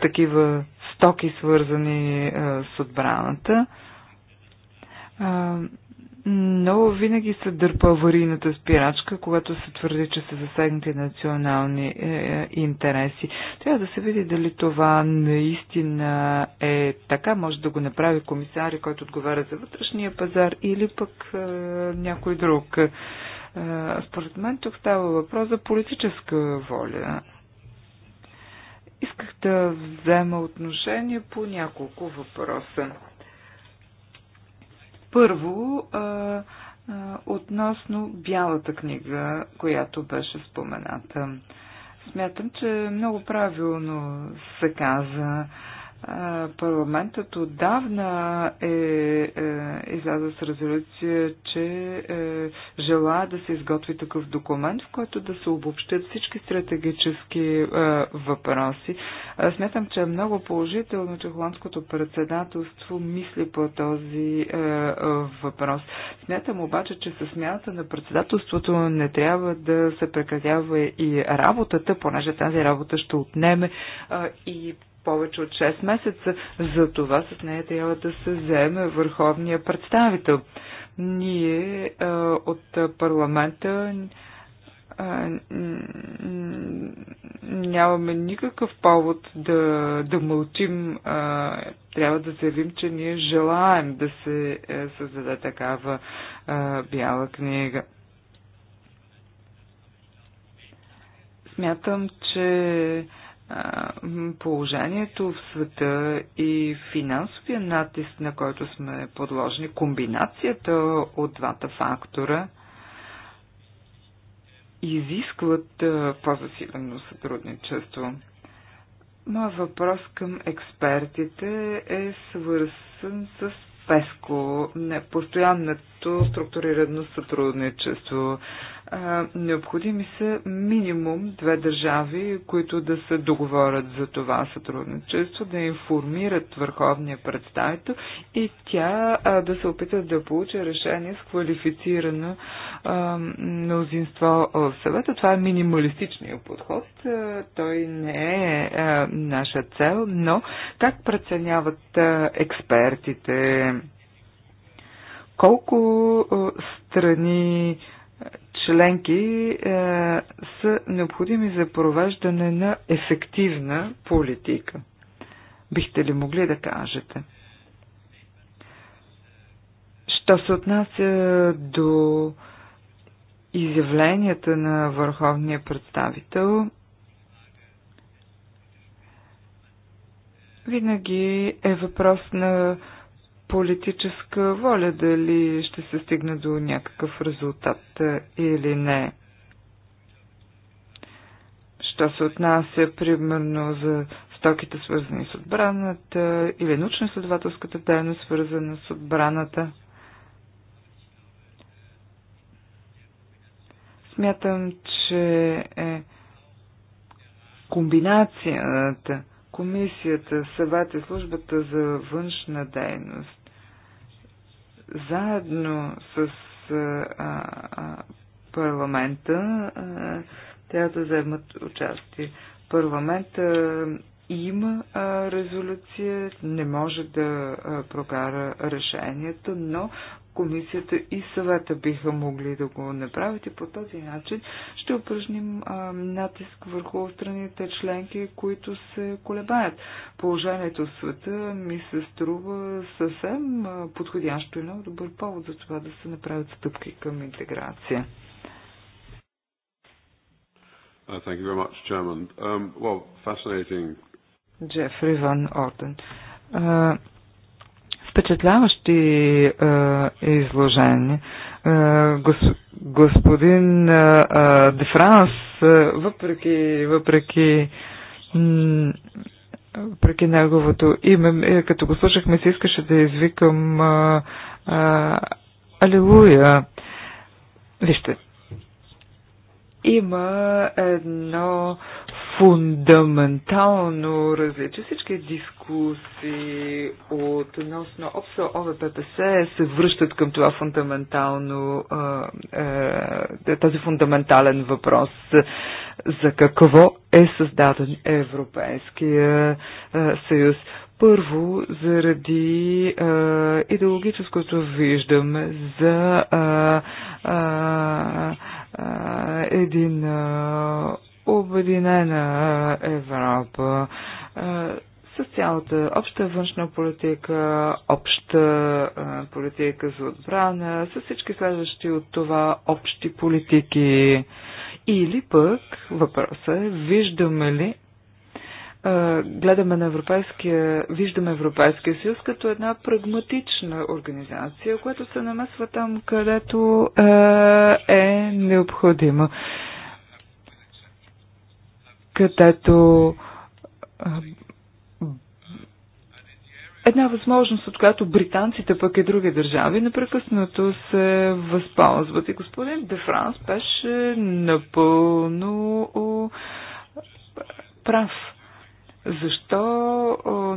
такива стоки, свързани с отбраната. Много винаги се дърпа аварийната спирачка, когато се твърди, че са засегнати национални е, е, интереси. Трябва да се види дали това наистина е така. Може да го направи комисари, който отговаря за вътрешния пазар или пък е, някой друг. Е, според мен тук става въпрос за политическа воля. Исках да взема отношение по няколко въпроса. Първо, относно бялата книга, която беше спомената. Смятам, че много правилно се каза, парламентът отдавна е, е излязъл с резолюция, че е, желая да се изготви такъв документ, в който да се обобщат всички стратегически е, въпроси. Смятам, че е много положително, че холандското председателство мисли по този е, е, въпрос. Смятам обаче, че със смяната на председателството не трябва да се прекратява и работата, понеже тази работа ще отнеме е, и повече от 6 месеца. За това с нея трябва да се вземе върховния представител. Ние а, от парламента а, нямаме никакъв повод да, да мълчим. А, трябва да заявим, че ние желаем да се е, създаде такава а, бяла книга. Смятам, че положението в света и финансовия натиск, на който сме подложени, комбинацията от двата фактора изискват по-засилено сътрудничество. Моят въпрос към експертите е свързан с ПЕСКО, постоянното структурирано сътрудничество а, необходими са минимум две държави, които да се договорят за това сътрудничество, да информират върховния представител и тя а, да се опита да получи решение с квалифицирано мнозинство в съвета. Това е минималистичният подход. А, той не е а, наша цел, но как преценяват а, експертите? Колко а, страни членки е, са необходими за провеждане на ефективна политика. Бихте ли могли да кажете? Що се отнася до изявленията на върховния представител, винаги е въпрос на политическа воля дали ще се стигне до някакъв резултат е, или не. Що се отнася примерно за стоките свързани с отбраната или научно-изследователската дейност свързана с отбраната. Смятам, че е комбинацията комисията, съвет и службата за външна дейност заедно с парламента трябва да вземат участие. Парламента има резолюция, не може да прокара решението, но комисията и съвета биха могли да го направят и по този начин ще упражним а, натиск върху страните членки, които се колебаят. Положението в света ми се струва съвсем подходящо и много добър повод за това да се направят стъпки към интеграция. Uh, thank you very much, Um, well, fascinating. Джефри Ван Орден. Uh, впечатляващи е, изложения. Е, гос, господин е, е Де Франс, е, въпреки, въпреки въпреки неговото име, е, като го слушахме, се искаше да извикам е, е, Алилуя. Вижте, има едно фундаментално различие Всички дискусии относно общо ОВППС се връщат към това фундаментално, е, е, този фундаментален въпрос за какво е създаден Европейския съюз. Първо, заради а, идеологическото виждаме за а, а, а, един а, Обединена Европа с цялата обща външна политика, обща политика за отбрана, с всички следващи от това общи политики. Или пък въпросът е, виждаме ли гледаме на Европейския, виждаме Европейския съюз като една прагматична организация, която се намесва там, където е, е необходима където една възможност, от която британците, пък и други държави, непрекъснато се възползват. И господин Де Франс беше напълно прав. Защо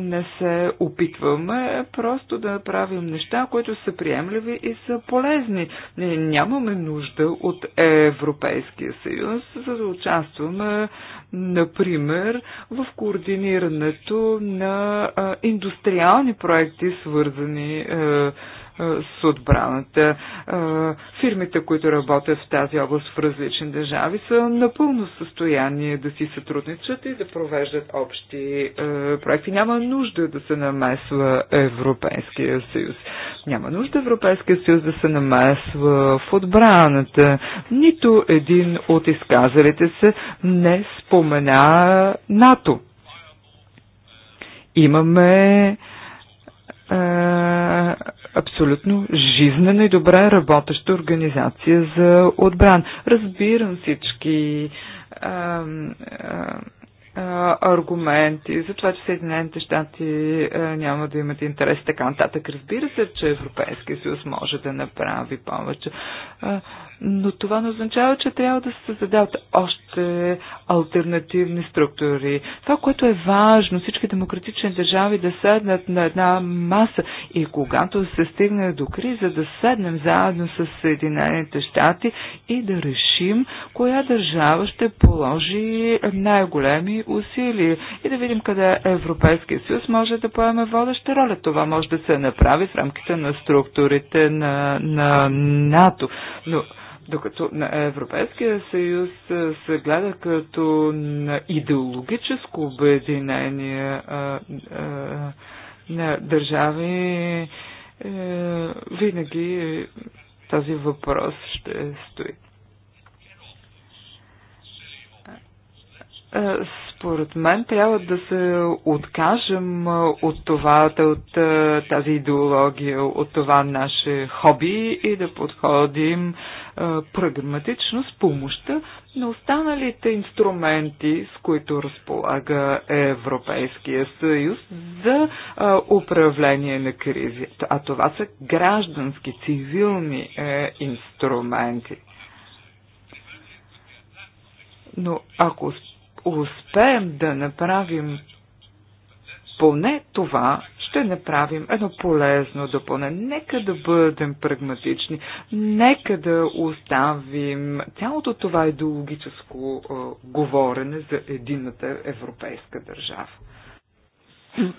не се опитваме просто да правим неща, които са приемливи и са полезни? Ние нямаме нужда от Европейския съюз, за да участваме, например, в координирането на индустриални проекти, свързани с отбраната. Фирмите, които работят в тази област в различни държави, са напълно състояние да си сътрудничат и да провеждат общи проекти. Няма нужда да се намесва Европейския съюз. Няма нужда Европейския съюз да се намесва в отбраната. Нито един от изказалите се не спомена НАТО. Имаме е, абсолютно жизнена и добре работеща организация за отбран. Разбирам всички а, е, а, е, аргументи за това, че Съединените щати няма да имат интерес така нататък. Разбира се, че Европейския съюз може да направи повече но това не означава, че трябва да се създадат още альтернативни структури. Това, което е важно, всички демократични държави да седнат на една маса и когато се стигне до криза, да седнем заедно с Съединените щати и да решим коя държава ще положи най-големи усилия и да видим къде Европейския съюз може да поеме водеща роля. Това може да се направи в рамките на структурите на, на НАТО. Но докато на Европейския съюз се гледа като на идеологическо обединение на държави, е, винаги този въпрос ще стои. Според мен трябва да се откажем от това, от тази идеология, от това наше хоби и да подходим прагматично с помощта на останалите инструменти, с които разполага Европейския съюз за управление на кризи. А това са граждански, цивилни е, инструменти. Но ако успеем да направим поне това, ще направим едно полезно допълнение. Нека да бъдем прагматични, нека да оставим цялото това идеологическо е, говорене за единната европейска държава.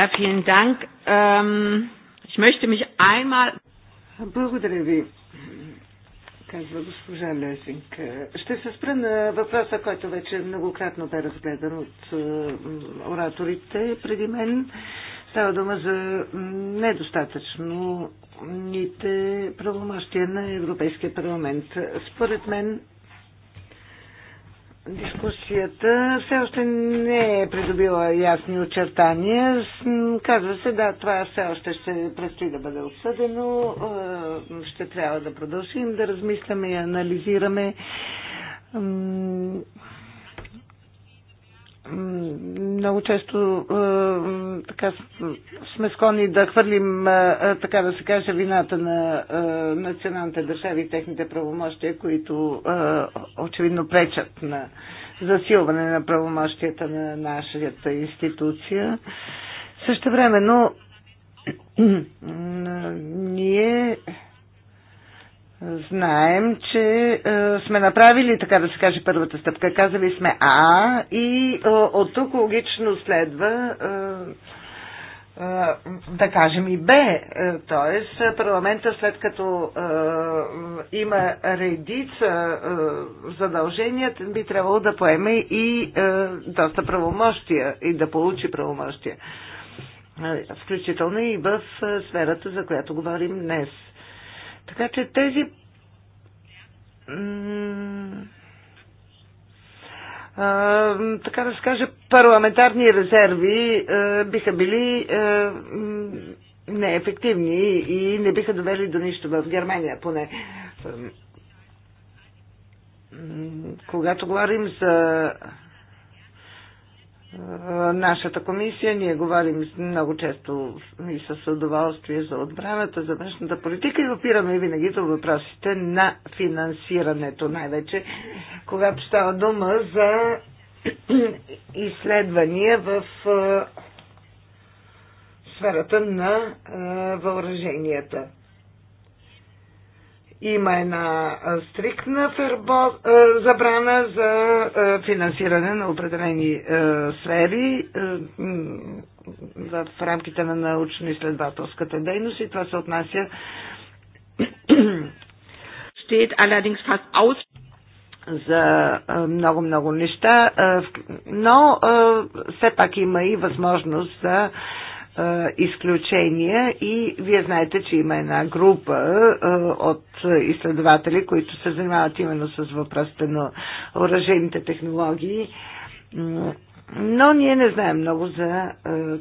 Ja, vielen Dank. Ähm, ich möchte mich einmal. Благодаря ви казва госпожа Лесинг. Е, ще се спра на въпроса, който вече многократно бе разгледан от е, ораторите преди мен. Става дума за недостатъчно ните правомощия на Европейския парламент. Според мен Дискусията все още не е придобила ясни очертания. Казва се, да, това все още ще предстои да бъде обсъдено. Е, ще трябва да продължим да размисляме и анализираме много често е, така, сме склонни да хвърлим, е, е, така да се каже, вината на националните държави и техните правомощия, които очевидно пречат на засилване на правомощията на нашата институция. Също време, но ние Знаем, че е, сме направили, така да се каже, първата стъпка. Казали сме А и е, от тук логично следва е, е, да кажем и Б. Е, Тоест, парламента след като е, има редица е, задължения, би трябвало да поеме и е, доста правомощия и да получи правомощия. Е, включително и в е, сферата, за която говорим днес – така че тези така да се каже, парламентарни резерви биха били неефективни и не биха довели до нищо в Германия, поне. Когато говорим за нашата комисия. Ние говорим много често и с удоволствие за отбраната, за външната политика и опираме винаги до въпросите на финансирането, най-вече когато става дума за изследвания в сферата на въоръженията. Има една стриктна фербо, забрана за финансиране на определени сфери в рамките на научно-изследователската дейност и това се отнася steht allerdings fast aus за много-много неща, но все пак има и възможност за изключения и вие знаете, че има една група от изследователи, които се занимават именно с въпросите на уражените технологии. Но ние не знаем много за е,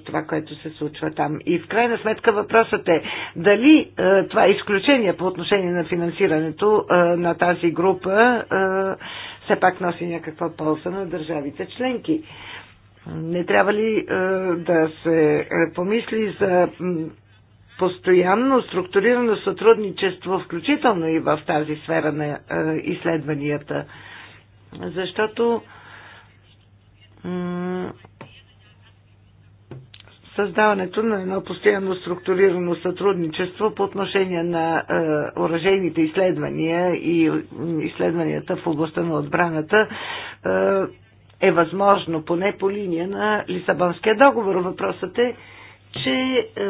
това, което се случва там. И в крайна сметка въпросът е дали е, това изключение по отношение на финансирането е, на тази група е, все пак носи някаква полза на държавите членки. Е, не трябва ли е, да се е, помисли за постоянно структурирано сътрудничество, включително и в тази сфера на е, изследванията? Защото създаването на едно постоянно структурирано сътрудничество по отношение на е, оръжейните изследвания и изследванията в областта на отбраната е, е възможно, поне по линия на Лисабонския договор. Въпросът е, че е,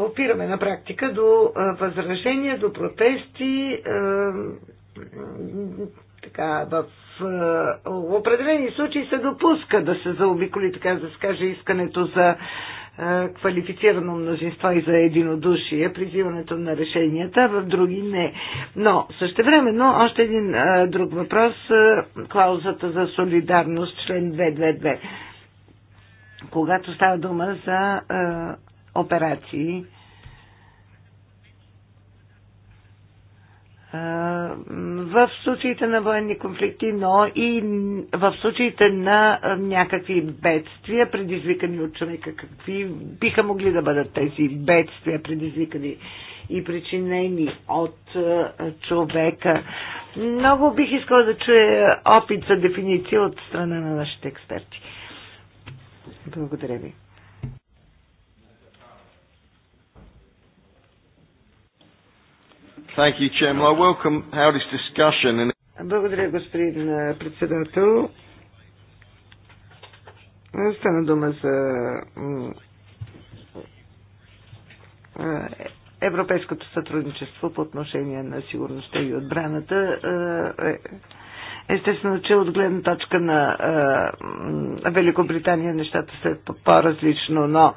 опираме на практика до е, възражения, до протести, е, така, в е, определени случаи се допуска да се заобиколи, така да се каже, искането за квалифицирано мнозинство и за единодушие при взимането на решенията, в други не. Но но още един друг въпрос, клаузата за солидарност, член 222. Когато става дума за операции, в случаите на военни конфликти, но и в случаите на някакви бедствия, предизвикани от човека. Какви биха могли да бъдат тези бедствия, предизвикани и причинени от човека? Много бих искала да чуя опит за дефиниция от страна на нашите експерти. Благодаря ви. Thank you, Chairman. I welcome discussion. And... Благодаря, господин председател. Стана дума за европейското сътрудничество по отношение на сигурността и отбраната. Е, естествено, че от гледна точка на Великобритания нещата са по-различно, но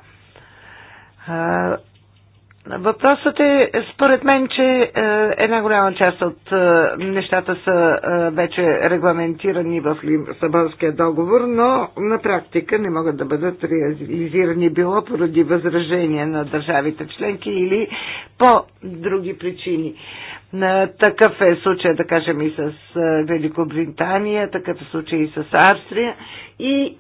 Въпросът е, според мен, че е, една голяма част от е, нещата са е, вече регламентирани в Лисабонския договор, но на практика не могат да бъдат реализирани било поради възражение на държавите членки или по други причини. Такъв е случай, да кажем, и с Великобритания, такъв е случай и с Австрия. И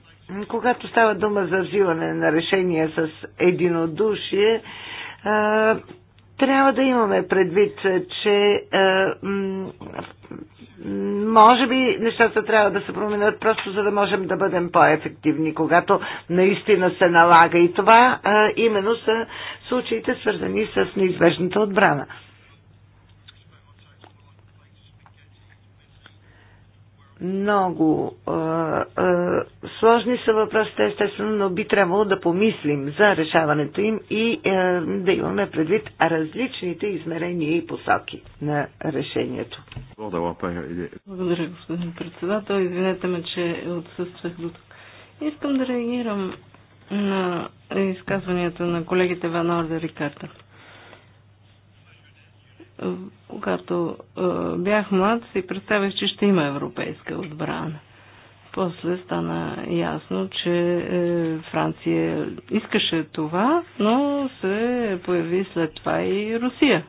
когато става дума за взимане на решение с единодушие, трябва да имаме предвид, че може би нещата трябва да се променят просто за да можем да бъдем по-ефективни, когато наистина се налага. И това именно са случаите свързани с неизбежната отбрана. Много а, а, сложни са въпросите, естествено, но би трябвало да помислим за решаването им и а, да имаме предвид различните измерения и посоки на решението. Благодаря, господин председател. Извинете ме, че отсъствах до тук. Искам да реагирам на изказванията на колегите Ван Ордер и Картер. Когато е, бях млад, си представях, че ще има европейска отбрана. После стана ясно, че е, Франция искаше това, но се появи след това и Русия.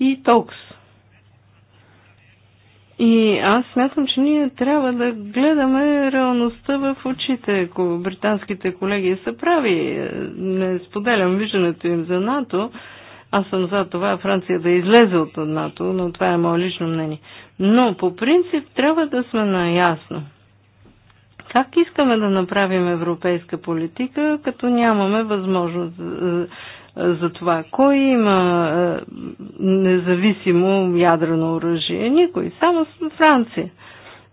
И Токс. И аз смятам, че ние трябва да гледаме реалността в очите. Ако британските колеги са прави, е, не споделям виждането им за НАТО, аз съм за това Франция да излезе от НАТО, но това е мое лично мнение. Но по принцип трябва да сме наясно. Как искаме да направим европейска политика, като нямаме възможност е, е, за това. Кой има е, независимо ядрено оръжие? Никой. Само Франция.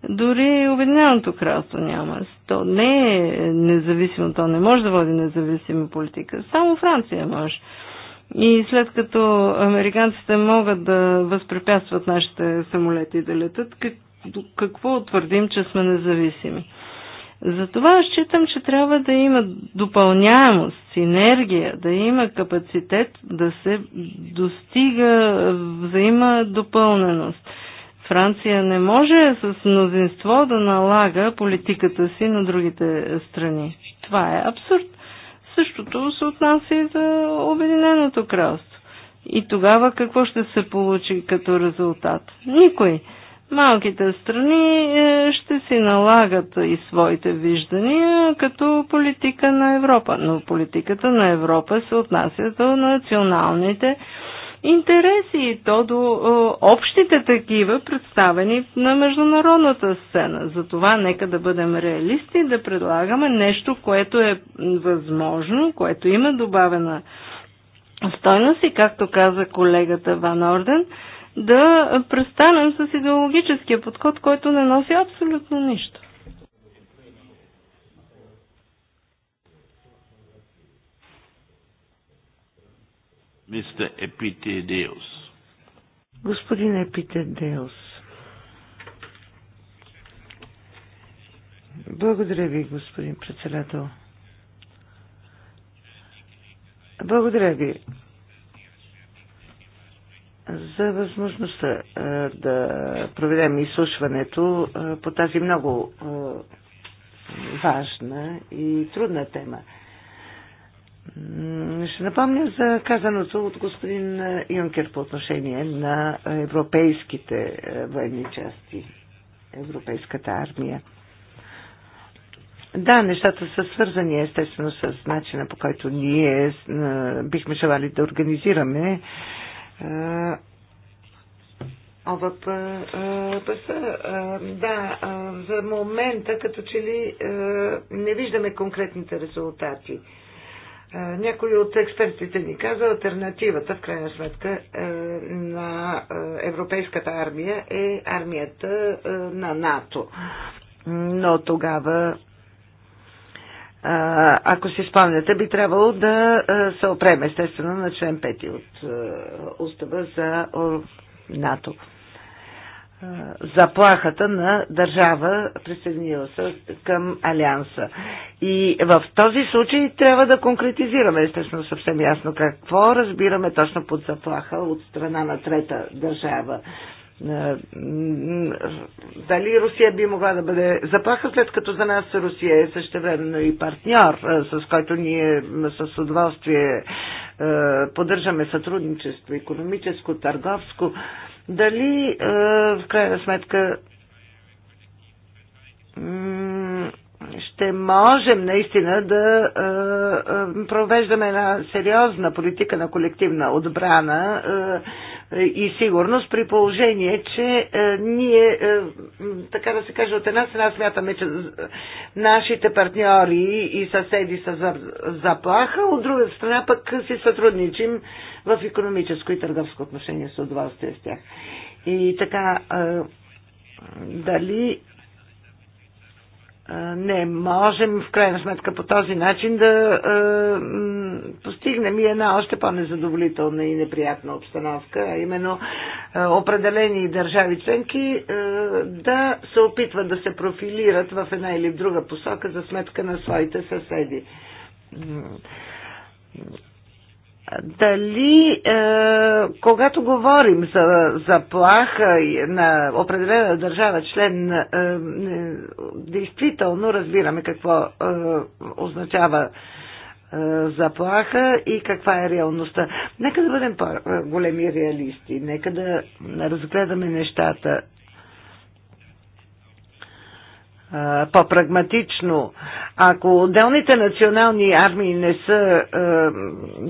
Дори Обединеното кралство няма. То не е независимо, то не може да води независима политика. Само Франция може. И след като американците могат да възпрепятстват нашите самолети да летат, какво твърдим, че сме независими? Затова считам, че трябва да има допълняемост, синергия, да има капацитет да се достига взаима допълненост. Франция не може с мнозинство да налага политиката си на другите страни. Това е абсурд. Същото се отнася и за Обединеното кралство. И тогава какво ще се получи като резултат? Никой. Малките страни е, ще си налагат и своите виждания като политика на Европа. Но политиката на Европа се отнася до националните интереси и то до е, общите такива, представени на международната сцена. Затова нека да бъдем реалисти, да предлагаме нещо, което е възможно, което има добавена стойност и, както каза колегата Ван Орден, да престанем с идеологическия подход, който не носи абсолютно нищо. Mr. Epitedios. Господин Епитедеус. Благодаря ви, господин председател. Благодаря ви за възможността да проведем изслушването по тази много важна и трудна тема. Ще напомня за казаното от господин е, Юнкер по отношение на европейските е, военни части, европейската армия. Да, нещата са свързани естествено с начина по който ние е, бихме желали да организираме ОВП. Да, за момента като че ли не виждаме конкретните резултати. Е, някой от експертите ни каза, альтернативата в крайна сметка е, на е, европейската армия е армията на НАТО. Но тогава, ако си спомняте, би трябвало да се опреме естествено на член 5 от устава за НАТО заплахата на държава, присъединила се към Алианса. И в този случай трябва да конкретизираме, естествено, съвсем ясно какво разбираме точно под заплаха от страна на трета държава. Дали Русия би могла да бъде заплаха, след като за нас Русия е същевременно и партньор, с който ние с удоволствие поддържаме сътрудничество, економическо, търговско. Дали е, в крайна сметка ще можем наистина да е, е, провеждаме една сериозна политика на колективна отбрана и сигурност при положение, че ние, така да се каже, от една страна смятаме, че нашите партньори и съседи са за заплаха, от друга страна пък си сътрудничим в економическо и търговско отношение с удоволствие с тях. И така, дали не можем в крайна сметка по този начин да а, постигнем и една още по-незадоволителна и неприятна обстановка, а именно а, определени държави членки а, да се опитват да се профилират в една или в друга посока за сметка на своите съседи дали, е, когато говорим за заплаха на определена държава член, е, е, действително разбираме какво е, означава е, заплаха и каква е реалността. Нека да бъдем по-големи реалисти, нека да разгледаме нещата по-прагматично. Ако отделните национални армии не са е,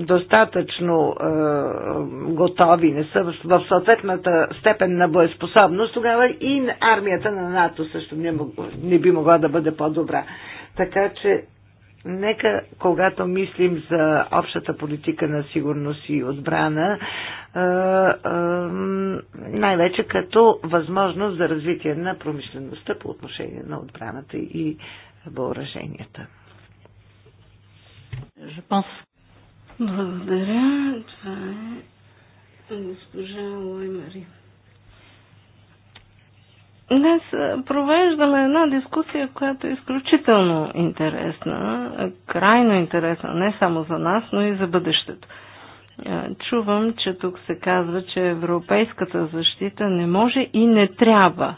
достатъчно е, готови, не са в, в съответната степен на боеспособност, тогава и армията на НАТО също не, мог, не би могла да бъде по-добра. Така че Нека, когато мислим за общата политика на сигурност и отбрана, най-вече като възможност за развитие на промишлеността по отношение на отбраната и въоръженията. Благодаря. Това е госпожа Лой Мария. Днес е, провеждаме една дискусия, която е изключително интересна, е, крайно интересна, не само за нас, но и за бъдещето. Е, чувам, че тук се казва, че европейската защита не може и не трябва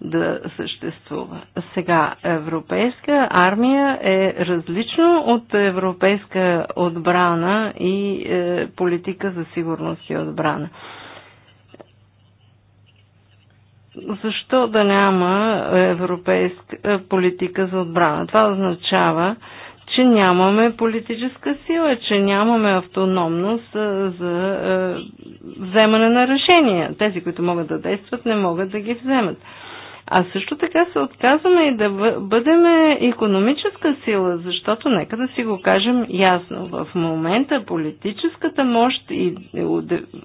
да съществува. Сега, европейска армия е различно от европейска отбрана и е, политика за сигурност и отбрана. Е, защо да няма европейска е, политика за отбрана? Това означава, че нямаме политическа сила, че нямаме автономност е, за е, вземане на решения. Тези, които могат да действат, не могат да ги вземат. А също така се отказваме и да бъдем економическа сила, защото нека да си го кажем ясно. В момента политическата мощ и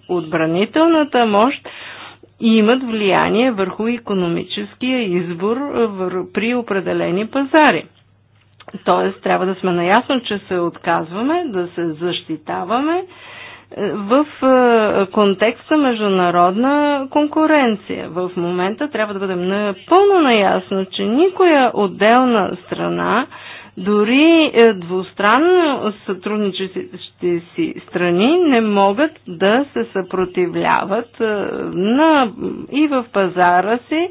отбранителната мощ и имат влияние върху економическия избор при определени пазари. Тоест, трябва да сме наясно, че се отказваме, да се защитаваме е, в е, контекста международна конкуренция. В момента трябва да бъдем напълно наясно, че никоя отделна страна дори е, двустранно сътрудничащите си страни не могат да се съпротивляват е, на, и в пазара си е,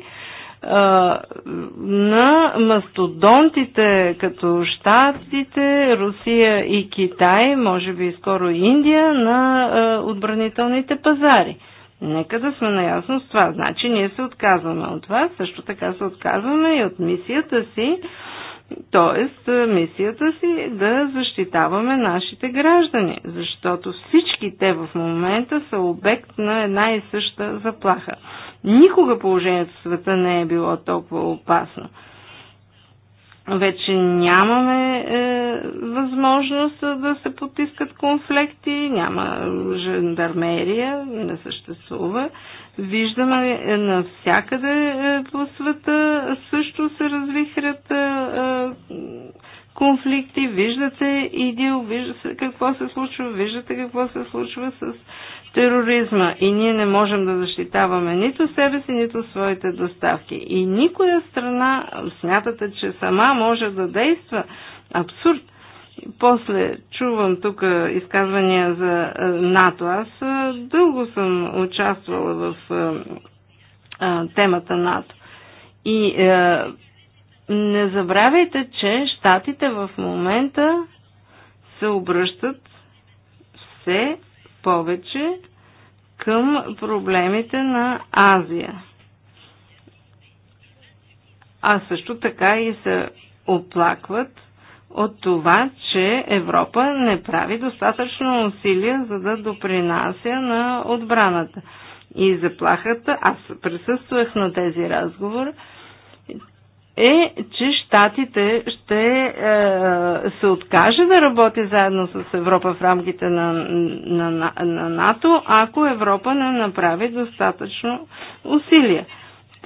на мастодонтите като Штатите, Русия и Китай, може би скоро Индия, на отбранителните пазари. Нека да сме наясно с това. Значи ние се отказваме от това, също така се отказваме и от мисията си Тоест, е, мисията си е да защитаваме нашите граждани, защото всички те в момента са обект на една и съща заплаха. Никога положението в света не е било толкова опасно. Вече нямаме е, възможност да се потискат конфликти, няма жандармерия, не съществува. Е, Виждаме е, навсякъде е, по света също се развихрят е, конфликти, виждате идил, виждате какво се случва, виждате какво се случва с тероризма и ние не можем да защитаваме нито себе си, нито своите доставки. И никоя страна смятате, че сама може да действа. Абсурд! После чувам тук изказвания за е, НАТО. Аз е, дълго съм участвала в е, темата НАТО. И не забравяйте, че щатите в момента се обръщат все повече към проблемите на Азия. А също така и се оплакват от това, че Европа не прави достатъчно усилия, за да допринася на отбраната. И заплахата, аз присъствах на тези разговори, е, че щатите ще е, се откаже да работи заедно с Европа в рамките на, на, на, на НАТО, ако Европа не направи достатъчно усилия.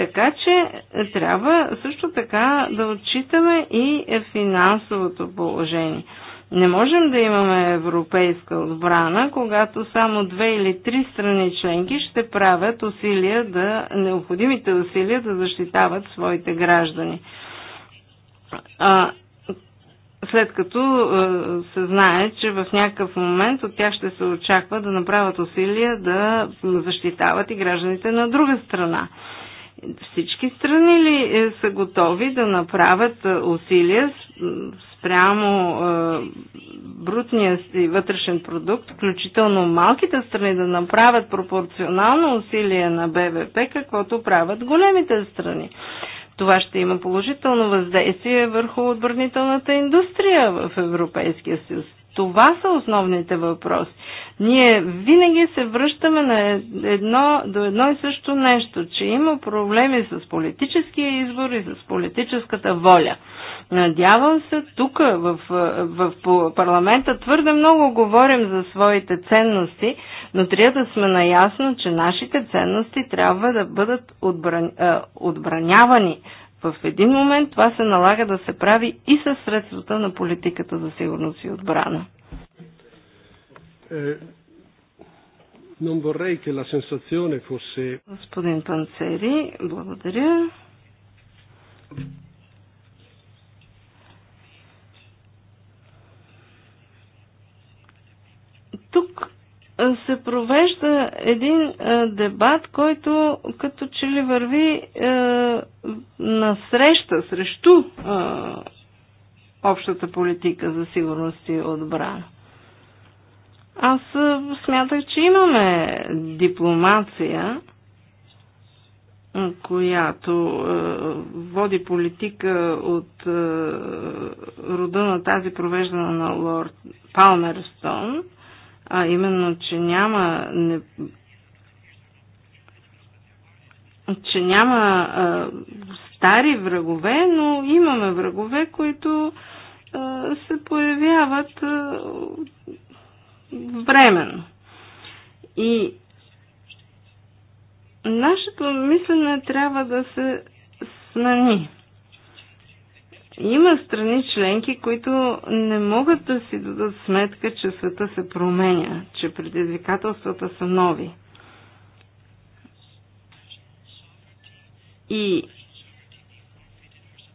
Така че трябва също така да отчитаме и финансовото положение. Не можем да имаме европейска отбрана, когато само две или три страни членки ще правят усилия да, необходимите усилия да защитават своите граждани. А, след като се знае, че в някакъв момент от тях ще се очаква да направят усилия да защитават и гражданите на друга страна. Всички страни ли е, са готови да направят е, усилия спрямо е, брутния си вътрешен продукт, включително малките страни да направят пропорционално усилие на БВП, каквото правят големите страни? Това ще има положително въздействие върху отбранителната индустрия в Европейския съюз. Това са основните въпроси. Ние винаги се връщаме на е- едно, до едно и също нещо, че има проблеми с политическия избор и с политическата воля. Надявам се, тук в, в, в парламента твърде много говорим за своите ценности, но трябва да сме наясно, че нашите ценности трябва да бъдат отбран, е, отбранявани в един момент това се налага да се прави и със средствата на политиката за сигурност и отбрана. Е, Господин Панцери, благодаря. Тук се провежда един дебат, който като че ли върви насреща срещу общата политика за сигурност и отбрана. Аз смятах, че имаме дипломация, която води политика от рода на тази провеждана на лорд Палмерстон – а именно, че няма не, че няма а, стари врагове, но имаме врагове, които а, се появяват а, временно. И нашето мислене трябва да се смени. Има страни членки, които не могат да си дадат сметка, че света се променя, че предизвикателствата са нови. И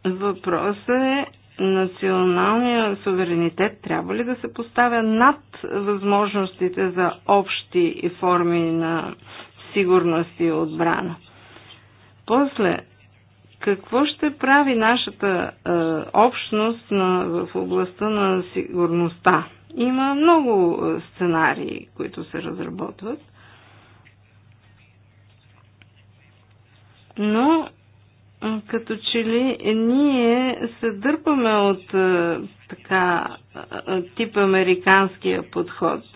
въпросът е националния суверенитет трябва ли да се поставя над възможностите за общи форми на сигурност и отбрана? После какво ще прави нашата е, общност на, в областта на сигурността. Има много е, сценарии, които се разработват. Но като че ли ние се дърпаме от е, така е, тип американския подход –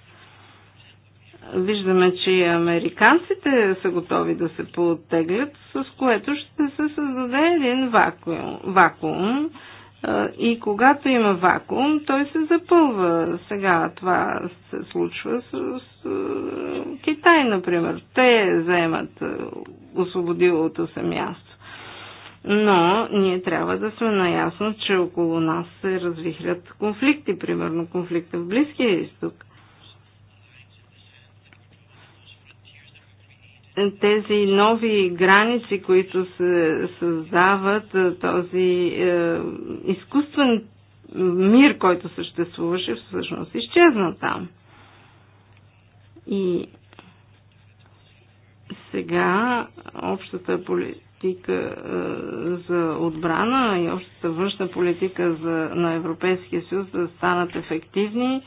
Виждаме, че и американците са готови да се пооттеглят, с което ще се създаде един вакуум. вакуум. И когато има вакуум, той се запълва. Сега това се случва с, с Китай, например. Те заемат освободилото се място. Но ние трябва да сме наясно, че около нас се развихрят конфликти, примерно конфликта в Близкия изток. тези нови граници, които се създават, е, този е, изкуствен мир, който съществуваше, всъщност изчезна там. И сега общата политика е, за отбрана и общата външна политика за, на Европейския съюз да станат ефективни. Е,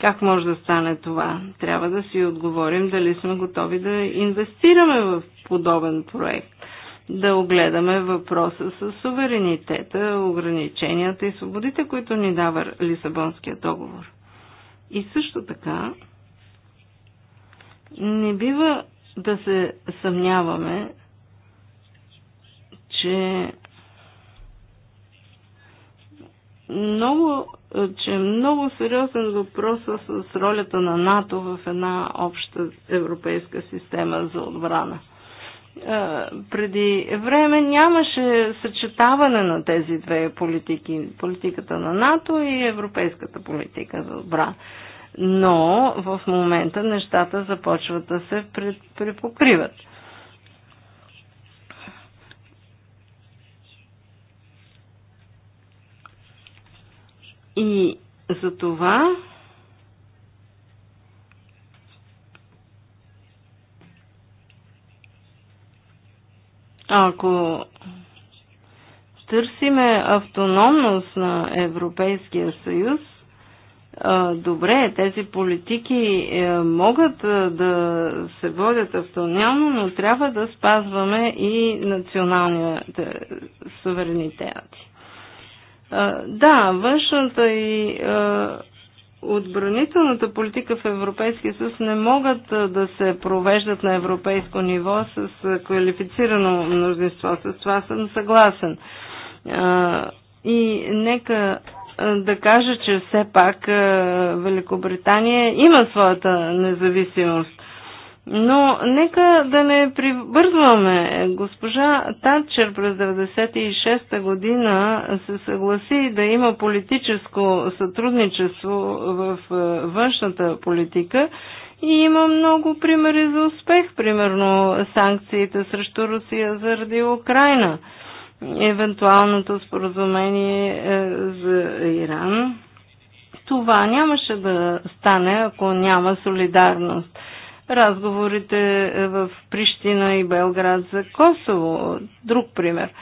как може да стане това? Трябва да си отговорим дали сме готови да инвестираме в подобен проект. Да огледаме въпроса с суверенитета, ограниченията и свободите, които ни дава Лисабонския договор. И също така, не бива да се съмняваме, че много, е, че е много сериозен въпрос с ролята на НАТО в една обща европейска система за отбрана. Е, преди време нямаше съчетаване на тези две политики политиката на НАТО и европейската политика за отбрана. Но в момента нещата започват да се препокриват. И за това ако търсиме автономност на Европейския съюз, добре, тези политики е, могат е, да се водят автономно, но трябва да спазваме и националния е, суверенитет. Да, външната и отбранителната политика в Европейския съюз не могат да се провеждат на европейско ниво с квалифицирано мнозинство. С това съм съгласен. И нека да кажа, че все пак Великобритания има своята независимост. Но нека да не прибързваме. Госпожа Татчер през 1996 година се съгласи да има политическо сътрудничество в е, външната политика и има много примери за успех, примерно санкциите срещу Русия заради Украина, евентуалното споразумение е, за Иран. Това нямаше да стане, ако няма солидарност разговорите е, в Прищина и Белград за Косово. Друг пример. Е,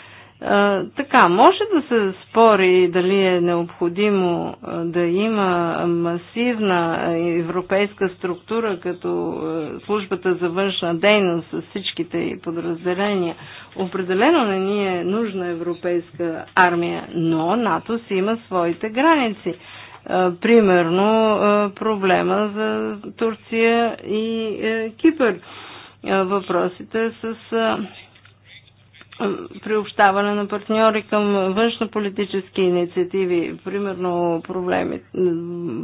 така, може да се спори дали е необходимо е, да има масивна европейска структура като службата за външна дейност с всичките и подразделения. Определено не ни е нужна европейска армия, но НАТО си има своите граници. Примерно проблема за Турция и е, Кипър. Въпросите с приобщаване на партньори към външнополитически инициативи, примерно проблеми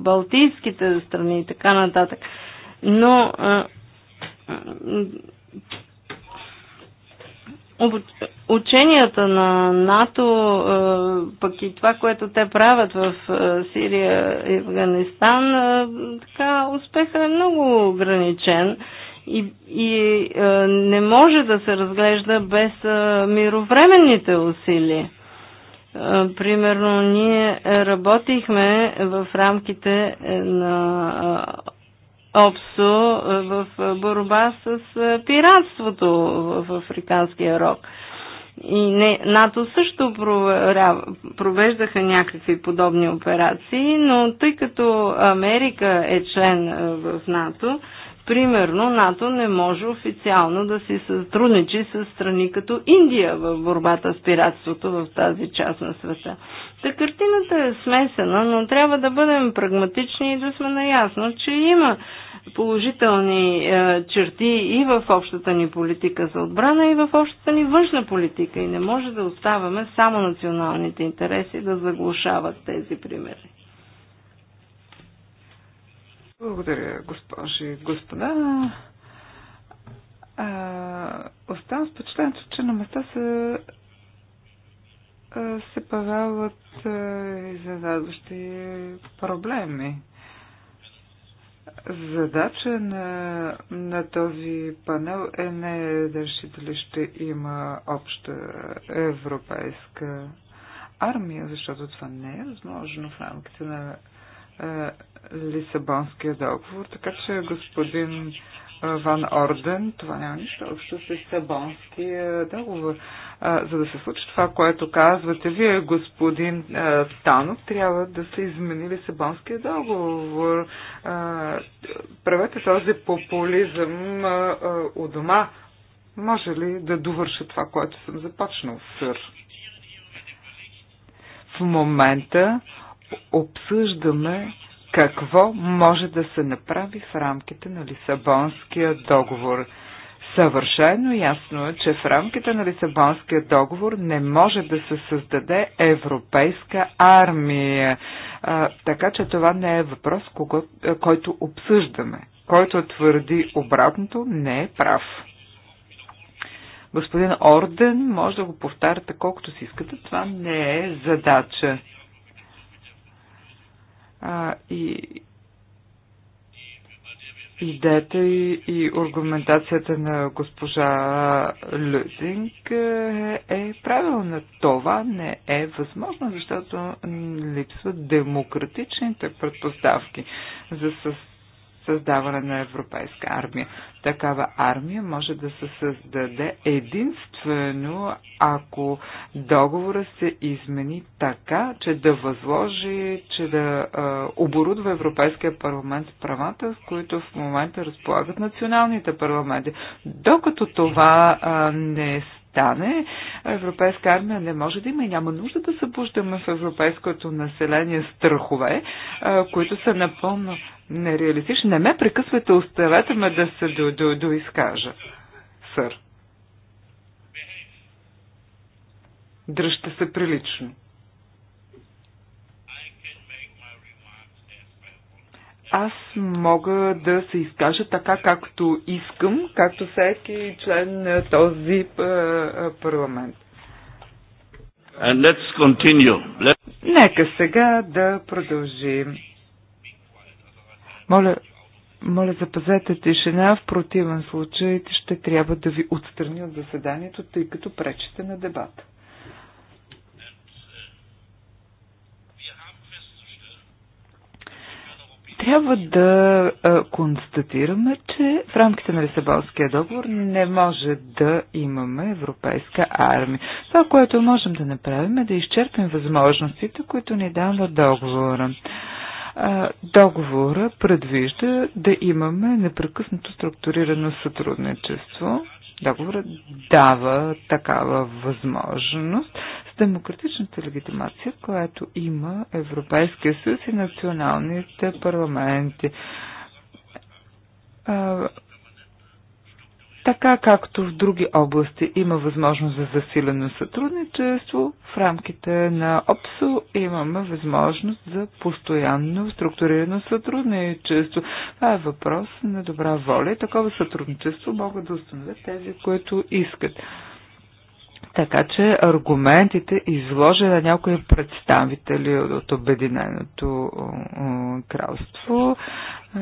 Балтийските страни и така нататък. Но ученията на НАТО, е, пък и това, което те правят в е, Сирия и Афганистан, е, така успехът е много ограничен и, и не може да се разглежда без мировременните усилия. Примерно ние работихме в рамките на ОПСО в борба с пиратството в Африканския рог. И не, НАТО също провеждаха някакви подобни операции, но тъй като Америка е член в НАТО, примерно НАТО не може официално да си сътрудничи с страни като Индия в борбата с пиратството в тази част на света. Та картината е смесена, но трябва да бъдем прагматични и да сме наясно, че има положителни е, черти и в общата ни политика за отбрана, и в общата ни външна политика. И не може да оставаме само националните интереси да заглушават тези примери. Благодаря, госпожи и господа. А, оставам с впечатлението, че на места са се появяват изненадващи проблеми. Задача на, на този панел е не да реши дали ще има обща европейска армия, защото това не е възможно в рамките на е, Лисабонския договор. Така че господин Ван Орден, това няма нищо общо с Сабонския договор. За да се случи това, което казвате вие, господин Танов, трябва да се изменили Сабонския договор. Правете този популизъм у дома. Може ли да довърша това, което съм започнал, сър? В момента обсъждаме какво може да се направи в рамките на Лисабонския договор. Съвършено ясно е, че в рамките на Лисабонския договор не може да се създаде европейска армия. А, така че това не е въпрос, кого, който обсъждаме. Който твърди обратното, не е прав. Господин Орден, може да го повтаряте колкото си искате, това не е задача а, и идеята и, и аргументацията на госпожа Люзинг е, е правилна. Това не е възможно, защото липсват демократичните предпоставки за със създаване на европейска армия. Такава армия може да се създаде единствено, ако договора се измени така, че да възложи, че да е, оборудва Европейския парламент с правата, с които в момента разполагат националните парламенти. Докато това е, не стане. Европейска армия не може да има и няма нужда да събуждаме в европейското население страхове, които са напълно нереалистични. Не ме прекъсвате, оставете ме да се доизкажа, сър. Дръжте се прилично. аз мога да се изкажа така, както искам, както всеки член на този е, е, парламент. And let's continue. Нека сега да продължим. Моля, моля, запазете тишина, в противен случай ще трябва да ви отстраня от заседанието, тъй като пречите на дебата. трябва да констатираме, че в рамките на Лисабонския договор не може да имаме европейска армия. Това, което можем да направим е да изчерпим възможностите, които ни дава договора. Договора предвижда да имаме непрекъснато структурирано сътрудничество Договорът дава такава възможност с демократичната легитимация, която има Европейския съюз и националните парламенти. А, така както в други области има възможност за засилено сътрудничество, в рамките на ОПСО имаме възможност за постоянно структурирано сътрудничество. Това е въпрос на добра воля и такова сътрудничество могат да установят тези, които искат. Така че аргументите, изложени на някои представители от Обединеното кралство, е,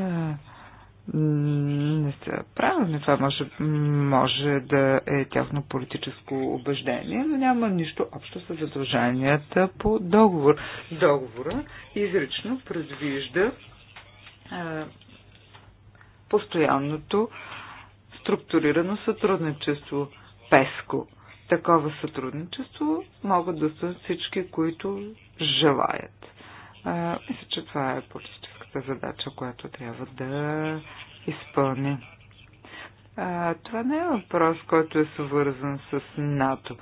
не са правилни. Това може, може да е тяхно политическо убеждение, но няма нищо общо с задълженията по договор. Договора изрично предвижда е, постоянното структурирано сътрудничество ПЕСКО такова сътрудничество могат да са всички, които желаят. мисля, че това е политическата задача, която трябва да изпълни. това не е въпрос, който е свързан с НАТО.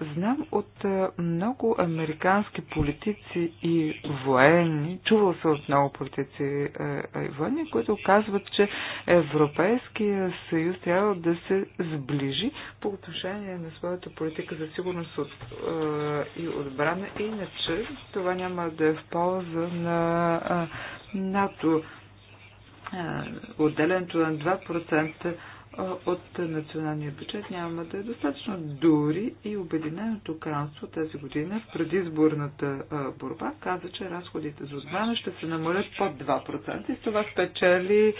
Знам от е, много американски политици и военни, чувал се от много политици е, е, и военни, които казват, че Европейския съюз трябва да се сближи по отношение на своята политика за сигурност от, и отбрана, иначе това няма да е в полза на НАТО. Отделянето на 2% от националния бюджет няма да е достатъчно. Дори и Обединеното кралство тази година в предизборната борба каза, че разходите за отбрана ще се намалят под 2% и с това спечели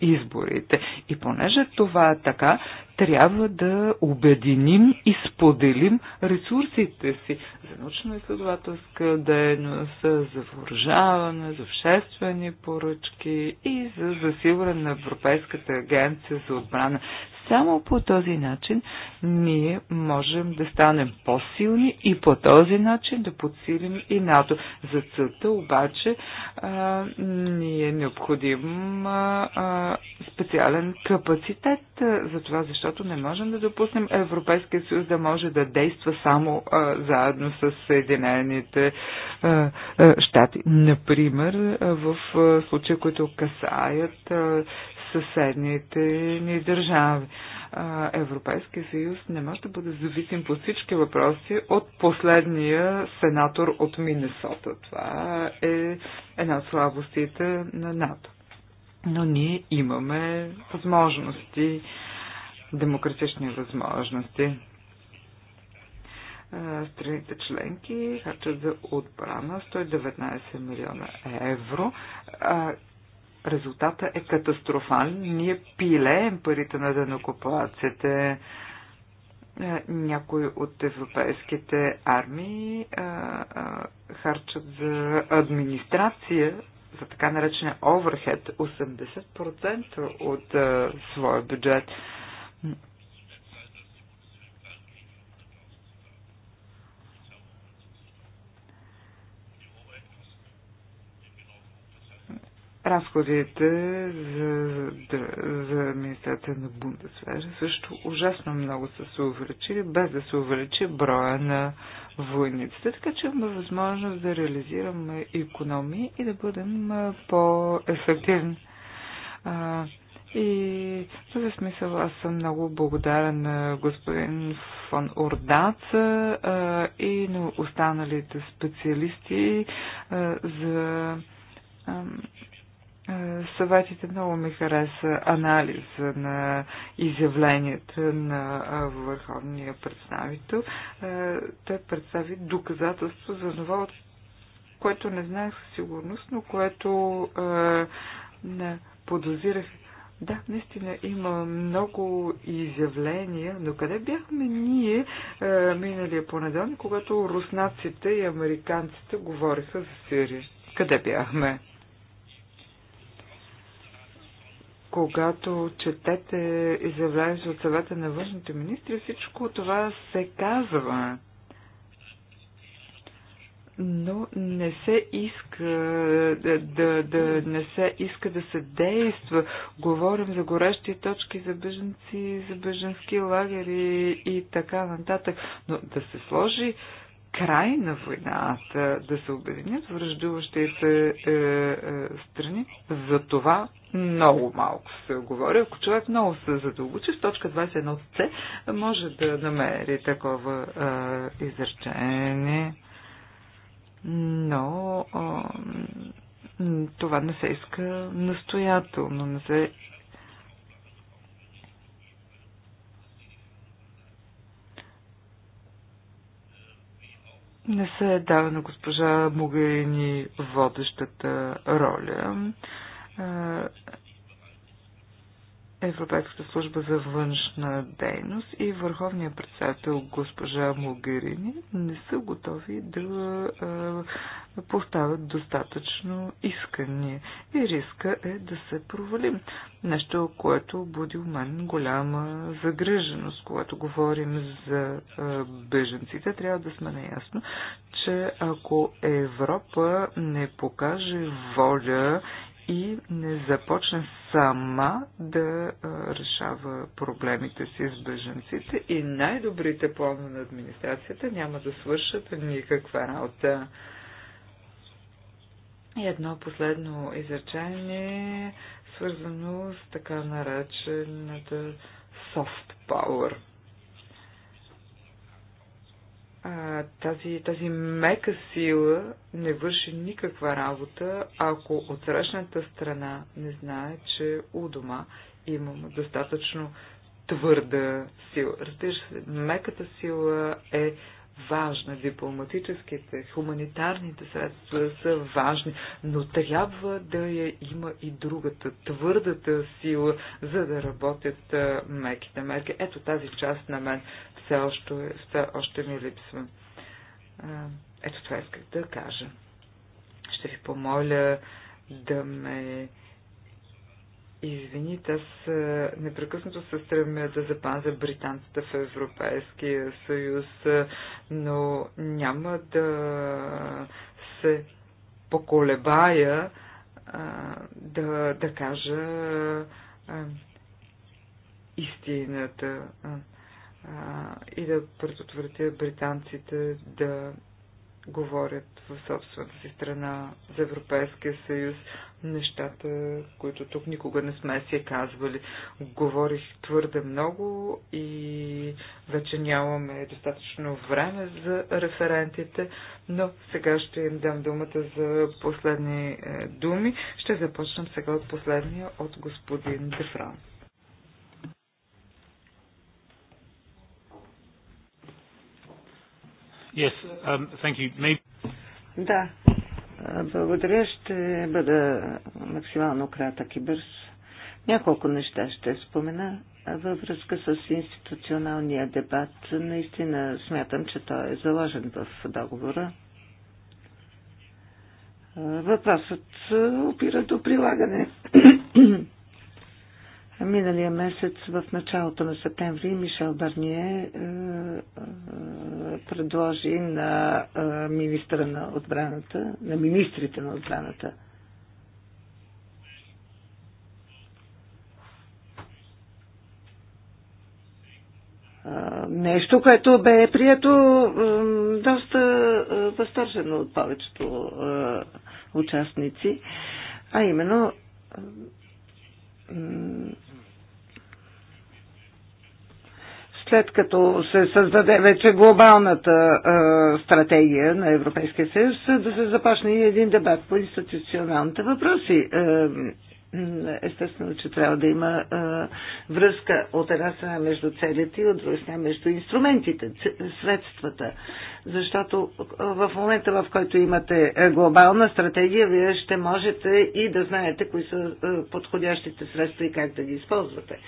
изборите. И понеже това е така, трябва да обединим и споделим ресурсите си за научно-изследователска дейност, за въоръжаване, за обществени поръчки и за засилване на Европейската агенция за отбрана. Само по този начин ние можем да станем по-силни и по този начин да подсилим и НАТО. За целта обаче а, ни е необходим а, а, специален капацитет а, за това, защото не можем да допуснем Европейския съюз да може да действа само а, заедно с Съединените щати. Например, а, в случая, случаи, които касаят а, съседните ни държави. Европейския съюз не може да бъде зависим по всички въпроси от последния сенатор от Миннесота. Това е една от слабостите на НАТО. Но ние имаме възможности, демократични възможности страните членки харчат за отбрана 119 милиона евро резултата е катастрофален. Ние пилеем парите на денокопаците. Е, някои от европейските армии а, е, а, е, харчат за администрация, за така наречения overhead, 80% от а, своя бюджет. А, разходите за, за, за администрация на Бундесвера също ужасно много са се увеличили, без да се увеличи броя на войниците. Така че имаме възможност да реализираме економии и да бъдем по-ефективни. И в този смисъл аз съм много благодарен на господин Фон Ордац и на останалите специалисти за е, съветите много ми хареса анализа на изявленията на е, върховния представител. Е, той представи доказателство за това, което не знаех със сигурност, но което не подозирах. Да, наистина има много изявления, но къде бяхме ние миналия понеделник, когато руснаците и американците говориха за Сирия? Къде бяхме? когато четете изявлението от съвета на външните министри, всичко това се казва. Но не се иска да, да, да, не се иска да се действа. Говорим за горещи точки, за беженци, за беженски лагери и така нататък. Но да се сложи край на войната, да се обединят връждуващите е, е, страни. За това много малко се говори. Ако човек много се задълбочи, в точка 21 С може да намери такова е, изречение. Но е, това не се иска настоятелно, не се не се е дава на госпожа Могерини водещата роля. Европейската служба за външна дейност и върховния председател госпожа Могерини не са готови да поставят достатъчно искания и риска е да се провалим. Нещо, което буди у мен голяма загриженост, когато говорим за беженците, трябва да сме наясно, че ако Европа не покаже воля и не започне сама да решава проблемите си с беженците и най-добрите планове на администрацията няма да свършат никаква работа. И едно последно изречение, свързано с така наречената soft power – а, тази, тази мека сила не върши никаква работа, ако отсрещната страна не знае, че у дома имам достатъчно твърда сила. Разбира се, меката сила е важна, дипломатическите, хуманитарните средства са важни, но трябва да я има и другата, твърдата сила, за да работят меките мерки. Ето тази част на мен все още, все още ми липсва. Ето това исках да кажа. Ще ви помоля да ме извините, аз непрекъснато се стремя да запазя британците в Европейския съюз, но няма да се поколебая да, да кажа истината а, и да предотвратя британците да говорят в собствената си страна за Европейския съюз нещата, които тук никога не сме си казвали. Говорих твърде много и вече нямаме достатъчно време за референтите, но сега ще им дам думата за последни е, думи. Ще започнем сега от последния от господин Дефранс. Yes, um, thank you. Maybe... Да, благодаря. Ще бъда максимално кратък и бърз. Няколко неща ще спомена във връзка с институционалния дебат. Наистина смятам, че той е заложен в договора. Въпросът опира до прилагане Миналия месец, в началото на септември, Мишел Барние е, е, предложи на е, министра на отбраната, на министрите на отбраната, е, нещо, което бе прието е, доста е, възторжено от повечето участници, а именно след като се създаде вече глобалната а, е, стратегия на Европейския съюз, да се започне и един дебат по институционалните въпроси. А, е, естествено, че трябва да има а, е, връзка от една страна между целите и от друга страна между инструментите, средствата. Защото в момента, в който имате глобална стратегия, вие ще можете и да знаете кои са подходящите средства и как да ги използвате.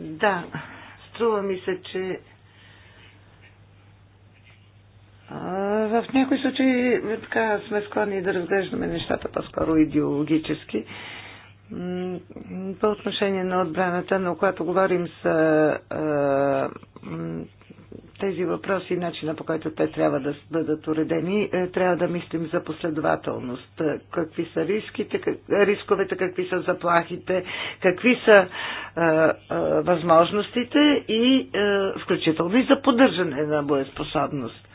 Да, струва ми се, че в някои случаи така сме склонни да разглеждаме нещата по-скоро идеологически по отношение на отбраната, но когато говорим а, тези въпроси и начина по който те трябва да бъдат уредени, е, трябва да мислим за последователност. Какви са риските, как, рисковете, какви са заплахите, какви са а, а, възможностите и а, включително и за поддържане на боеспособност.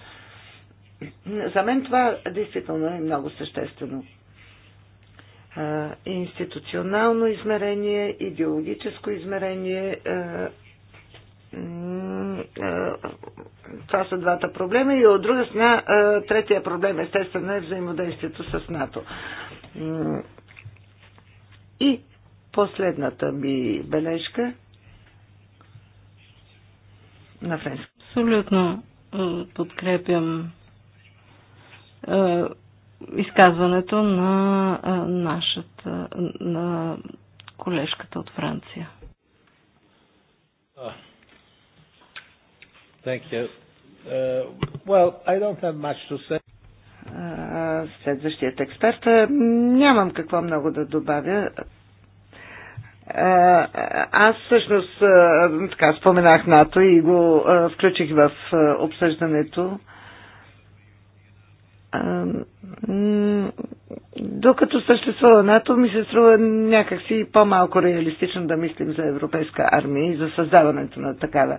За мен това действително е много съществено институционално измерение, идеологическо измерение. Това са двата проблема и от друга страна третия проблем естествено е взаимодействието с НАТО. И последната ми бележка на френски. Абсолютно подкрепям изказването на нашата, на колежката от Франция. Ah. Thank you. Uh, well, I don't have much to say. Uh, следващият експерт. Е, нямам какво много да добавя. Е, аз всъщност е, така споменах НАТО и го включих в обсъждането докато съществува НАТО, ми се струва някакси по-малко реалистично да мислим за европейска армия и за създаването на такава.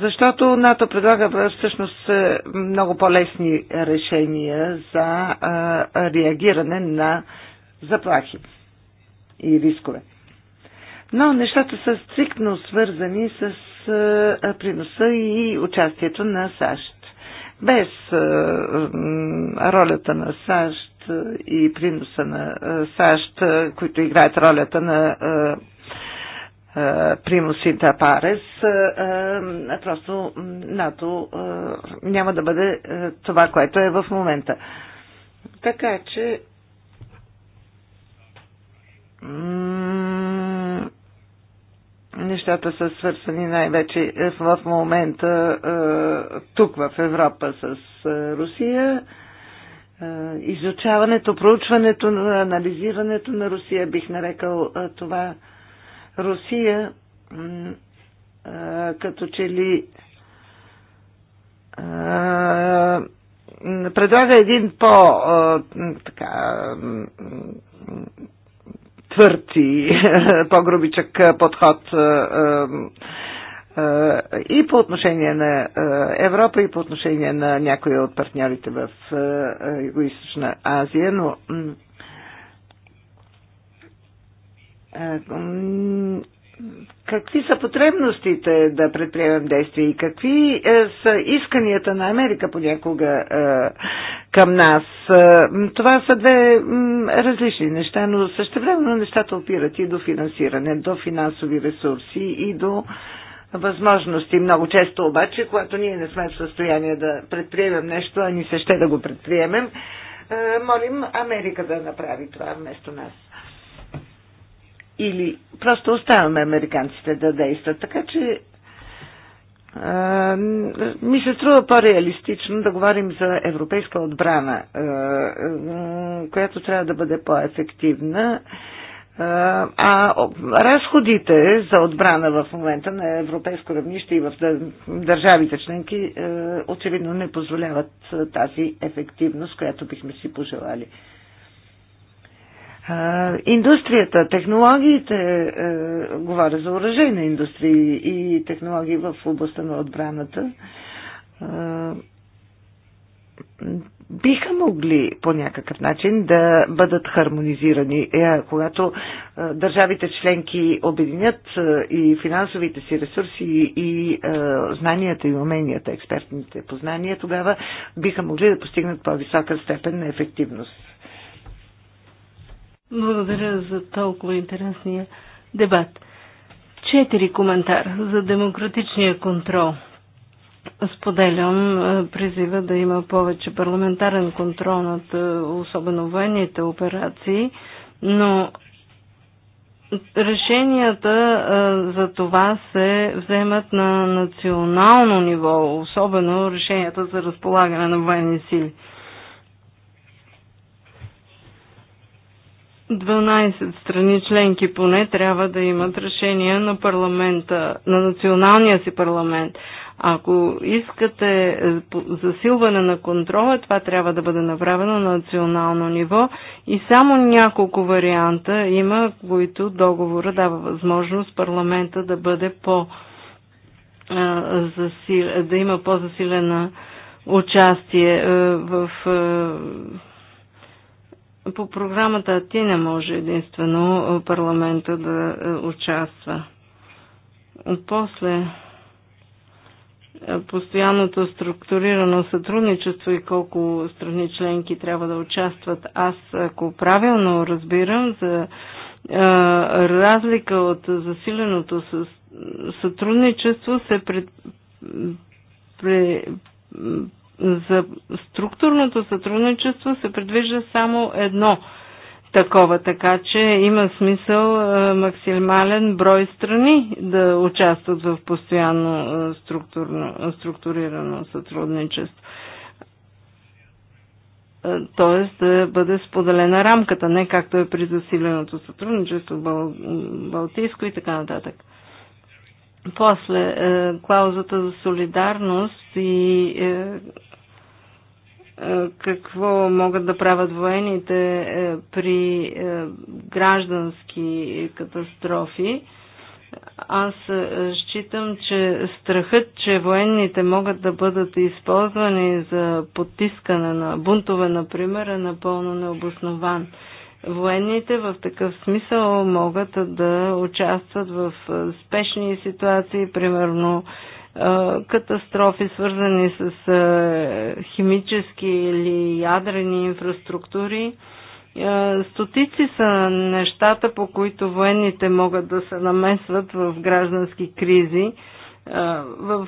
Защото НАТО предлага всъщност е, много по-лесни решения за реагиране на заплахи и рискове. Но нещата са стриктно свързани с е, приноса и участието на САЩ без е, ролята на САЩ и приноса на е, САЩ, е, които играят ролята на Примус и Парес, просто НАТО няма да бъде това, което е в момента. Така че нещата са свързани най-вече е, в момента е, тук в Европа с е, Русия. Изучаването, проучването, анализирането на Русия, бих нарекал това. Русия като че ли предлага един по така по по-грубичък подход и по отношение на Европа, и по отношение на някои от партньорите в Юго-Источна Азия, но какви са потребностите да предприемем действия и какви е, са исканията на Америка понякога е, към нас. Е, това са две е, различни неща, но същевременно нещата опират и до финансиране, до финансови ресурси и до възможности. Много често обаче, когато ние не сме в състояние да предприемем нещо, а ни се ще да го предприемем, е, молим Америка да направи това вместо нас или просто оставяме американците да действат. Така че а, ми се струва по-реалистично да говорим за европейска отбрана, а, а, която трябва да бъде по-ефективна. А разходите за отбрана в момента на европейско равнище и в държавите членки очевидно не позволяват тази ефективност, която бихме си пожелали индустрията, технологиите, е, говоря за оръжейна индустрия и технологии в областта на отбраната, биха могли по някакъв начин да бъдат хармонизирани, е, когато държавите членки обединят и финансовите си ресурси и знанията и уменията, експертните познания, тогава биха могли да постигнат по-висока степен на ефективност. Благодаря за толкова интересния дебат. Четири коментара за демократичния контрол. Споделям е, призива да има повече парламентарен контрол над е, особено военните операции, но решенията е, за това се вземат на национално ниво, особено решенията за разполагане на военни сили. 12 страни членки поне трябва да имат решение на парламента, на националния си парламент. Ако искате е, засилване на контрола, това трябва да бъде направено на национално ниво и само няколко варианта има, които договора дава възможност парламента да бъде по е, да има по-засилена участие е, в по програмата ти не може единствено парламента да е, участва. После е, постоянното структурирано сътрудничество и колко страни членки трябва да участват. Аз, ако правилно разбирам, за е, разлика от засиленото сътрудничество се пред, пред, за структурното сътрудничество се предвижда само едно такова, така че има смисъл е, максимален брой страни да участват в постоянно е, структурирано сътрудничество. Е, тоест да бъде споделена рамката, не както е при засиленото сътрудничество, Балтийско и така нататък. После е, клаузата за солидарност и е, е, какво могат да правят военните при граждански катастрофи. Аз считам, че страхът, че военните могат да бъдат използвани за потискане на бунтове, например, е напълно необоснован. Военните в такъв смисъл могат да участват в спешни ситуации, примерно катастрофи, свързани с химически или ядрени инфраструктури. Стотици са нещата, по които военните могат да се намесват в граждански кризи в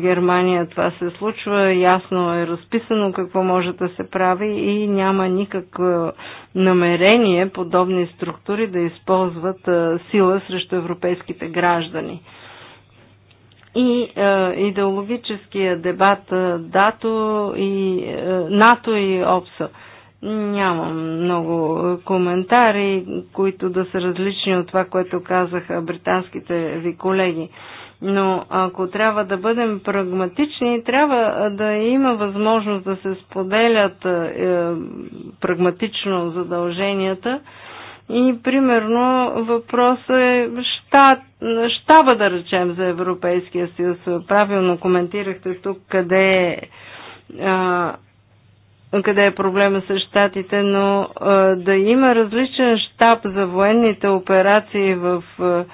Германия това се случва, ясно е разписано какво може да се прави и няма никакво намерение подобни структури да използват сила срещу европейските граждани. И е, идеологическия дебат дато и, е, НАТО и ОПСА. Нямам много коментари, които да са различни от това, което казаха британските ви колеги. Е, но ако трябва да бъдем прагматични, трябва да има възможност да се споделят е, прагматично задълженията. И примерно въпросът е щат, щаба да речем за Европейския съюз. Правилно коментирахте тук къде е, а, къде е проблема с щатите, но а, да има различен щаб за военните операции в а,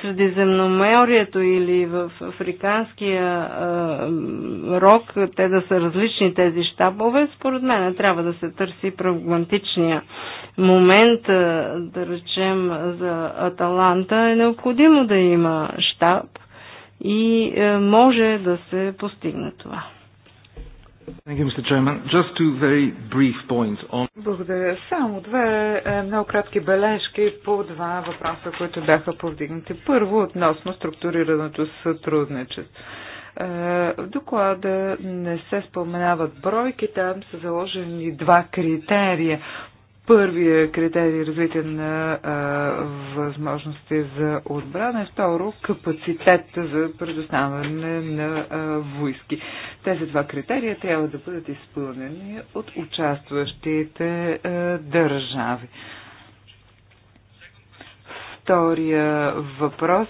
Средиземноморието или в Африканския рок, те да са различни тези щабове, според мен трябва да се търси прагматичния момент, да речем за Аталанта, е необходимо да има щаб и може да се постигне това. Благодаря. Само две е, много кратки бележки по два въпроса, които бяха повдигнати. Първо, относно структурираното сътрудничество. Е, в доклада не се споменават бройки, там са заложени два критерия първия критерий е развитие на а, възможности за отбрана и второ капацитет за предоставяне на а, войски. Тези два критерия трябва да бъдат изпълнени от участващите а, държави. Втория въпрос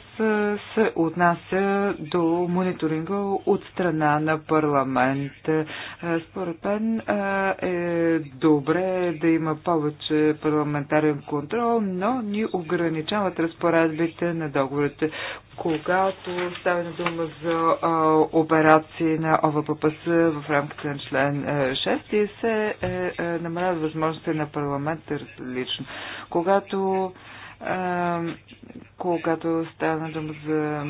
се отнася до мониторинга от страна на парламент. Според мен е добре да има повече парламентарен контрол, но ни ограничават разпоредбите на договорите. Когато става на дума за операции на ОВППС в рамките на член 6 се е, е, намаляват възможностите на парламента различно. Когато когато стана дума за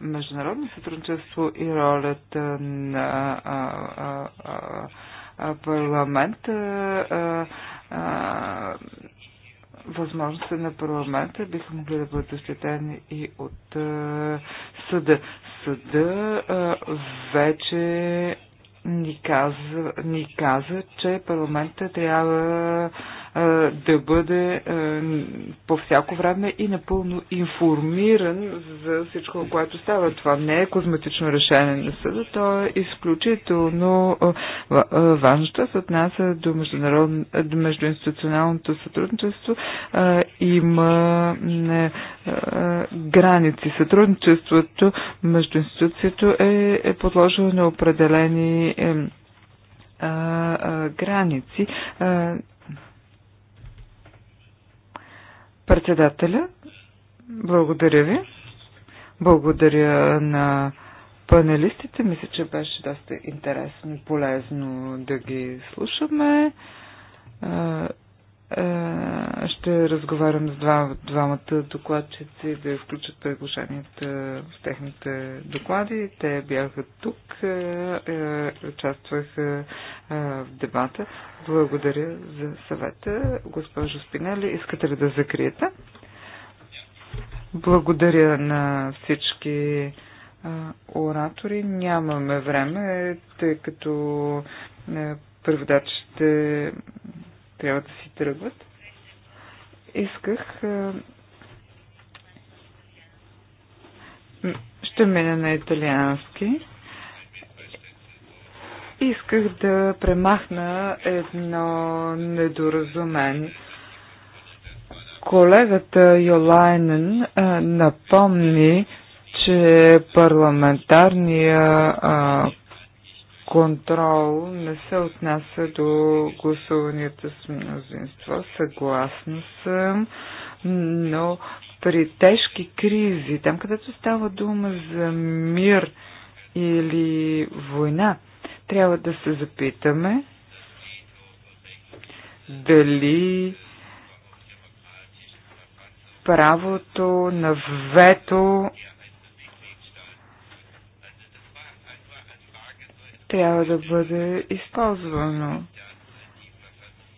международно сътрудничество и ролята на парламента, възможността на парламента биха могли да бъдат защитени и от съда. Съда вече ни каза, ни каза, че парламента трябва да бъде по всяко време и напълно информиран за всичко, което става. Това не е козметично решение на съда, то е изключително важно, що се отнася до, до междуинституционалното сътрудничество. Има не, граници. Сътрудничеството между институцията е, е подложено на определени е, граници. Председателя, благодаря ви. Благодаря на панелистите. Мисля, че беше доста интересно и полезно да ги слушаме. Е, ще разговарям с два, двамата докладчици да включат предложенията в техните доклади. Те бяха тук, е, е, участваха в дебата. Благодаря за съвета. Госпожо Спинели, искате ли да закриете? Благодаря на всички оратори. Нямаме време, тъй като преводачите трябва да си тръгват. Исках. Ще мина на италиански. Исках да премахна едно недоразумение. Колегата Йолайнен напомни, че парламентарния а, контрол не се отнася до гласуванията с мнозинство. Съгласна съм, но при тежки кризи, там където става дума за мир или война, трябва да се запитаме дали правото на вето трябва да бъде използвано.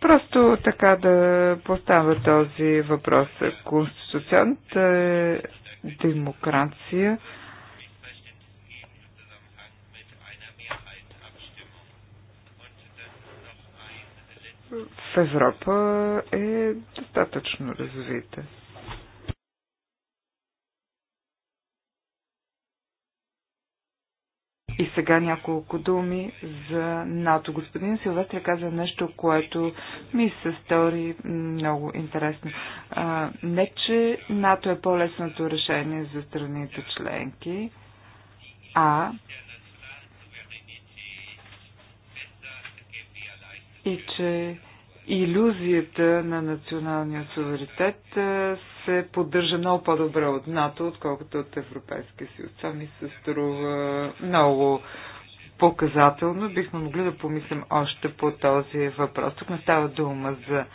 Просто така да поставя този въпрос. Конституционната демокрация в Европа е достатъчно развита. И сега няколко думи за НАТО. Господин Силвестър каза нещо, което ми се стори много интересно. А, не, че НАТО е по-лесното решение за страните членки, а и че иллюзията на националния суверенитет се поддържа много по-добре от НАТО, отколкото от Европейския съюз. Това ми се струва много показателно. Бихме могли да помислим още по този въпрос. Тук не става дума за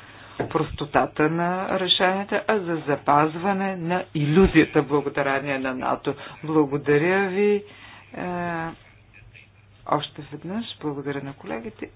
простотата на решенията, а за запазване на иллюзията благодарение на НАТО. Благодаря ви. Е, още веднъж благодаря на колегите